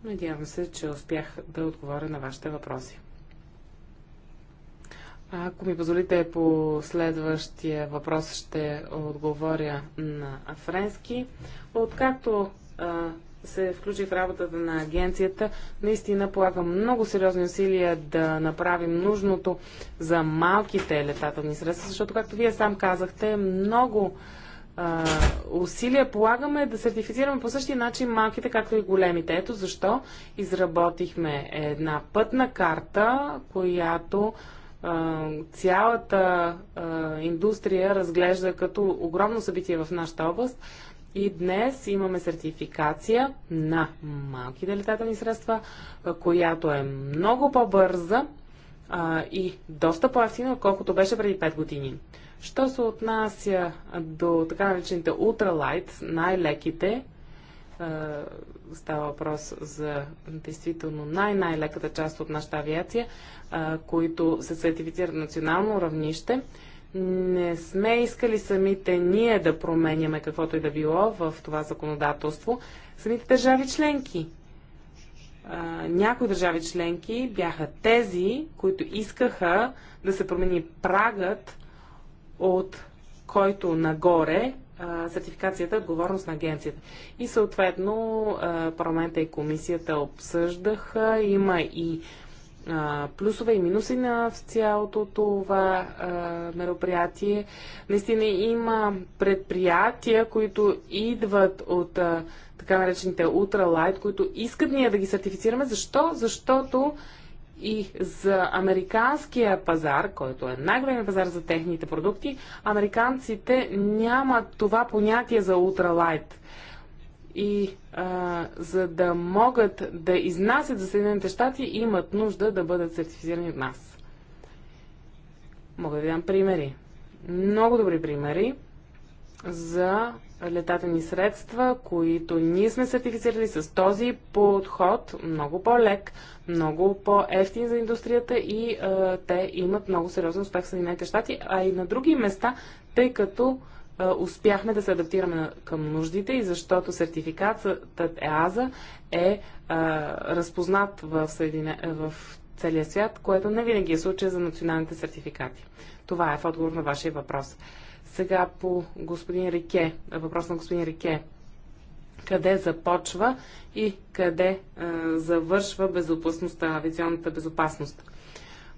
Надявам се, че успях да отговоря на вашите въпроси. Ако ми позволите по следващия въпрос, ще отговоря на френски. Откакто се включи в работата на агенцията, наистина полагам много сериозни усилия да направим нужното за малките летателни средства, защото, както вие сам казахте, много а, усилия полагаме да сертифицираме по същия начин малките, както и големите. Ето защо изработихме една пътна карта, която цялата индустрия разглежда като огромно събитие в нашата област. И днес имаме сертификация на малките летателни средства, която е много по-бърза и доста по-ефтина, отколкото беше преди 5 години. Що се отнася до така наречените ултралайт, най-леките, става въпрос за действително най-най-леката част от нашата авиация, а, които се сертифицират на национално равнище. Не сме искали самите ние да променяме каквото и да било в това законодателство. Самите държави членки. А, някои държави членки бяха тези, които искаха да се промени прагът от който нагоре сертификацията е отговорност на агенцията. И съответно парламента и комисията обсъждаха, има и плюсове и минуси на цялото това мероприятие. Наистина има предприятия, които идват от така наречените ултралайт, които искат ние да ги сертифицираме. Защо? Защото и за американския пазар, който е най-големият пазар за техните продукти, американците нямат това понятие за ултралайт. И а, за да могат да изнасят за Съединените щати, имат нужда да бъдат сертифицирани от нас. Мога да ви дам примери. Много добри примери за летателни средства, които ние сме сертифицирали с този подход, много по-лек, много по-ефтин за индустрията и а, е, те имат много сериозен успех в Съединените щати, а и на други места, тъй като а, е, успяхме да се адаптираме към нуждите и защото сертификатът ЕАЗа е а, е, разпознат в, Съедине... в целия свят, което не винаги е случай за националните сертификати. Това е в отговор на вашия въпрос. Сега по господин Рике, въпрос на господин Рике. Къде започва и къде а, е, завършва безопасността, авиационната безопасност?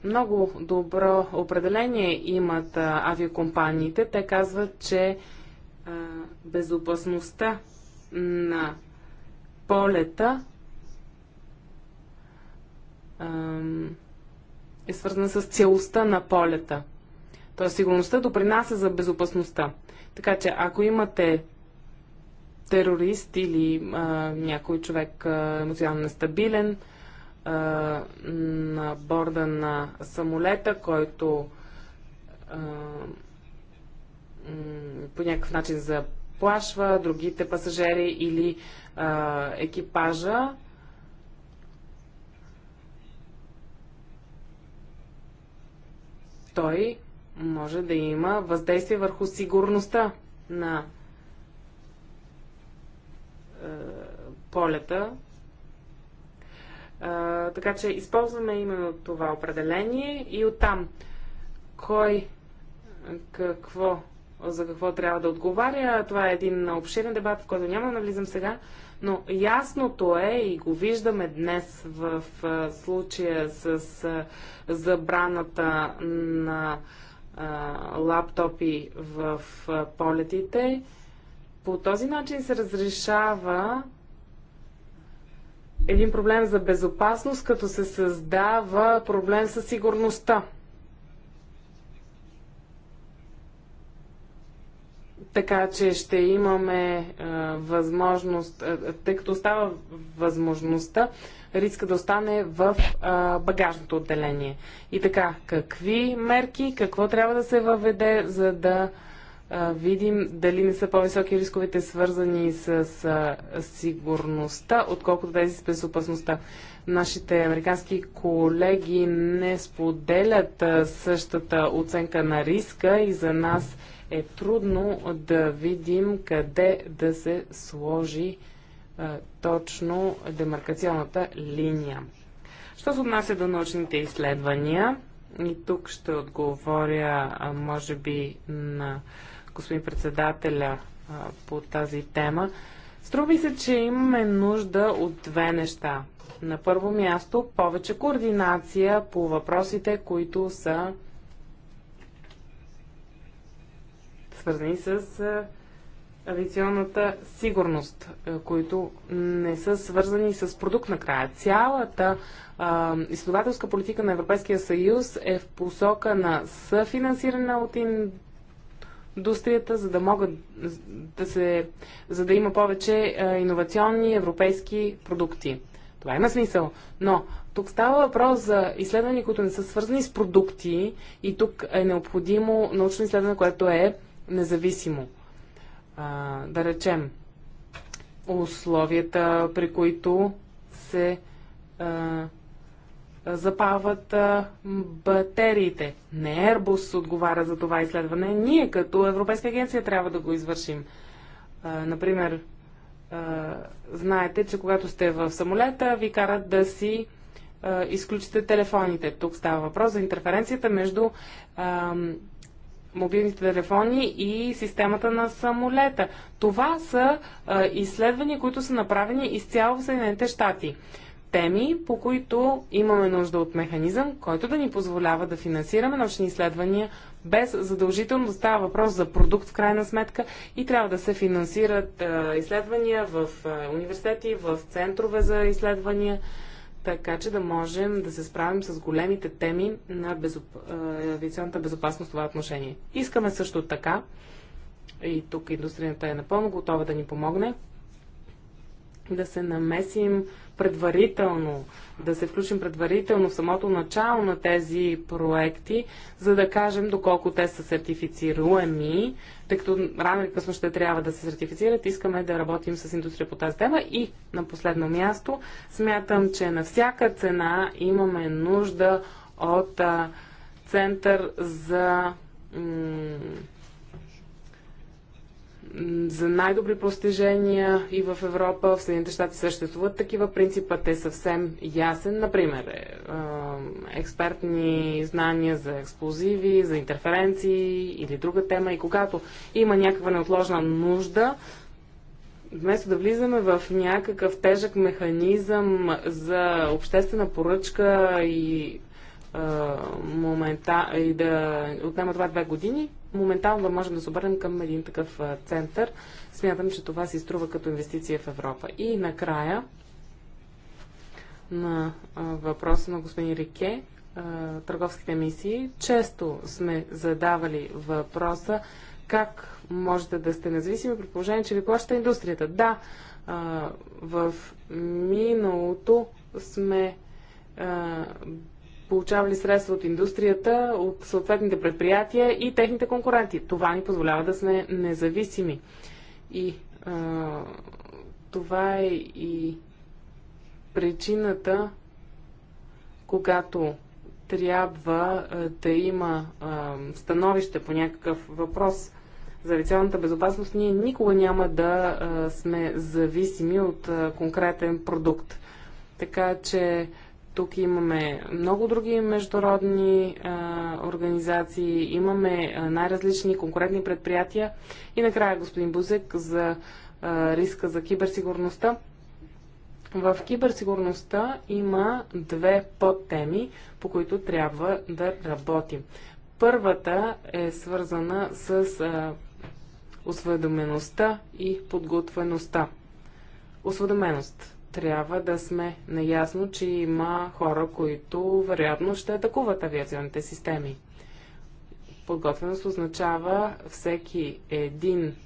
Много добро определение имат а, е, авиакомпаниите. Те казват, че а, е, безопасността на полета е свързана с целостта на полета. Тоест сигурността допринася за безопасността. Така че ако имате терорист или а, някой човек а, емоционално нестабилен а, на борда на самолета, който а, по някакъв начин заплашва другите пасажери или а, екипажа, той може да има въздействие върху сигурността на е, полета. Е, така че използваме именно това определение и оттам кой какво, за какво трябва да отговаря. Това е един обширен дебат, в който няма да навлизам сега, но ясното е и го виждаме днес в е, случая с е, забраната на лаптопи в полетите. По този начин се разрешава един проблем за безопасност, като се създава проблем със сигурността. Така че ще имаме а, възможност, а, тъй като става възможността риска да остане в а, багажното отделение. И така, какви мерки, какво трябва да се въведе, за да а, видим дали не са по-високи рисковете свързани с, а, сигурността, отколкото тези с безопасността. Нашите американски колеги не споделят а, същата оценка на риска и за нас е трудно да видим къде да се сложи е, точно демаркационната линия. Що се отнася до научните изследвания, и тук ще отговоря, може би, на господин председателя по тази тема. Струби се, че имаме нужда от две неща. На първо място, повече координация по въпросите, които са свързани с авиационната сигурност, е, които не са свързани с продукт накрая. Цялата а, изследователска политика на Европейския съюз е в посока на съфинансиране от индустрията, за да могат да се, за да има повече а, иновационни европейски продукти. Това има смисъл. Но тук става въпрос за изследвания, които не са свързани с продукти и тук е необходимо научно изследване, което е независимо да речем, условията, при които се а, запават а, батериите. Не Airbus отговаря за това изследване. Ние като Европейска агенция трябва да го извършим. А, например, а, знаете, че когато сте в самолета, ви карат да си а, изключите телефоните. Тук става въпрос за интерференцията между а, мобилните телефони и системата на самолета. Това са а, изследвания, които са направени изцяло в Съединените щати. Теми, по които имаме нужда от механизъм, който да ни позволява да финансираме научни изследвания, без задължително да става въпрос за продукт в крайна сметка и трябва да се финансират а, изследвания в а, университети, в центрове за изследвания така че да можем да се справим с големите теми на безоп... авиационната безопасност в това отношение. Искаме също така, и тук индустрията е напълно готова да ни помогне, да се намесим предварително, да се включим предварително в самото начало на тези проекти, за да кажем доколко те са сертифицируеми, тъй като рано или късно ще трябва да се сертифицират. Искаме да работим с индустрия по тази тема. И на последно място, смятам, че на всяка цена имаме нужда от а, център за за най-добри постижения и в Европа, в Съединените щати съществуват такива. Принципът е съвсем ясен. Например, е, е, експертни знания за експлозиви, за интерференции или друга тема. И когато има някаква неотложна нужда, вместо да влизаме в някакъв тежък механизъм за обществена поръчка и, е, момента, и да отнема това две години, моментално да можем да се обърнем към един такъв център. Смятам, че това си струва като инвестиция в Европа. И накрая на въпроса на господин Рике, търговските мисии, често сме задавали въпроса как можете да сте независими при положение, че ви плаща индустрията. Да, в миналото сме получавали средства от индустрията, от съответните предприятия и техните конкуренти. Това ни позволява да сме независими. И а, това е и причината, когато трябва а, да има а, становище по някакъв въпрос за авиационната безопасност, ние никога няма да а, сме зависими от а, конкретен продукт. Така че тук имаме много други международни а, организации, имаме най-различни конкурентни предприятия. И накрая, господин Бузек, за а, риска за киберсигурността. В киберсигурността има две подтеми, по които трябва да работим. Първата е свързана с а, осведомеността и подготвеността. Осведоменост трябва да сме наясно, че има хора, които вероятно ще атакуват авиационните системи. Подготвеност означава всеки един,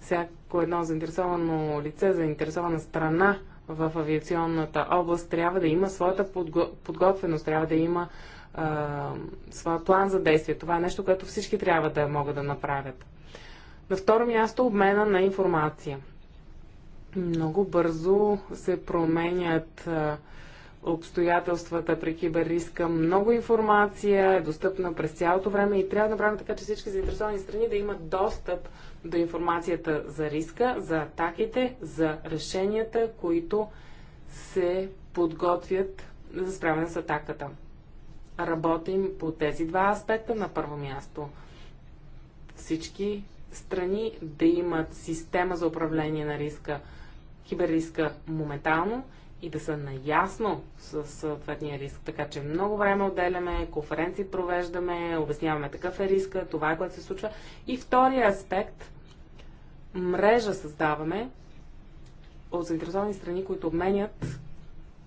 всяко едно заинтересовано лице, заинтересована страна в авиационната област трябва да има своята подго... подготвеност, трябва да има а, своя план за действие. Това е нещо, което всички трябва да могат да направят. На второ място обмена на информация – много бързо се променят обстоятелствата при киберриска. Много информация е достъпна през цялото време и трябва да направим така, че всички заинтересовани страни да имат достъп до информацията за риска, за атаките, за решенията, които се подготвят за справяне с атаката. Работим по тези два аспекта. На първо място всички страни да имат система за управление на риска – киберриска моментално и да са наясно с съответния риск. Така че много време отделяме, конференции провеждаме, обясняваме такъв е риска, това е което се случва. И втория аспект, мрежа създаваме от заинтересовани страни, които обменят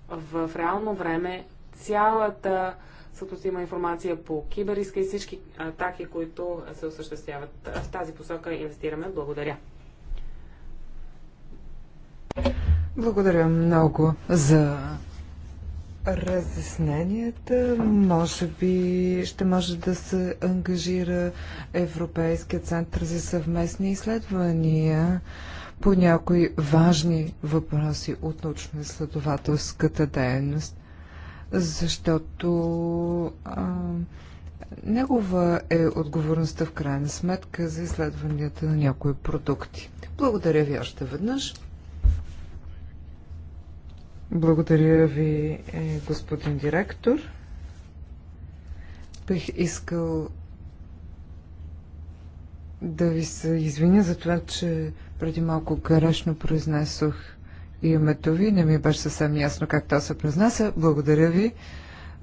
в реално време цялата съотносима информация по киберриска и всички атаки, които се осъществяват. В тази посока инвестираме. Благодаря. Благодаря много за разясненията. Може би ще може да се ангажира Европейския център за съвместни изследвания по някои важни въпроси от научно-изследователската дейност, защото а, негова е отговорността в крайна сметка за изследванията на някои продукти. Благодаря ви още веднъж. Благодаря ви, е, господин директор. Бих искал да ви се извиня за това, че преди малко карешно произнесох името ви. Не ми беше съвсем ясно как то се произнася. Благодаря ви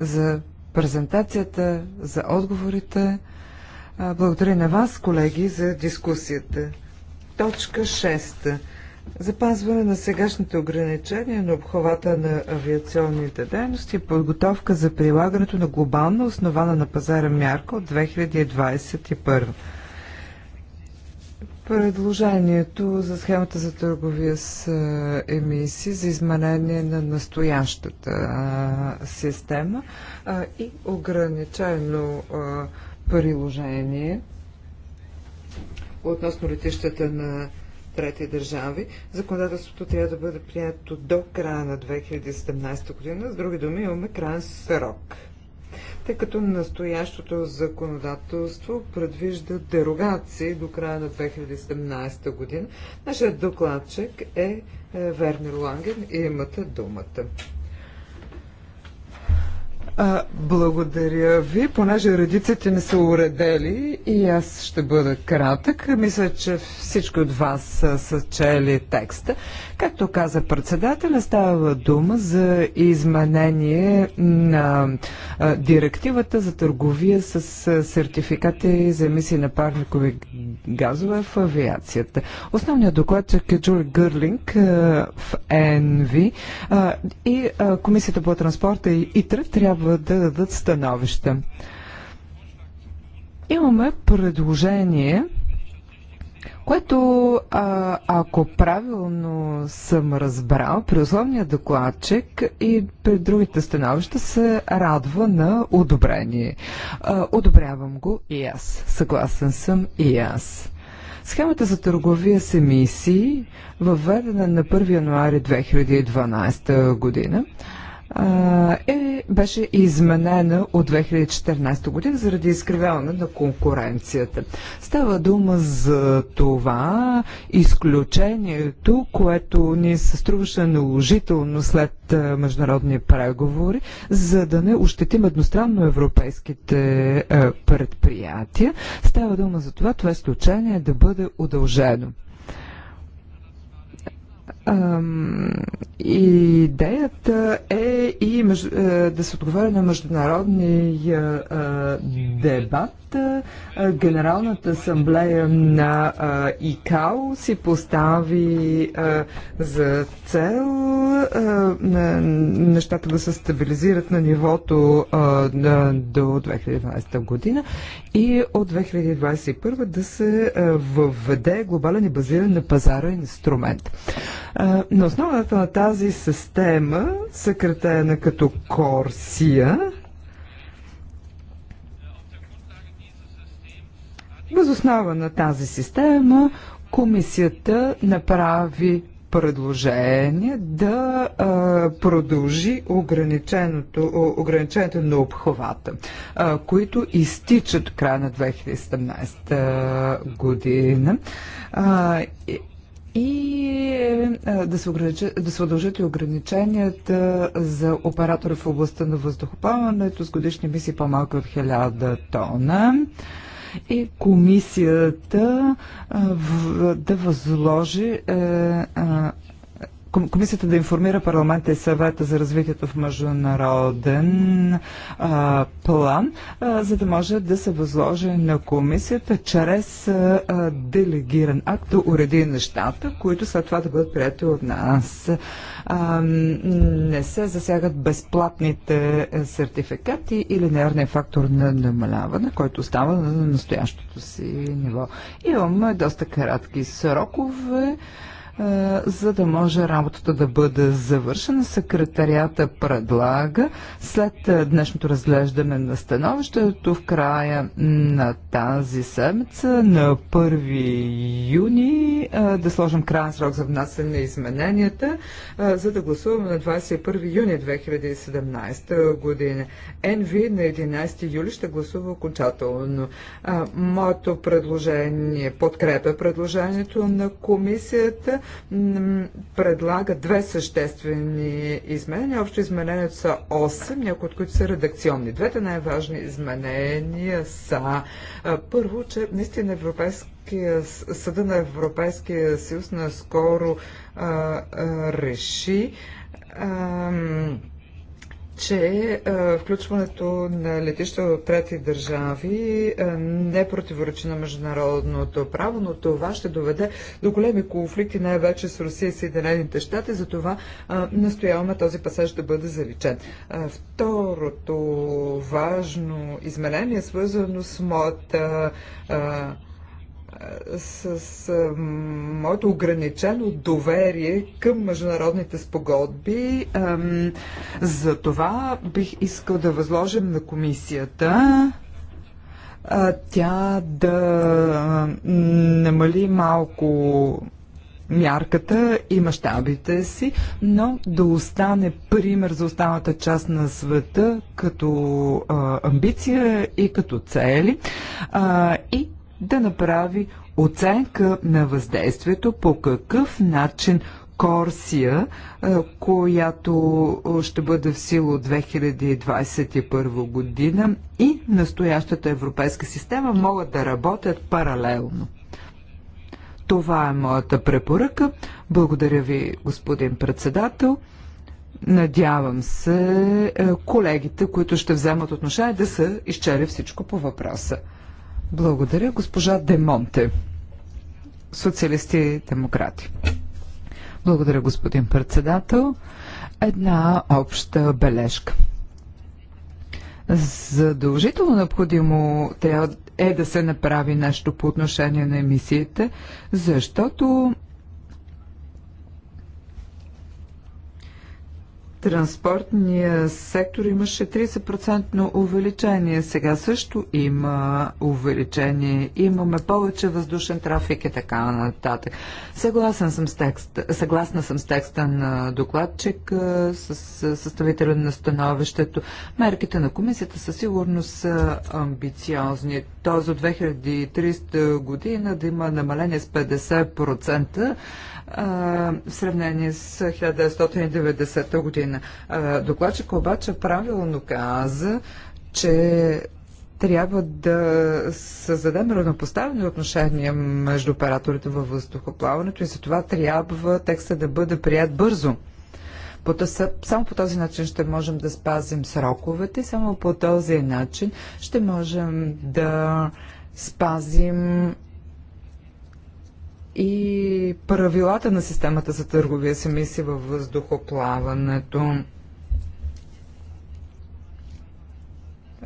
за презентацията, за отговорите. Благодаря на вас, колеги, за дискусията. Точка 6 запазване на сегашните ограничения на обхвата на авиационните дейности и подготовка за прилагането на глобална основана на пазара мярка от 2021. Предложението за схемата за търговия с емисии за изменение на настоящата система и ограничено приложение относно летищата на трети държави. Законодателството трябва да бъде прието до края на 2017 година. С други думи, имаме крайен срок. Тъй като настоящото законодателство предвижда дерогации до края на 2017 година, нашият докладчик е, е Вернер Ланген и имате думата. А, благодаря ви, понеже редиците не са уредели и аз ще бъда кратък. Мисля, че всички от вас са, са чели текста. Както каза председателя, става дума за изменение на а, директивата за търговия с а, сертификати за емисии на парникови газове в авиацията. Основният доклад е Кеджур Гърлинг в ЕНВИ и Комисията по транспорта и ИТРА трябва трябва да дадат становище. Имаме предложение, което, а, ако правилно съм разбрал, при условния докладчик и при другите становища се радва на одобрение. А, одобрявам го и аз. Съгласен съм и аз. Схемата за търговия с емисии, въведена на 1 януари 2012 година, е, беше изменена от 2014 година заради изкривяване на конкуренцията. Става дума за това изключението, което ни се струваше наложително след международни преговори, за да не ощетим едностранно европейските предприятия. Става дума за това, това изключение да бъде удължено. Идеята е и е, да се отговаря на международния е, дебат. Е, Генералната асамблея на ИКАО си постави за цел нещата да се стабилизират на нивото до 2020 година и от 2021 да се въведе глобален и базиран на пазара инструмент. На основата на тази система, съкратена като Корсия, Възоснова на тази система комисията направи предложение да а, продължи ограниченото, ограниченото на обхвата, а, които изтичат края на 2017 година. А, и е, да се, ограничи, да се удължат и ограниченията за оператори в областта на въздухоплаването с годишни мисии по-малко от 1000 тона и комисията е, да възложи е, комисията да информира парламента и съвета за развитието в международен а, план, а, за да може да се възложи на комисията чрез а, делегиран акт да уреди нещата, които след това да бъдат прияти от нас. А, не се засягат безплатните е, сертификати и линеарния фактор на намаляване, който остава на настоящото си ниво. Имаме доста кратки срокове. Е, за да може работата да бъде завършена. Секретарията предлага след е, днешното разглеждане на становището в края на тази седмица, на 1 юни, е, да сложим крайен срок за внасяне на измененията, за да гласуваме на 21 юни 2017 година. НВ на 11 юли ще гласува окончателно. Моето предложение подкрепя предложението на комисията предлага две съществени изменения. Общо изменението са 8, някои от които са редакционни. Двете най-важни изменения са първо, че наистина Европейски Съда на Европейския съюз наскоро а, а, реши а, че е, включването на летища от трети държави е, не противоречи на международното право, но това ще доведе до големи конфликти, най-вече с Русия и Съединените щати, затова е, настояваме този пасаж да бъде заличен. Е, второто важно изменение е свързано с моята е, с, с е, моето ограничено доверие към международните спогодби. За това бих искал да възложим на комисията е, тя да намали малко мярката и мащабите си, но да остане пример за останата част на света като а, амбиция и като цели а, и да направи оценка на въздействието по какъв начин Корсия, която ще бъде в сила от 2021 година и настоящата европейска система могат да работят паралелно. Това е моята препоръка. Благодаря ви, господин председател. Надявам се колегите, които ще вземат отношение, да са изчели всичко по въпроса. Благодаря, госпожа Демонте, социалисти и демократи. Благодаря, господин председател. Една обща бележка. Задължително необходимо е да се направи нещо по отношение на емисиите, защото транспортния сектор имаше 30% увеличение. Сега също има увеличение. Имаме повече въздушен трафик и така нататък. Съгласен съм с текста, съгласна съм с текста на докладчик, с съставителя на становището. Мерките на комисията със сигурност са амбициозни. Тоест от 2300 година да има намаление с 50% в сравнение с 1990 година. Докладчик обаче правилно каза, че трябва да създадем равнопоставени отношения между операторите във въздухоплаването и за това трябва текста да бъде прият бързо. Само по този начин ще можем да спазим сроковете, само по този начин ще можем да спазим и правилата на системата за търговия с емисии във въздухоплаването.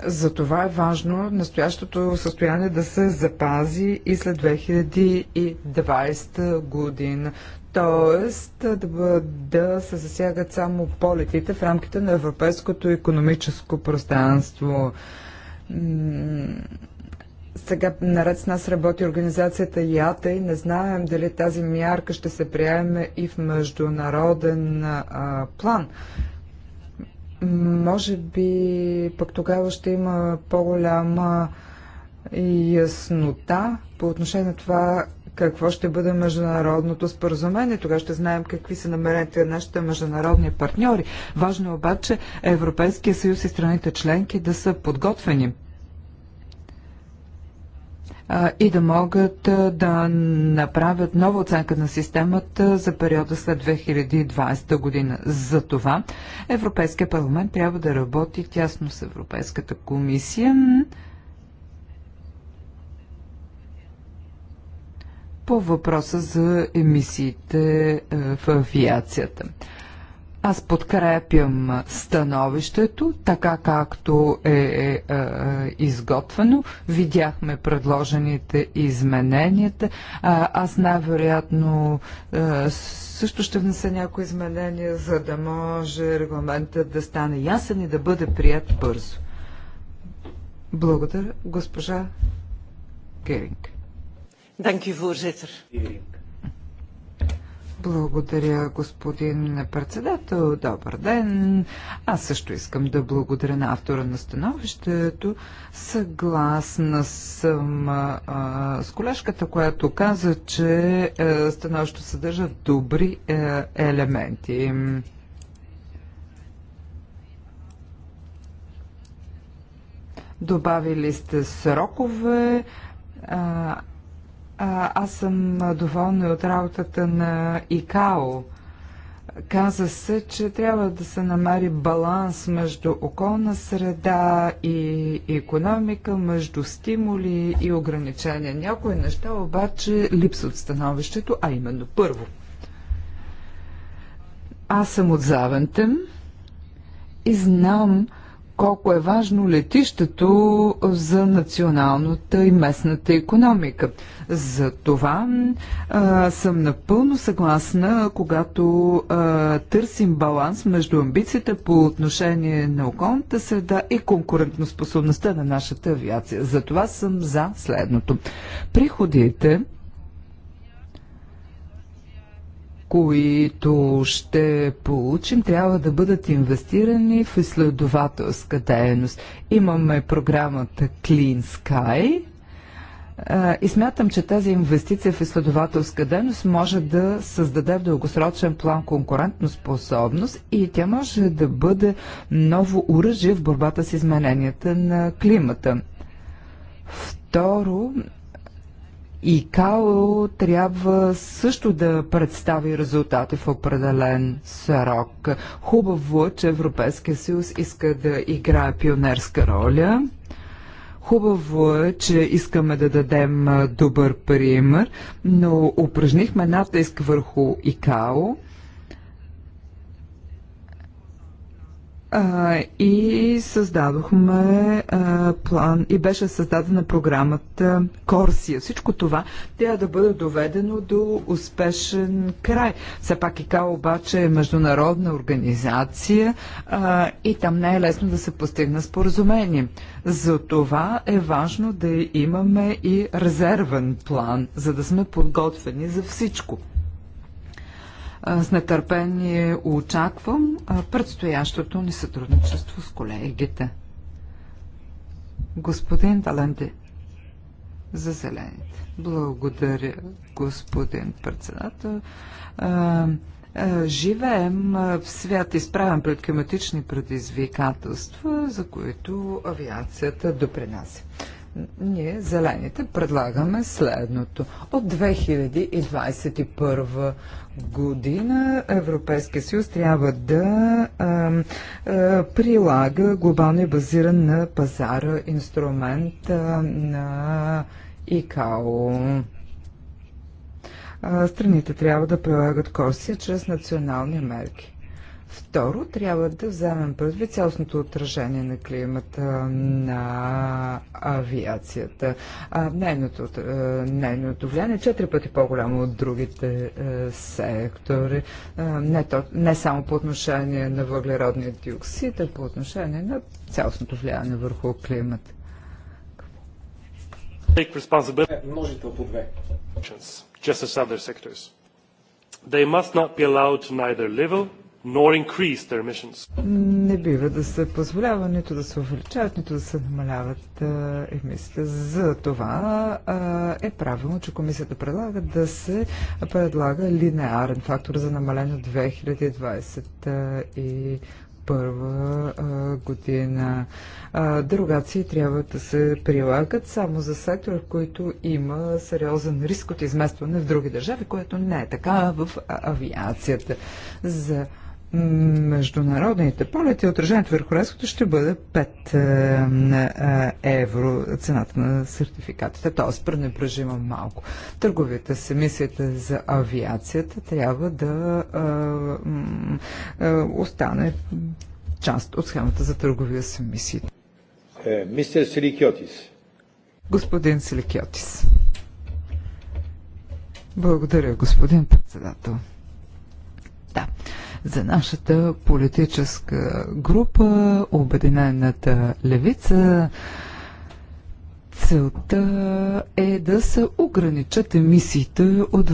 Затова е важно настоящото състояние да се запази и след 2020 година. Тоест да, да се засягат само полетите в рамките на европейското економическо пространство. Сега наред с нас работи организацията ИАТА и не знаем дали тази мярка ще се приеме и в международен а, план. Може би пък тогава ще има по-голяма яснота по отношение на това какво ще бъде международното споразумение. Тогава ще знаем какви са намерените нашите международни партньори. Важно е обаче Европейския съюз и страните членки да са подготвени и да могат да направят нова оценка на системата за периода след 2020 година. За това Европейския парламент трябва да работи тясно с Европейската комисия. по въпроса за емисиите в авиацията. Аз подкрепям становището, така както е, е, е изготвено. Видяхме предложените измененията. А, аз най-вероятно е, също ще внеса някои изменения, за да може регламентът да стане ясен и да бъде прият бързо. Благодаря, госпожа Керинг. Dank u, voorzitter. Благодаря, господин председател. Добър ден. Аз също искам да благодаря на автора на становището. Съгласна съм а, с колежката, която каза, че а, становището съдържа добри а, елементи. Добавили сте срокове. А, а, аз съм доволна от работата на ИКАО. Каза се, че трябва да се намери баланс между околна среда и економика, между стимули и ограничения. Някои неща обаче липсват становището, а именно първо. Аз съм от Завентем и знам, колко е важно летището за националната и местната економика. За това а, съм напълно съгласна, когато а, търсим баланс между амбицията по отношение на околната среда и конкурентоспособността на нашата авиация. За това съм за следното. Приходите които ще получим, трябва да бъдат инвестирани в изследователска дейност. Имаме програмата Clean Sky, и смятам, че тази инвестиция в изследователска дейност може да създаде в дългосрочен план конкурентно способност и тя може да бъде ново оръжие в борбата с измененията на климата. Второ, ИКАО трябва също да представи резултати в определен срок. Хубаво е, че Европейския съюз иска да играе пионерска роля. Хубаво е, че искаме да дадем добър пример, но упражнихме натиск върху ИКАО А, и създадохме а, план и беше създадена програмата Корсия. Всичко това трябва да бъде доведено до успешен край. Все пак ИКАО обаче е международна организация а, и там не е лесно да се постигне споразумение. За това е важно да имаме и резервен план, за да сме подготвени за всичко. С нетърпение очаквам предстоящото ни сътрудничество с колегите. Господин Таланди, за зелените. Благодаря, господин председател. Живеем в свят изправен пред климатични предизвикателства, за които авиацията допринася. Ние, зелените, предлагаме следното. От 2021 година Европейския съюз трябва да а, а, прилага глобално и базиран на пазара инструмент а, на ИКАО страните трябва да прилагат Корсия чрез национални мерки. Второ, трябва да вземем предвид цялостното отражение на климата на авиацията. А, нейното, е, нейното влияние е четири пъти по-голямо от другите е, сектори. А, не, то, не само по отношение на въглеродния диоксид, а по отношение на цялостното влияние върху климата. Е, множител по две. Just as other sectors. They must not be allowed to neither level nor increase their emissions. Не бива да се позволява нито да се увеличават, нито да се намаляват емисиите. За това а, е правилно, че комисията предлага да се предлага линеарен фактор за намаление от 2021 година. А, дерогации трябва да се прилагат само за сектора, в който има сериозен риск от изместване в други държави, което не е така в авиацията. За международните полети, отражението върху разхода ще бъде 5 е, е, евро цената на сертификатите, Тоест пренебрежимо малко. Търговията с емисията за авиацията трябва да е, остане част от схемата за търговия с емисии. Мистер Силикиотис. Господин Силикиотис. Благодаря, господин председател. Да. За нашата политическа група, Обединената левица, целта е да се ограничат емисиите от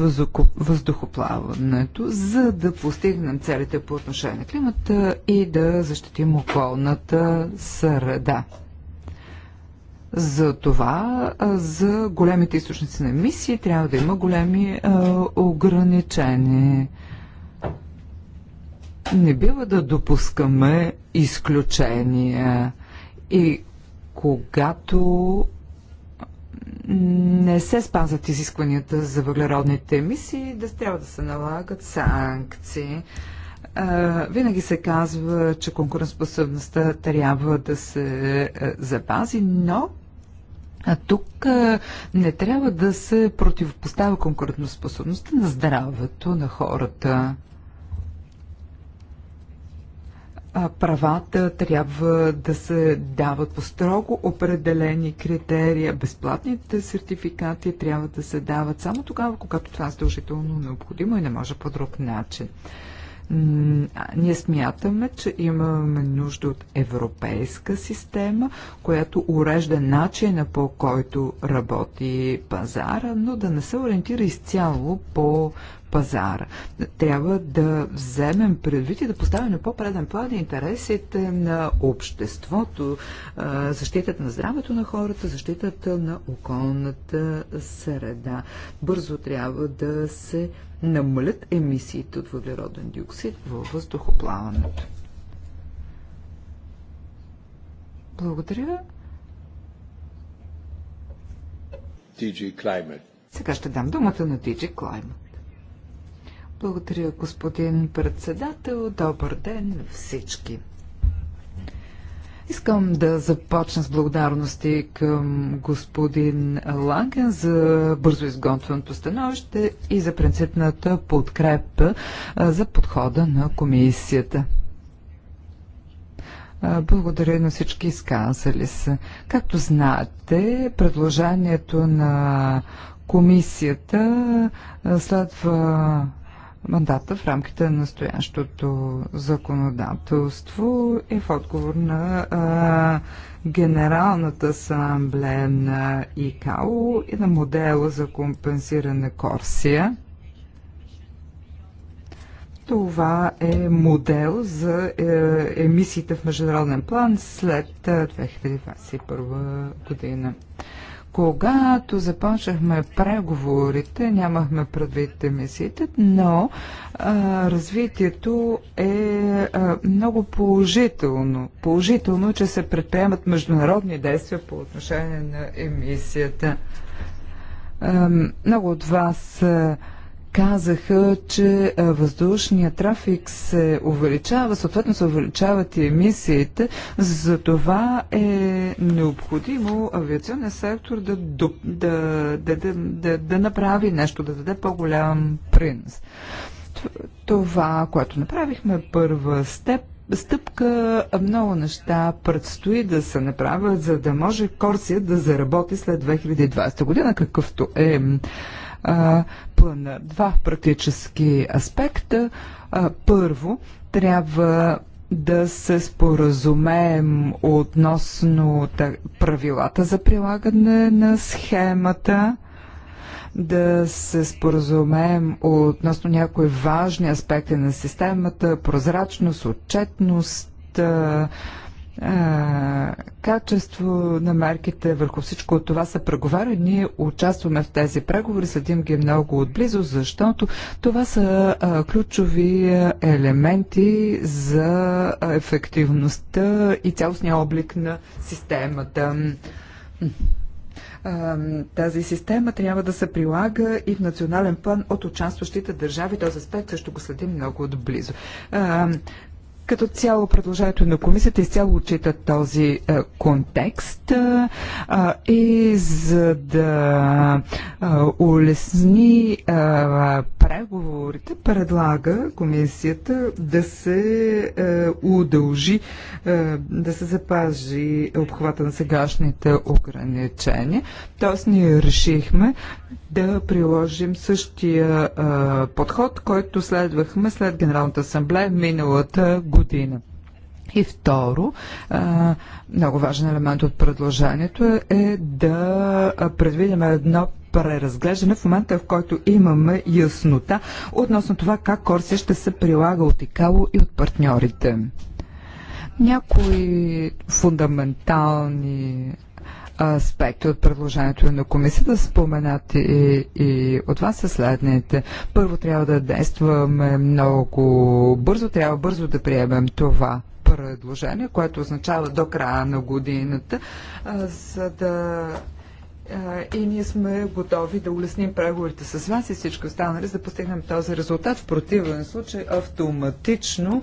въздухоплаването, за да постигнем целите по отношение на климата и да защитим околната среда. За това, за големите източници на емисии трябва да има големи ограничения. Не бива да допускаме изключения и когато не се спазват изискванията за въглеродните емисии, да трябва да се налагат санкции. Винаги се казва, че конкурентоспособността трябва да се запази, но а тук не трябва да се противопоставя конкурентоспособността на здравето на хората правата трябва да се дават по строго определени критерия. Безплатните сертификати трябва да се дават само тогава, когато това е задължително необходимо и не може по друг начин. Ние смятаме, че имаме нужда от европейска система, която урежда начина по който работи пазара, но да не се ориентира изцяло по пазара. Трябва да вземем предвид и да поставим на по-преден план интересите на обществото, защитата на здравето на хората, защитата на околната среда. Бързо трябва да се намалят емисиите от въглероден диоксид във въздухоплаването. Благодаря. DG Climate. Сега ще дам думата на DG Climate. Благодаря, господин председател. Добър ден на всички. Искам да започна с благодарности към господин Ланген за бързо изготвеното становище и за принципната подкрепа за подхода на комисията. Благодаря на всички изказали се. Както знаете, предложението на комисията следва мандата в рамките на настоящото законодателство и в отговор на а, Генералната асамблея на ИКАО и на модела за компенсиране Корсия. Това е модел за е, емисиите в международен план след 2021 година. Когато започнахме преговорите, нямахме предвид емисиите, но а, развитието е а, много положително. Положително, че се предприемат международни действия по отношение на емисията. А, много от вас. А, казаха, че въздушният трафик се увеличава, съответно се увеличават и емисиите. За това е необходимо авиационния сектор да, да, да, да, да, да направи нещо, да даде по-голям принос. Това, което направихме първа степ, стъпка, много неща предстои да се направят, за да може Корсия да заработи след 2020 година, какъвто е а, плана. Два практически аспекта. А, първо, трябва да се споразумеем относно правилата за прилагане на схемата да се споразумеем относно някои важни аспекти на системата, прозрачност, отчетност, а, качество на марките, върху всичко от това са преговаря. Ние участваме в тези преговори, следим ги много отблизо, защото това са а, ключови елементи за ефективността и цялостния облик на системата. Тази система трябва да се прилага и в национален план от участващите държави. Този аспект също го следим много отблизо. Като цяло предложението на комисията изцяло отчита този е, контекст е, и за да е, улесни е, преговорите, предлага комисията да се е, удължи, е, да се запази обхвата на сегашните ограничения. Тоест ние решихме да приложим същия е, подход, който следвахме след Генералната асамблея миналата година година. И второ, много важен елемент от предложението е, е да предвидим едно преразглеждане в момента, в който имаме яснота относно това как Корсия ще се прилага от ИКАЛО и от партньорите. Някои фундаментални аспекти от предложението на комисията, споменати и, и от вас са следните. Първо трябва да действаме много бързо, трябва бързо да приемем това предложение, което означава до края на годината, за да и ние сме готови да улесним преговорите с вас и всички останали, за да постигнем този резултат. В противен случай автоматично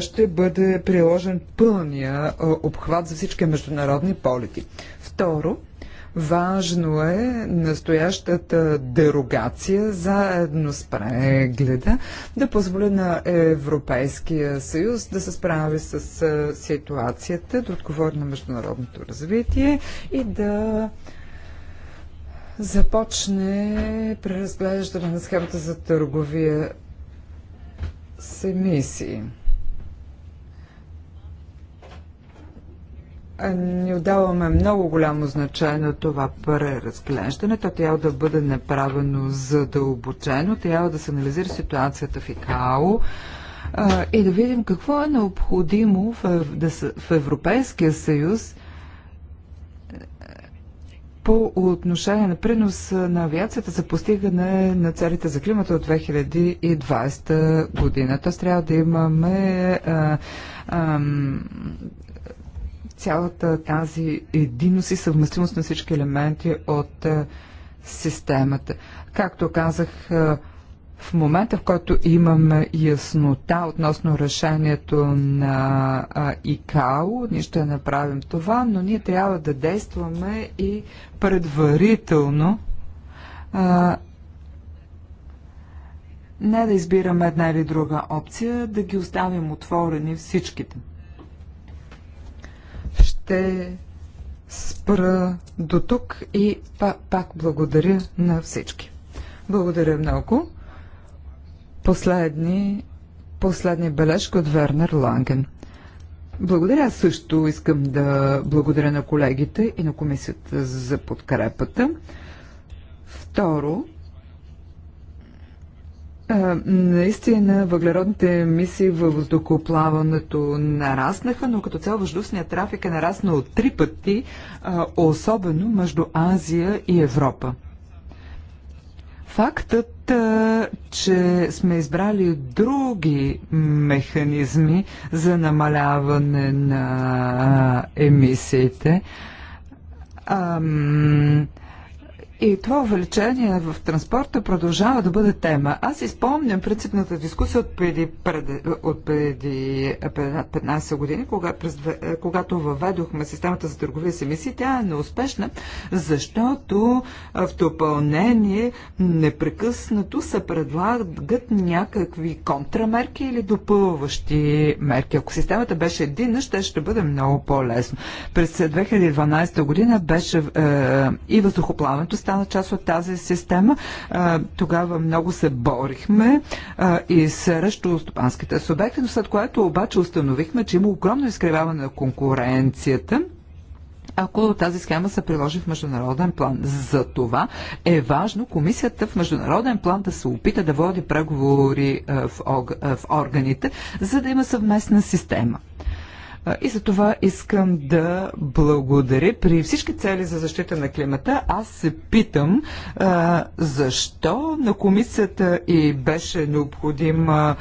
ще бъде приложен пълния обхват за всички международни полети. Второ, Важно е настоящата дерогация заедно с прегледа да позволи на Европейския съюз да се справи с ситуацията, да отговори на международното развитие и да започне преразглеждане на схемата за търговия с емисии. ни отдаваме много голямо значение на това преразглеждане. То трябва да бъде направено задълбочено, трябва да се анализира ситуацията в ИКАО и да видим какво е необходимо в Европейския съюз, по отношение на принос на авиацията за постигане на целите за климата от 2020 година. Тоест трябва да имаме а, а, цялата тази единност и съвместимост на всички елементи от а, системата. Както казах, а, в момента, в който имаме яснота относно решението на ИКАО, ние ще направим това, но ние трябва да действаме и предварително. А, не да избираме една или друга опция, да ги оставим отворени всичките. Ще спра до тук и пак, пак благодаря на всички. Благодаря много. Последни, последни бележки от Вернер Ланген. Благодаря. Също искам да благодаря на колегите и на комисията за подкрепата. Второ, наистина въглеродните емисии във въздухоплаването нараснаха, но като цяло въздушният трафик е нараснал три пъти, особено между Азия и Европа. Фактът, че сме избрали други механизми за намаляване на емисиите, ам, и това увеличение в транспорта продължава да бъде тема. Аз изпомням принципната дискусия от преди, пред, от преди 15 е, години, кога през, е, когато въведохме системата за търговия с емисии. Тя е неуспешна, защото в допълнение непрекъснато се предлагат някакви контрамерки или допълващи мерки. Ако системата беше единна, ще, ще бъде много по-лесно. През 2012 година беше е, и въздухоплаването стана стана част от тази система. Тогава много се борихме и срещу стопанските субекти, но след което обаче установихме, че има огромно изкривяване на конкуренцията ако тази схема се приложи в международен план. За това е важно комисията в международен план да се опита да води преговори в органите, за да има съвместна система. И за това искам да благодаря. При всички цели за защита на климата, аз се питам защо на комисията и беше необходима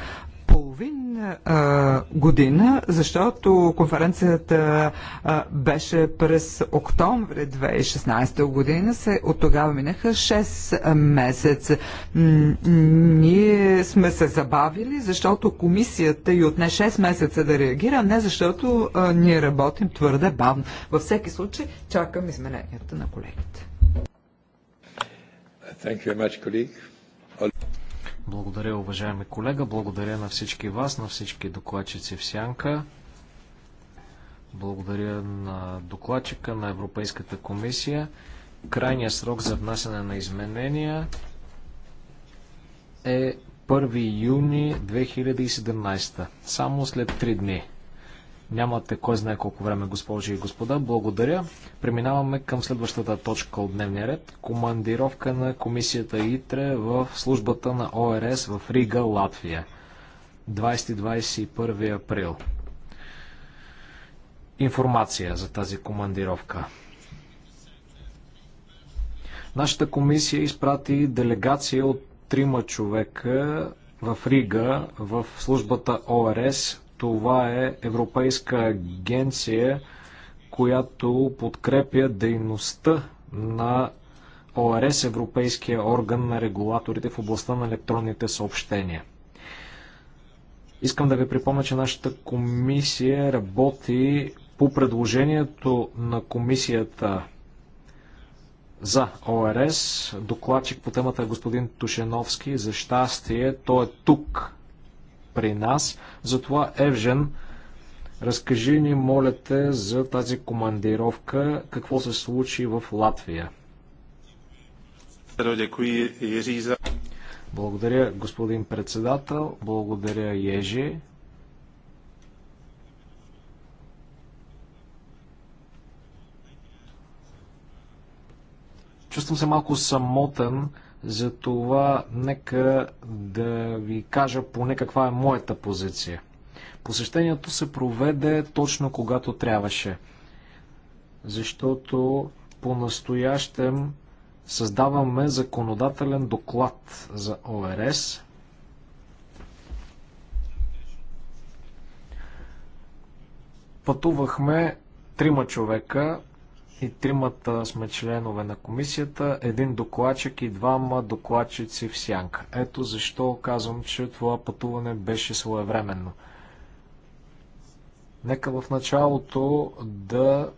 половин а, година, защото конференцията а, беше през октомври 2016 година. Се, от тогава минаха 6 месеца. Ние сме се забавили, защото комисията и отне 6 месеца да реагира, не защото а, ние работим твърде бавно. Във всеки случай чакам измененията на колегите. Thank you very much, colleague. Благодаря, уважаеми колега. Благодаря на всички вас, на всички докладчици в Сянка. Благодаря на докладчика на Европейската комисия. Крайният срок за внасяне на изменения е 1 юни 2017, само след 3 дни. Нямате кой знае колко време, госпожи и господа. Благодаря. Преминаваме към следващата точка от дневния ред. Командировка на комисията ИТРЕ в службата на ОРС в Рига, Латвия. 20-21 април. Информация за тази командировка. Нашата комисия изпрати делегация от трима човека в Рига в службата ОРС това е Европейска агенция, която подкрепя дейността на ОРС, Европейския орган на регулаторите в областта на електронните съобщения. Искам да ви припомня, че нашата комисия работи по предложението на комисията за ОРС. Докладчик по темата е господин Тушеновски. За щастие, той е тук при нас. Затова, Евжен, разкажи ни, моля те, за тази командировка, какво се случи в Латвия. Благодаря, господин председател. Благодаря, Ежи. Чувствам се малко самотен, затова нека да ви кажа поне каква е моята позиция. Посещението се проведе точно когато трябваше, защото по-настоящем създаваме законодателен доклад за ОРС. Пътувахме трима човека и тримата сме членове на комисията, един докладчик и двама докладчици в сянка. Ето защо казвам, че това пътуване беше своевременно. Нека в началото да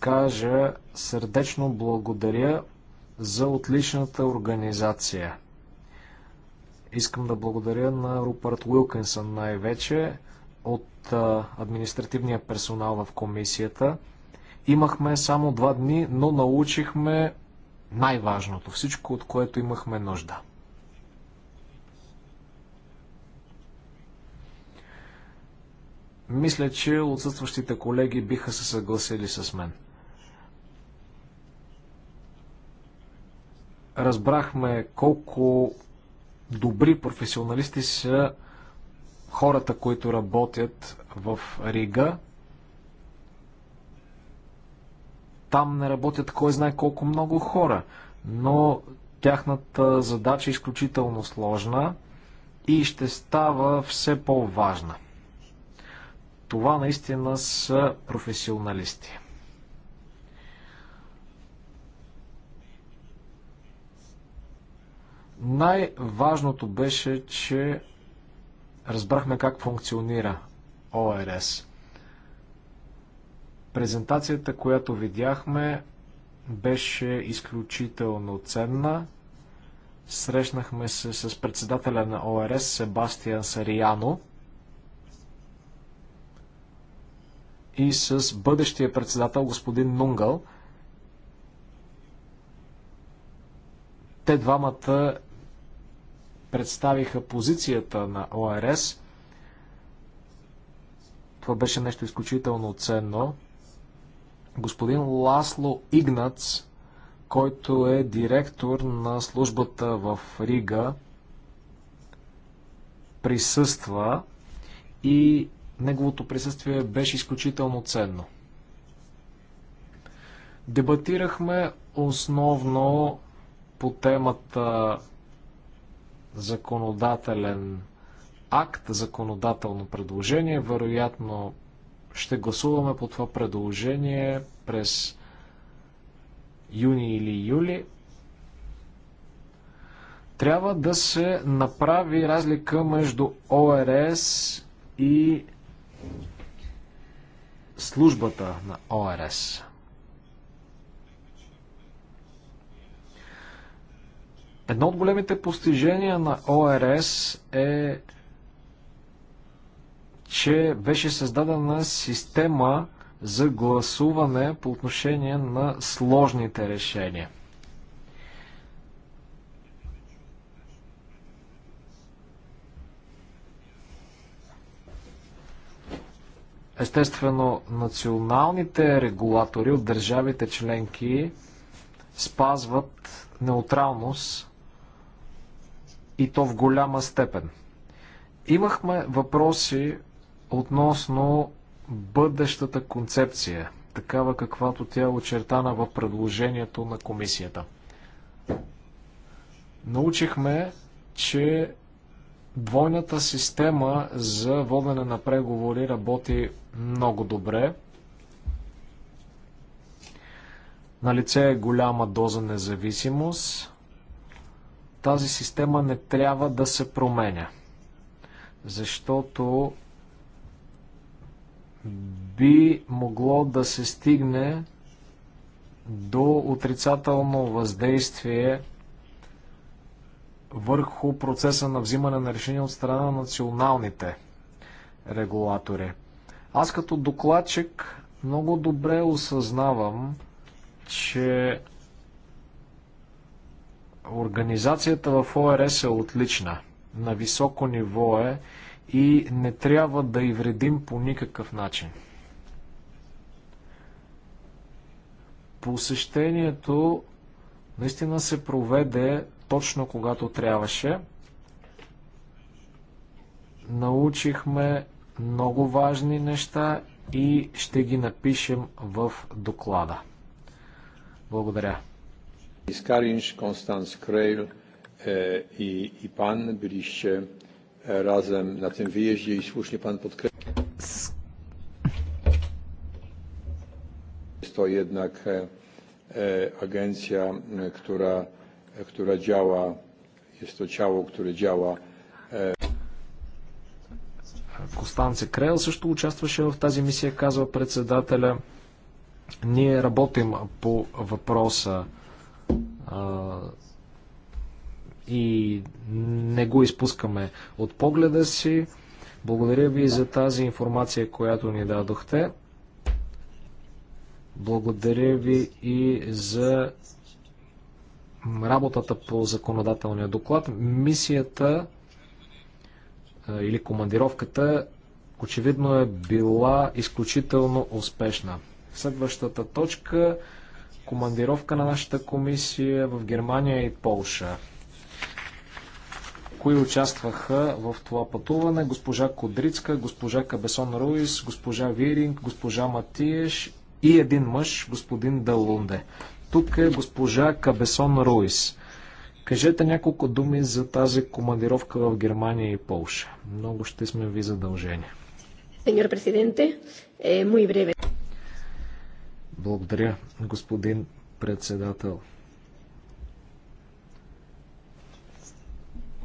кажа сърдечно благодаря за отличната организация. Искам да благодаря на Рупърт Уилкинсън най-вече от административния персонал в комисията – Имахме само два дни, но научихме най-важното, всичко от което имахме нужда. Мисля, че отсъстващите колеги биха се съгласили с мен. Разбрахме колко добри професионалисти са хората, които работят в Рига. Там не работят кой знае колко много хора, но тяхната задача е изключително сложна и ще става все по-важна. Това наистина са професионалисти. Най-важното беше, че разбрахме как функционира ОРС. Презентацията, която видяхме, беше изключително ценна. Срещнахме се с председателя на ОРС Себастиан Сарияно и с бъдещия председател господин Нунгъл. Те двамата представиха позицията на ОРС. Това беше нещо изключително ценно господин Ласло Игнац, който е директор на службата в Рига, присъства и неговото присъствие беше изключително ценно. Дебатирахме основно по темата законодателен акт, законодателно предложение, вероятно ще гласуваме по това предложение през юни или юли. Трябва да се направи разлика между ОРС и службата на ОРС. Едно от големите постижения на ОРС е че беше създадена система за гласуване по отношение на сложните решения. Естествено, националните регулатори от държавите членки спазват неутралност и то в голяма степен. Имахме въпроси относно бъдещата концепция, такава каквато тя е очертана в предложението на комисията. Научихме, че двойната система за водене на преговори работи много добре. На лице е голяма доза независимост. Тази система не трябва да се променя, защото би могло да се стигне до отрицателно въздействие върху процеса на взимане на решения от страна на националните регулатори. Аз като докладчик много добре осъзнавам, че организацията в ОРС е отлична. На високо ниво е и не трябва да й вредим по никакъв начин. Посещението наистина се проведе точно когато трябваше. Научихме много важни неща и ще ги напишем в доклада. Благодаря. Искаринш, Констанс Крейл е, и Ипан Брище razem na tym wyjeździe i słusznie Pan podkreślił. Jest to jednak agencja, która, która działa, jest to ciało, które działa. Костанце Крел също участваше в тази мисия, казва председателя. Ние работим по въпроса и не го изпускаме от погледа си. Благодаря ви за тази информация, която ни дадохте. Благодаря ви и за работата по законодателния доклад. Мисията или командировката очевидно е била изключително успешна. Следващата точка командировка на нашата комисия в Германия и Полша кои участваха в това пътуване. Госпожа Кодрицка, госпожа Кабесон Руис, госпожа Виринг, госпожа Матиеш и един мъж, господин Далунде. Тук е госпожа Кабесон Руис. Кажете няколко думи за тази командировка в Германия и Полша. Много ще сме ви задължени. Сеньор президенте, е, мой breve. Благодаря, господин председател.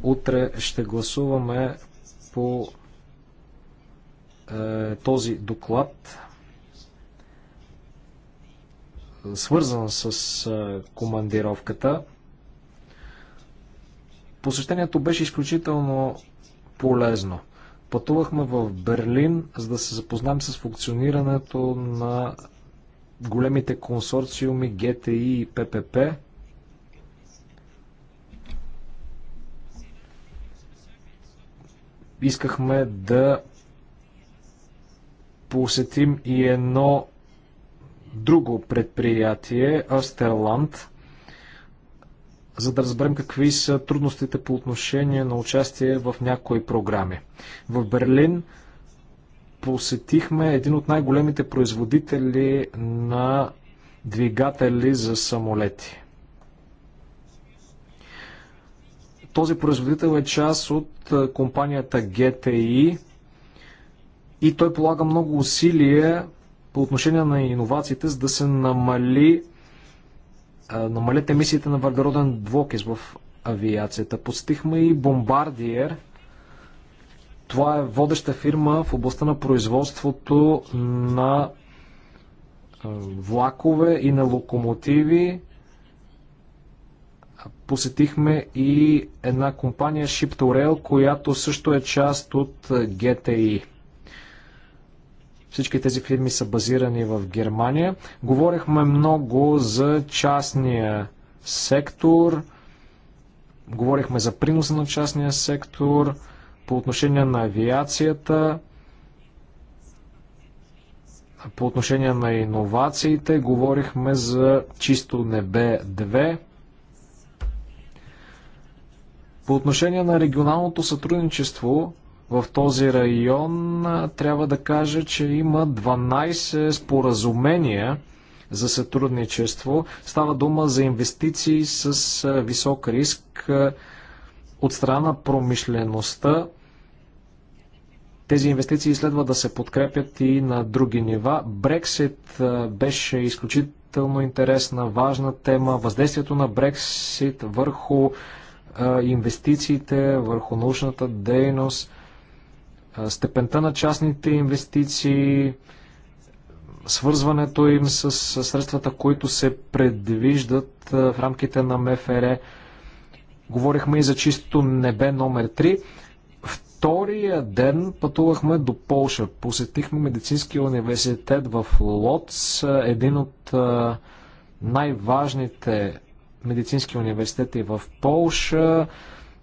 Утре ще гласуваме по е, този доклад, свързан с е, командировката. Посещението беше изключително полезно. Пътувахме в Берлин, за да се запознаем с функционирането на големите консорциуми GTI и ППП. искахме да посетим и едно друго предприятие, Астерланд, за да разберем какви са трудностите по отношение на участие в някои програми. В Берлин посетихме един от най-големите производители на двигатели за самолети. Този производител е част от компанията GTI и той полага много усилия по отношение на иновациите, за да се намали намалят емисиите на въглероден двокис в авиацията. Посетихме и Бомбардиер. Това е водеща фирма в областта на производството на влакове и на локомотиви посетихме и една компания ship rail която също е част от GTI. Всички тези фирми са базирани в Германия. Говорихме много за частния сектор, говорихме за приноса на частния сектор, по отношение на авиацията, по отношение на иновациите, говорихме за чисто небе 2. По отношение на регионалното сътрудничество в този район, трябва да кажа, че има 12 споразумения за сътрудничество. Става дума за инвестиции с висок риск от страна на промишлеността. Тези инвестиции следва да се подкрепят и на други нива. Брексит беше изключително интересна, важна тема. Въздействието на Брексит върху инвестициите, върху научната дейност, степента на частните инвестиции, свързването им с средствата, които се предвиждат в рамките на МФР. Говорихме и за чисто небе номер 3. Втория ден пътувахме до Полша. Посетихме Медицинския университет в Лоц, един от най-важните медицински университети в Полша.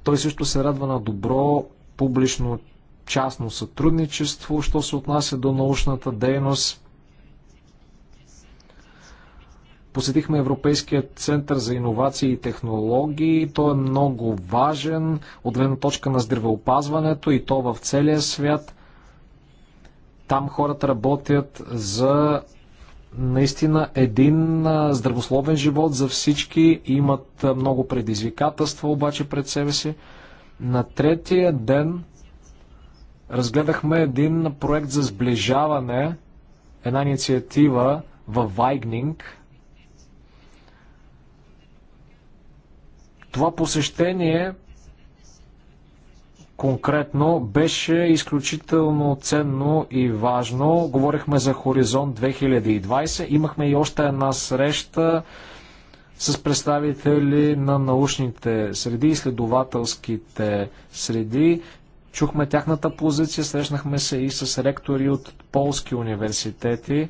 Той също се радва на добро публично частно сътрудничество, що се отнася до научната дейност. Посетихме Европейския център за иновации и технологии. Той е много важен от гледна точка на здравеопазването и то в целия свят. Там хората работят за наистина един здравословен живот за всички. Имат много предизвикателства обаче пред себе си. На третия ден разгледахме един проект за сближаване, една инициатива във Вайгнинг. Това посещение конкретно беше изключително ценно и важно. Говорихме за Хоризонт 2020. Имахме и още една среща с представители на научните среди, изследователските среди. Чухме тяхната позиция, срещнахме се и с ректори от полски университети.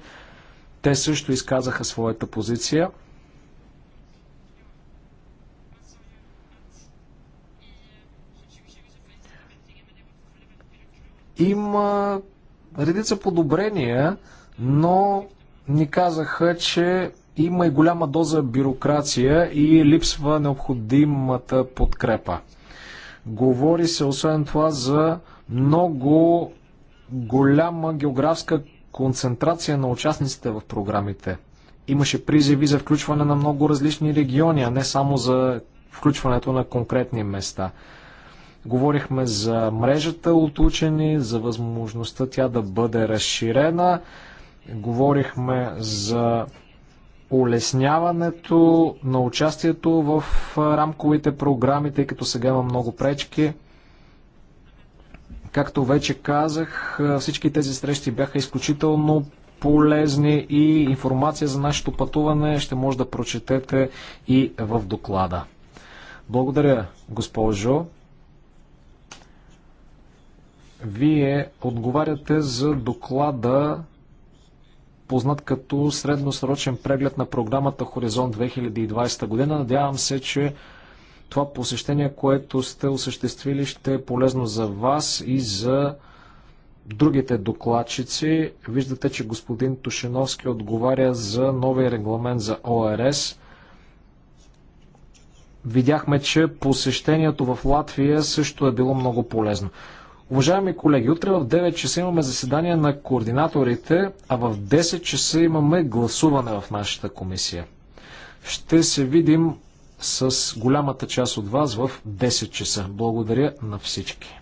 Те също изказаха своята позиция. Има редица подобрения, но ни казаха, че има и голяма доза бюрокрация и липсва необходимата подкрепа. Говори се освен това за много голяма географска концентрация на участниците в програмите. Имаше призиви за включване на много различни региони, а не само за включването на конкретни места. Говорихме за мрежата от учени, за възможността тя да бъде разширена. Говорихме за улесняването на участието в рамковите програми, тъй като сега има много пречки. Както вече казах, всички тези срещи бяха изключително полезни и информация за нашето пътуване ще може да прочетете и в доклада. Благодаря, госпожо. Вие отговаряте за доклада, познат като средносрочен преглед на програмата Хоризонт 2020 година. Надявам се, че това посещение, което сте осъществили, ще е полезно за вас и за другите докладчици. Виждате, че господин Тушиновски отговаря за новия регламент за ОРС. Видяхме, че посещението в Латвия също е било много полезно. Уважаеми колеги, утре в 9 часа имаме заседание на координаторите, а в 10 часа имаме гласуване в нашата комисия. Ще се видим с голямата част от вас в 10 часа. Благодаря на всички.